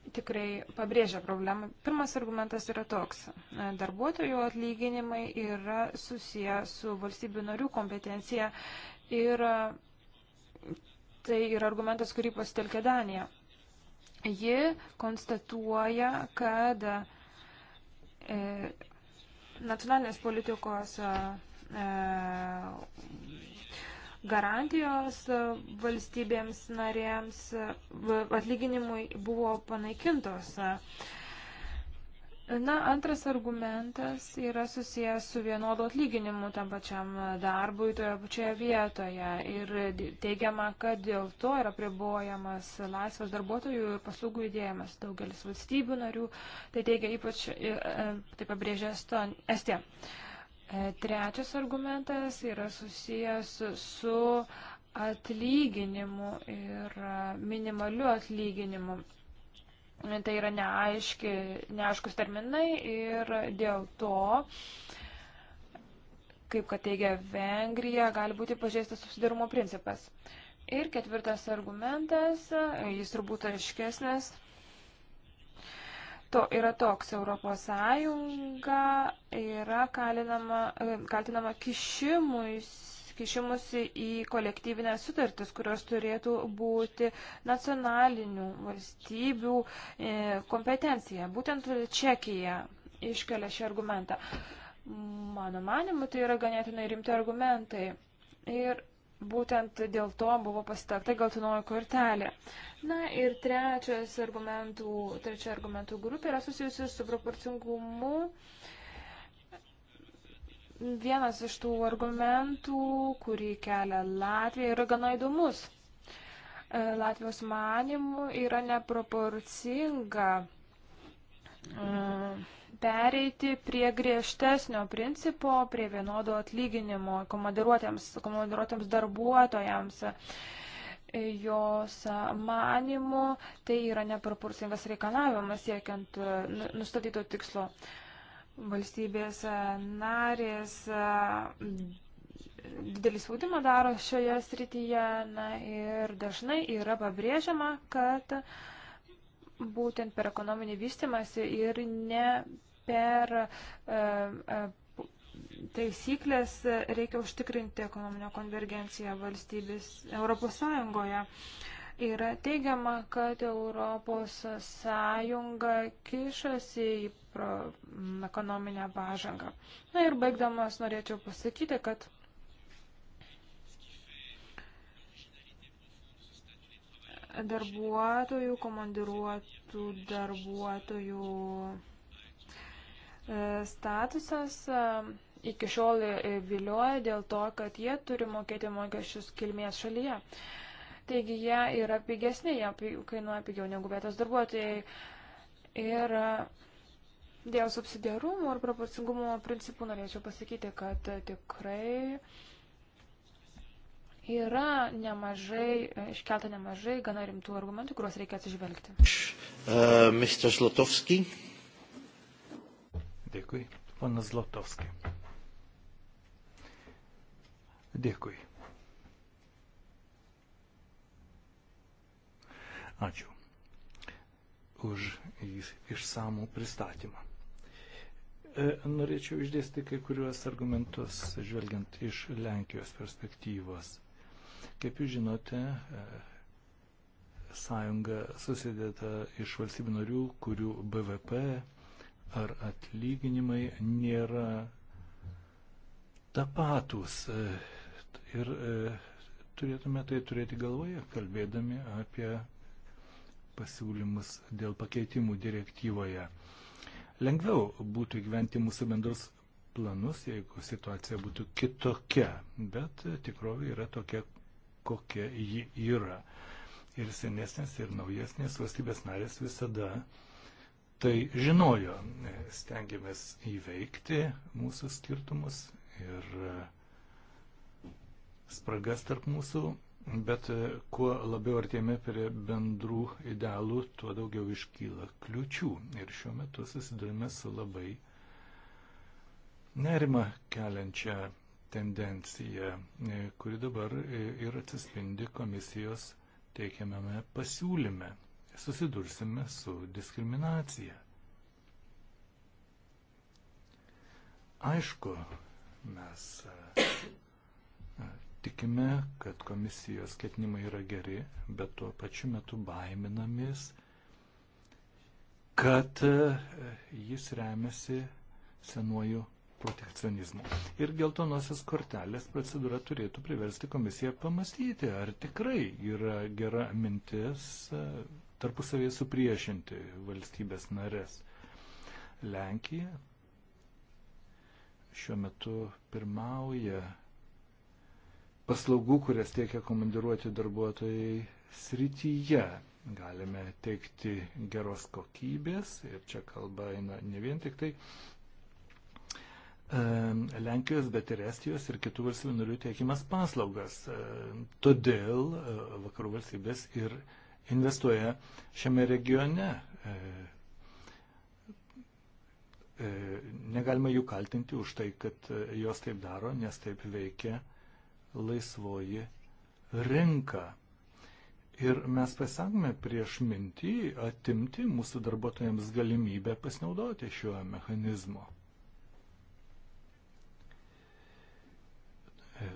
C: tikrai pabrėžia problemą. Pirmas argumentas yra toks. Darbuotojų atlyginimai yra susiję su valstybių narių kompetencija ir tai yra argumentas, kurį pasitelkė Danija. Ji konstatuoja, kad e, nacionalinės politikos e, garantijos e, valstybėms narėms e, atlyginimui buvo panaikintos. Na, antras argumentas yra susijęs su vienodu atlyginimu tam pačiam darbui toje pačioje vietoje ir teigiama, kad dėl to yra pribojamas laisvas darbuotojų ir paslaugų judėjimas daugelis valstybių narių, tai teigia ypač, e, tai pabrėžia Estija. Trečias argumentas yra susijęs su atlyginimu ir minimaliu atlyginimu. Tai yra neaiški, neaiškus terminai ir dėl to, kaip kad teigia Vengrija, gali būti pažeistas susidarumo principas. Ir ketvirtas argumentas, jis turbūt aiškesnis, to yra toks. Europos Sąjunga yra kalinama, e, kaltinama kišimuisi kišimusi į kolektyvinės sutartis, kurios turėtų būti nacionalinių valstybių e, kompetencija. Būtent Čekija iškelia šį argumentą. Mano manimu, tai yra ganėtinai rimti argumentai. Ir būtent dėl to buvo pasitakta geltonoji kortelė. Na ir trečias argumentų, trečia argumentų grupė yra susijusi su proporcingumu. Vienas iš tų argumentų, kurį kelia Latvija, yra gana įdomus. E, Latvijos manimų yra neproporcinga. Mm pereiti prie griežtesnio principo, prie vienodo atlyginimo komandiruotėms, komandiruotėms darbuotojams. Jos manimu tai yra neproporcingas reikalavimas siekiant nu, nustatyto tikslo. Valstybės narės didelį spaudimą daro šioje srityje na, ir dažnai yra pabrėžiama, kad būtent per ekonominį vystimąsi ir ne per e, e, taisyklės reikia užtikrinti ekonominio konvergenciją valstybės Europos Sąjungoje. Yra teigiama, kad Europos Sąjunga kišasi į pro, ekonominę pažangą. Na ir baigdamas norėčiau pasakyti, kad darbuotojų, komandiruotų darbuotojų E, statusas e, iki šiol e, vilioja dėl to, kad jie turi mokėti mokesčius kilmės šalyje. Taigi jie yra pigesni, jie kainuoja pigiau negu vietos darbuotojai. Ir dėl subsidiarumo ir proporcingumo principų norėčiau pasakyti, kad tikrai yra nemažai, iškelta nemažai gana rimtų argumentų, kuriuos reikia atsižvelgti.
D: Uh, Mr. Slotovski. Dėkui. Panas Zlotovski. Dėkui. Ačiū už išsamų pristatymą. E, norėčiau išdėsti kai kuriuos argumentus, žvelgiant iš Lenkijos perspektyvos. Kaip jūs žinote, e, sąjunga susideda iš valstybių narių, kurių BVP ar atlyginimai nėra tapatus. E, ir e, turėtume tai turėti galvoje, kalbėdami apie pasiūlymus dėl pakeitimų direktyvoje. Lengviau būtų gyventi mūsų bendrus planus, jeigu situacija būtų kitokia, bet tikrovė yra tokia, kokia ji yra. Ir senesnės, ir naujesnės valstybės narės visada uh, tai žinojo. Stengiamės įveikti mūsų skirtumus ir e, spragas tarp mūsų, bet e, kuo labiau artėjame prie bendrų idealų, tuo daugiau iškyla kliučių. Ir šiuo metu susidurime su labai nerima keliančia tendencija, e, kuri dabar ir atsispindi komisijos teikiamame pasiūlyme susidursime su diskriminacija. Aišku, mes e, tikime, kad komisijos ketinimai yra geri, bet tuo pačiu metu baiminamis, kad e, jis remiasi senuoju protekcionizmu. Ir geltonosios kortelės procedūra turėtų priversti komisiją pamastyti, ar tikrai yra gera mintis e, tarpusavėje supriešinti valstybės narės. Lenkija šiuo metu pirmauja paslaugų, kurias tiekia komandiruoti darbuotojai srityje. Galime teikti geros kokybės ir čia kalba eina ne vien tik tai Lenkijos, bet ir Estijos ir kitų valstybių narių teikimas paslaugas. Todėl e, vakarų valstybės ir investuoja šiame regione. E, e, negalima jų kaltinti už tai, kad e, jos taip daro, nes taip veikia laisvoji rinka. Ir mes pasakome prieš mintį atimti mūsų darbuotojams galimybę pasinaudoti šiuo mechanizmu.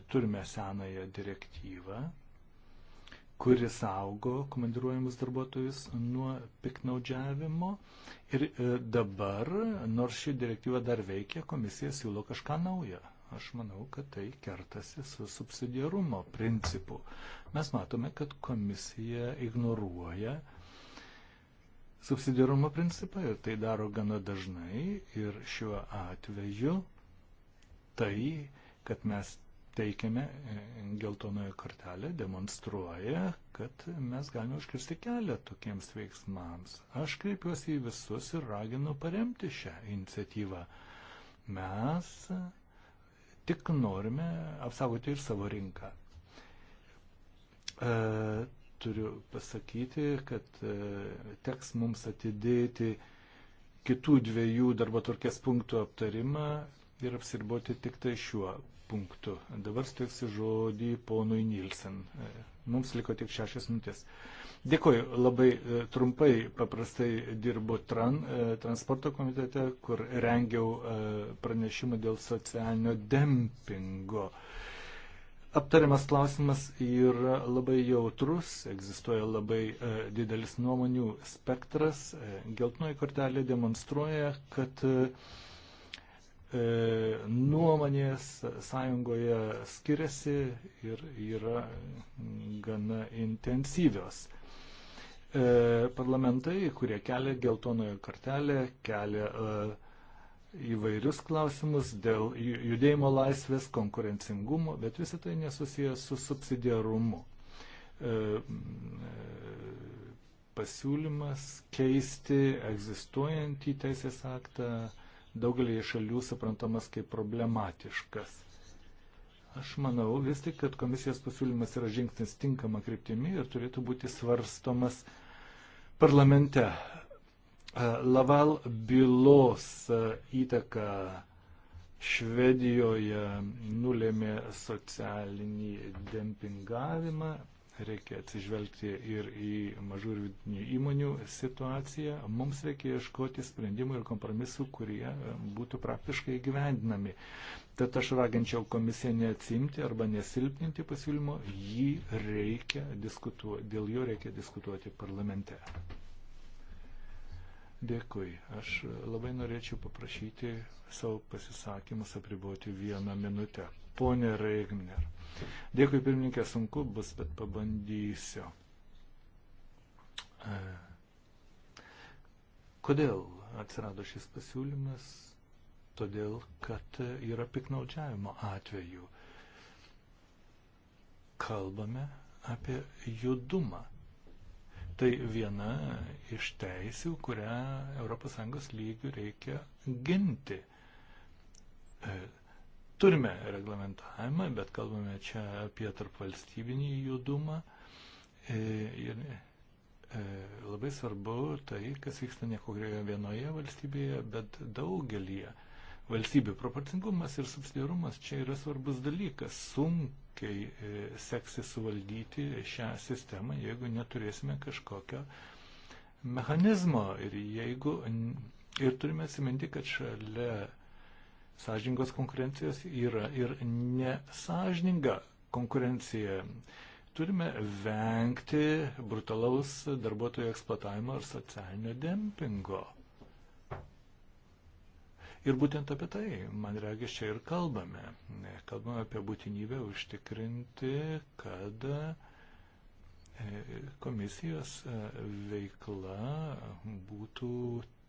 D: Turime senąją direktyvą, kuris augo komandiruojamus darbuotojus nuo piknaudžiavimo. Ir e, dabar, nors ši direktyva dar veikia, komisija siūlo kažką naujo. Aš manau, kad tai kertasi su subsidiarumo principu. Mes matome, kad komisija ignoruoja subsidiarumo principą ir tai daro gana dažnai. Ir šiuo atveju tai, kad mes teikiame e, geltonoje kortelę, demonstruoja, kad mes galime užkirsti kelią tokiems veiksmams. Aš kreipiuosi į visus ir raginu paremti šią iniciatyvą. Mes tik norime apsaugoti ir savo rinką. E, turiu pasakyti, kad e, teks mums atidėti kitų dviejų darbo turkės punktų aptarimą ir apsirboti tik tai šiuo punktu. Dabar steiksiu žodį ponui Nilsen. Mums liko tik šešias minutės. Dėkuoju, labai e, trumpai paprastai dirbu TRAN e, transporto komitete, kur rengiau e, pranešimą dėl socialinio dempingo. Aptariamas klausimas yra labai jautrus, egzistuoja labai e, didelis nuomonių spektras. E, Geltonoji kortelė demonstruoja, kad e, E, nuomonės sąjungoje skiriasi ir yra gana intensyvios. E, parlamentai, kurie kelia geltonojo kartelę, kelia e, įvairius klausimus dėl judėjimo laisvės, konkurencingumo, bet visą tai nesusijęs su subsidiarumu. Pasiūlymas keisti egzistuojantį teisės aktą daugelį šalių suprantamas kaip problematiškas. Aš manau vis tik, kad komisijos pasiūlymas yra žingsnis tinkama kryptimi ir turėtų būti svarstomas parlamente. Laval bylos įtaka Švedijoje nulėmė socialinį dempingavimą, reikia atsižvelgti ir į mažų ir vidutinių įmonių situaciją. Mums reikia ieškoti sprendimų ir kompromisų, kurie e, būtų praktiškai gyvendinami. Tad aš raginčiau komisiją neatsimti arba nesilpninti pasiūlymo, jį reikia diskutuoti, dėl jo reikia diskutuoti parlamente. Dėkui. Aš e, labai norėčiau paprašyti savo pasisakymus apriboti vieną minutę. Pone Reigner. Dėkui pirmininkė, sunku bus, bet pabandysiu. E, kodėl atsirado šis pasiūlymas? Todėl, kad yra piknaudžiavimo atveju. Kalbame apie judumą. Tai viena iš teisių, kurią ES lygių reikia ginti. E, turime reglamentavimą, bet kalbame čia apie tarpvalstybinį judumą. E, ir e, labai svarbu tai, kas vyksta ne kokioje vienoje valstybėje, bet daugelyje valstybių. Proporcingumas ir subsidiarumas čia yra svarbus dalykas. Sunkiai e, seksis suvaldyti šią sistemą, jeigu neturėsime kažkokio mechanizmo. Ir, jeigu, ir turime atsiminti, kad šalia sąžingos konkurencijos yra ir nesažininga konkurencija. Turime vengti brutalaus darbuotojų eksploatavimo ir socialinio dempingo. Ir būtent apie tai, man regis, čia ir kalbame. Kalbame apie būtinybę užtikrinti, kad e, komisijos e, veikla būtų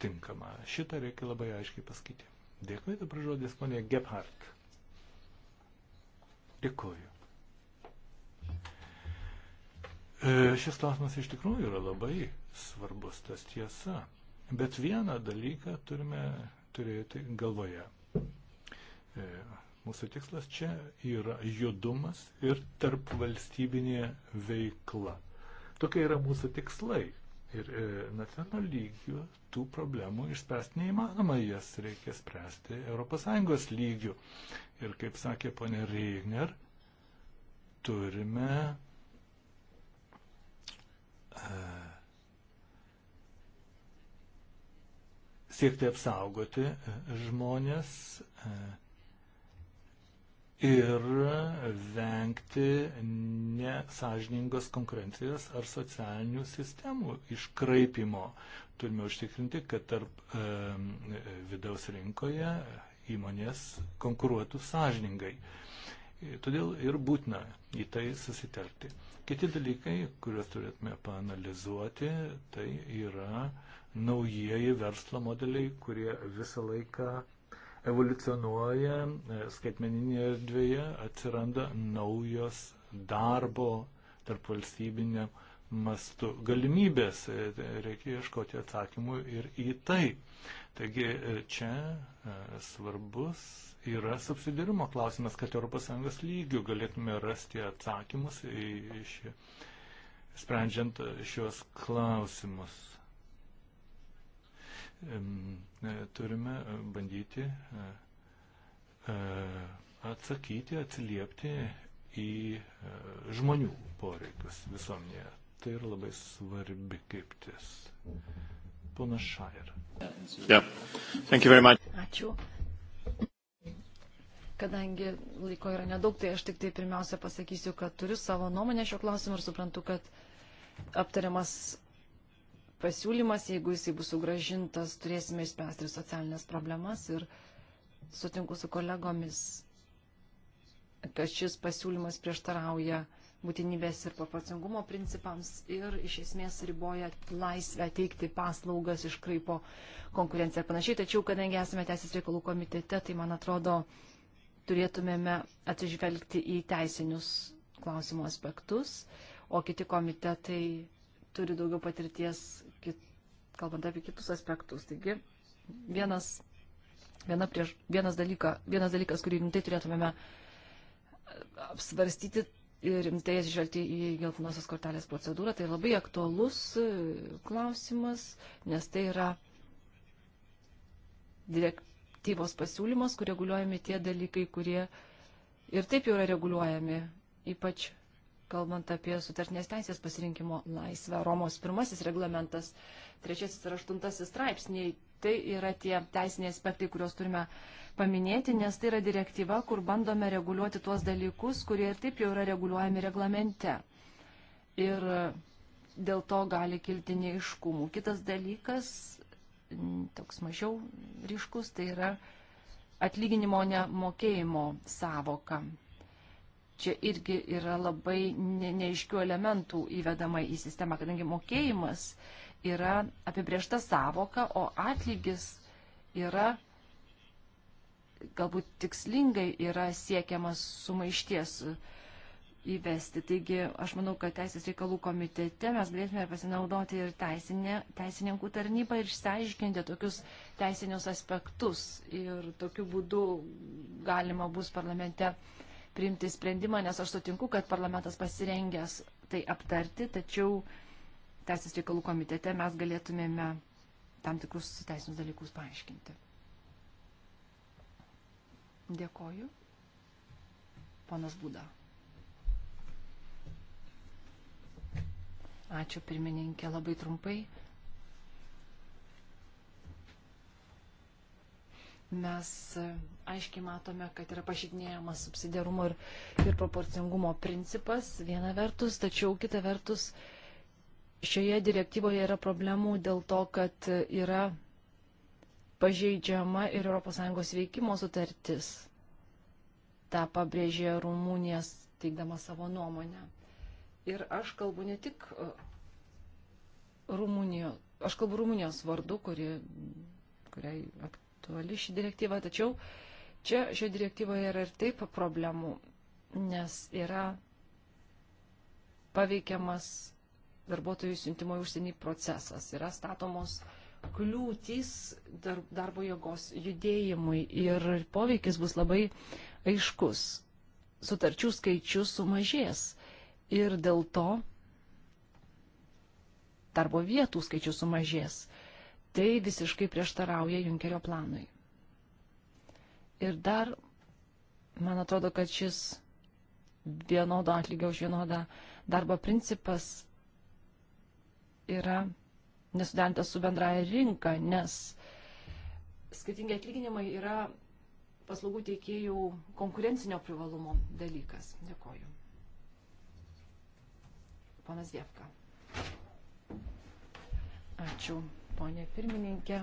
D: tinkama. Šitą reikia labai aiškiai pasakyti. Dėkui, dabar žodis ponė Gebhardt. Dėkuoju. E, šis klausimas iš tikrųjų yra labai svarbus, tas tiesa. Bet vieną dalyką turime turėti galvoje. E, mūsų tikslas čia yra judumas ir tarp valstybinė veikla. Tokie yra mūsų tikslai. Ir e, nacionaliniu lygiu tų problemų išspręsti neįmanoma, jas reikia spręsti ES lygiu. Ir kaip sakė ponė Reigner, turime e, siekti apsaugoti žmonės. A, e, ir vengti nesažiningos konkurencijos ar socialinių sistemų iškraipimo. Turime užtikrinti, kad tarp e, vidaus rinkoje įmonės konkuruotų sąžiningai. Todėl ir būtina į tai susitelkti. Kiti dalykai, kuriuos turėtume paanalizuoti, tai yra naujieji verslo modeliai, kurie visą laiką evoliucionuoja e, skaitmeninėje erdvėje, atsiranda naujos darbo tarp valstybinio mastu galimybės. E, e, reikia ieškoti atsakymų ir į tai. Taigi čia svarbus yra subsidirimo klausimas, kad ES lygių galėtume rasti atsakymus, į, iš, sprendžiant šios klausimus. E, turime e, bandyti e, atsakyti, atsiliepti į žmonių poreikius visuomenėje. Tai yra labai svarbi kryptis. Pana Šair. Yeah.
B: Ačiū. Kadangi laiko yra nedaug, tai aš tik tai pirmiausia pasakysiu, kad turiu savo nuomonę šio klausimu ir suprantu, kad aptariamas pasiūlymas, jeigu jisai bus sugražintas, turėsime išspręsti ir socialinės problemas. Ir sutinku su kolegomis, kad šis pasiūlymas prieštarauja būtinybės ir proporcingumo principams ir iš esmės riboja laisvę teikti paslaugas, iškraipo konkurenciją ir panašiai. Tačiau, kadangi esame Teisės reikalų komitete, tai man atrodo, turėtumėme atsižvelgti į teisinius klausimų aspektus, o kiti komitetai turi daugiau patirties kalbant apie kitus aspektus. Taigi, vienas, viena prieš, vienas, dalyka, vienas dalykas, kurį rimtai turėtumėme apsvarstyti ir rimtai atsižvelgti į geltonosios kortelės procedūrą, tai labai aktualus e, klausimas, nes tai yra direktyvos pasiūlymas, kur reguliuojami tie dalykai, kurie ir taip jau yra reguliuojami, ypač kalbant apie sutartinės teisės pasirinkimo laisvę, Romos pirmasis reglamentas, trečiasis ir aštuntasis straipsniai, tai yra tie teisiniai aspektai, kuriuos turime paminėti, nes tai yra direktyva, kur bandome reguliuoti tuos dalykus, kurie ir taip jau yra reguliuojami reglamente. Ir dėl to gali kilti neiškumų. Kitas dalykas, toks mažiau ryškus, tai yra atlyginimo nemokėjimo savoka čia irgi yra labai ne, neiškių elementų įvedama į sistemą, kadangi mokėjimas yra apibriešta savoka, o atlygis yra galbūt tikslingai yra siekiamas sumaišties įvesti. Taigi aš manau, kad Teisės reikalų komitete mes galėtume pasinaudoti ir teisinė, teisininkų tarnybą ir išsiaiškinti tokius teisinius aspektus. Ir tokiu būdu galima bus parlamente uh, priimti sprendimą, nes aš sutinku, kad parlamentas pasirengęs tai aptarti, tačiau Teisės reikalų komitete mes galėtumėme tam tikrus teisinius dalykus paaiškinti. Dėkoju. Ponas Būda. Ačiū pirmininkė labai trumpai. mes e, aiškiai matome, kad yra pažydinėjamas subsidiarumo ir, ir proporcingumo principas viena vertus, tačiau kita vertus šioje direktyvoje yra problemų dėl to, kad yra pažeidžiama ir ES veikimo sutartis. Ta pabrėžė Rumunijas teikdama savo nuomonę. Ir aš kalbu ne tik e, Rumunijo, aš kalbu Rumunijos vardu, kuri, kuriai aktuali ši direktyva, tačiau čia šioje direktyvoje yra ir taip problemų, nes yra paveikiamas darbuotojų siuntimo į užsienį procesas, yra statomos kliūtys darbo jėgos judėjimui ir poveikis bus labai aiškus. Sutarčių skaičius sumažės ir dėl to darbo vietų skaičius sumažės. Tai visiškai prieštarauja Junkerio planui. Ir dar, man atrodo, kad šis vienodo atlygio už vienodą darbo principas yra nesudantas su bendraja rinka, nes skirtingi atlyginimai yra paslaugų teikėjų konkurencinio privalumo dalykas. Dėkoju. Ponas Dievka. Ačiū ponė pirmininkė.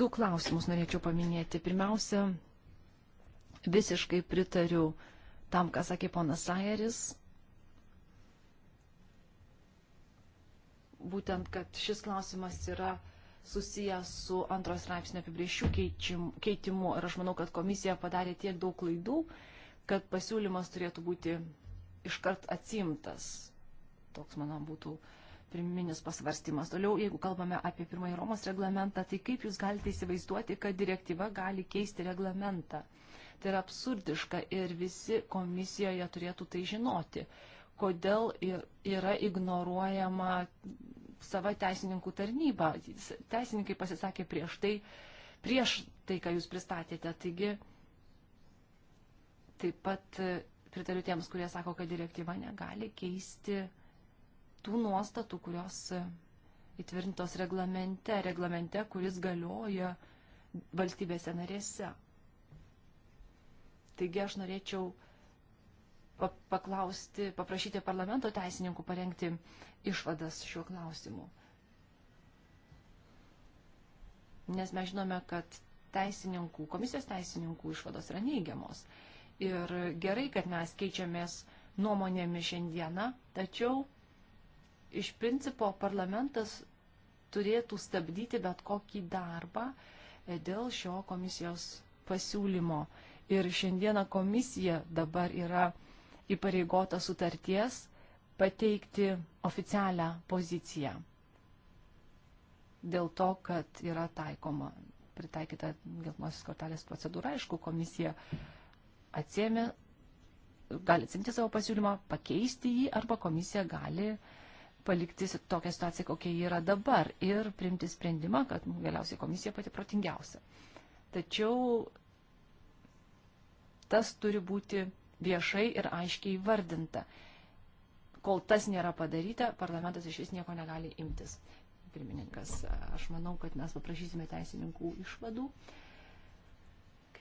B: Du klausimus norėčiau paminėti. Pirmiausia, visiškai pritariu tam, ką sakė ponas Sajeris. Būtent, kad šis klausimas yra susijęs su antros straipsnio apibriešių keitimu. Ir aš manau, kad komisija padarė tiek daug klaidų, kad pasiūlymas turėtų būti iškart atsimtas. Toks, manau, būtų uh, pirminis pasvarstymas. Toliau, jeigu kalbame apie pirmąjį Romos reglamentą, tai kaip jūs galite įsivaizduoti, kad direktyva gali keisti reglamentą? Tai yra absurdiška ir visi komisijoje turėtų tai žinoti. Kodėl yra ignoruojama sava teisininkų tarnyba? Teisininkai pasisakė prieš tai, prieš tai, ką jūs pristatėte. Taigi, taip pat pritariu tiems, kurie sako, kad direktyva negali keisti reglamentą tų nuostatų, kurios įtvirtintos reglamente, reglamente, kuris galioja valstybėse narėse. Taigi aš norėčiau paklausti, paprašyti parlamento teisininkų parengti išvadas šiuo klausimu. Nes mes žinome, kad teisininkų, komisijos teisininkų išvados yra neigiamos. Ir gerai, kad mes keičiamės nuomonėmis šiandieną, tačiau iš principo parlamentas turėtų stabdyti bet kokį darbą e, dėl šio komisijos pasiūlymo. Ir šiandieną komisija dabar yra įpareigota sutarties pateikti oficialią poziciją dėl to, kad yra taikoma, pritaikyta geltonosios kortelės procedūra. Aišku, komisija atsėmė, gali atsimti savo pasiūlymą, pakeisti jį arba komisija gali uh, palikti tokią situaciją, kokia yra dabar ir priimti sprendimą, kad galiausiai komisija pati protingiausia. Tačiau tas turi būti viešai ir aiškiai vardinta. Kol tas nėra padaryta, parlamentas iš vis nieko negali imtis. Pirmininkas, aš manau, kad mes paprašysime teisininkų išvadų. Uh,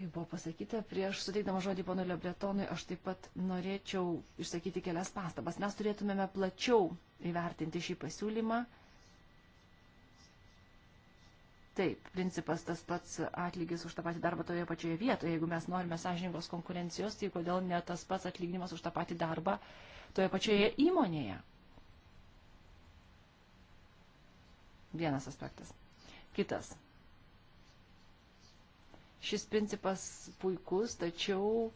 B: Kaip buvo pasakyta, prieš suteikdama žodį ponui Lebretonui, aš taip pat norėčiau išsakyti kelias pastabas. Mes turėtumėme plačiau įvertinti šį pasiūlymą. Taip, principas tas pats atlygis už tą patį darbą toje pačioje vietoje. Jeigu mes norime sąžiningos konkurencijos, tai kodėl ne tas pats atlyginimas už tą patį darbą toje pačioje įmonėje? Vienas aspektas. Kitas Šis principas puikus, tačiau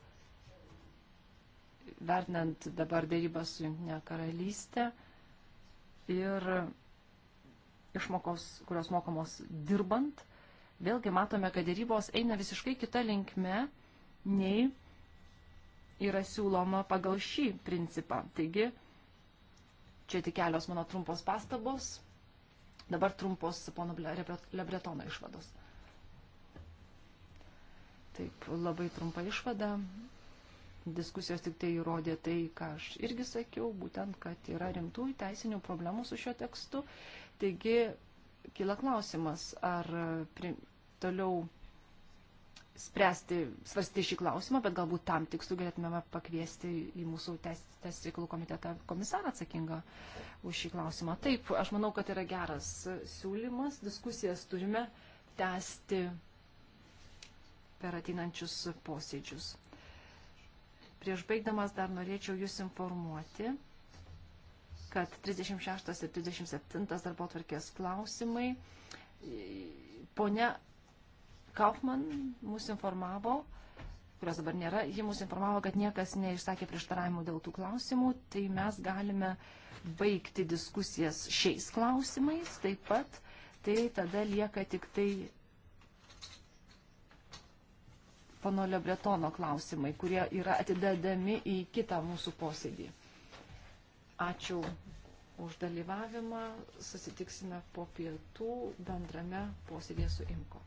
B: vertinant dabar dėrybą su Junktinė karalystė ir išmokos, kurios mokamos dirbant, vėlgi matome, kad dėrybos eina visiškai kita linkme nei yra siūloma pagal šį principą. Taigi, čia tik kelios mano trumpos pastabos, dabar trumpos pono Lebretono išvados. Taip, labai trumpa išvada. Diskusijos tik tai įrodė tai, ką aš irgi sakiau, būtent, kad yra rimtų teisinių problemų su šiuo tekstu. Taigi, kila klausimas, ar pri, toliau spręsti, svarsti šį klausimą, bet galbūt tam tikslui galėtumėme pakviesti į mūsų teisės reikalų komitetą komisarą atsakingą už šį klausimą. Taip, aš manau, kad yra geras siūlymas, diskusijas turime tęsti per ateinančius posėdžius. Prieš baigdamas dar norėčiau Jūs informuoti, kad 36 ir 37 darbo tvarkės klausimai. Pone Kaufman mūsų informavo, kurios dabar nėra, ji mūsų informavo, kad niekas neišsakė prieštaravimų dėl tų klausimų, tai mes galime baigti diskusijas šiais klausimais taip pat, tai tada lieka tik tai pono Lebretono klausimai, kurie yra atidedami į kitą mūsų posėdį. Ačiū už dalyvavimą. Susitiksime po pietų bendrame posėdėje su Imko.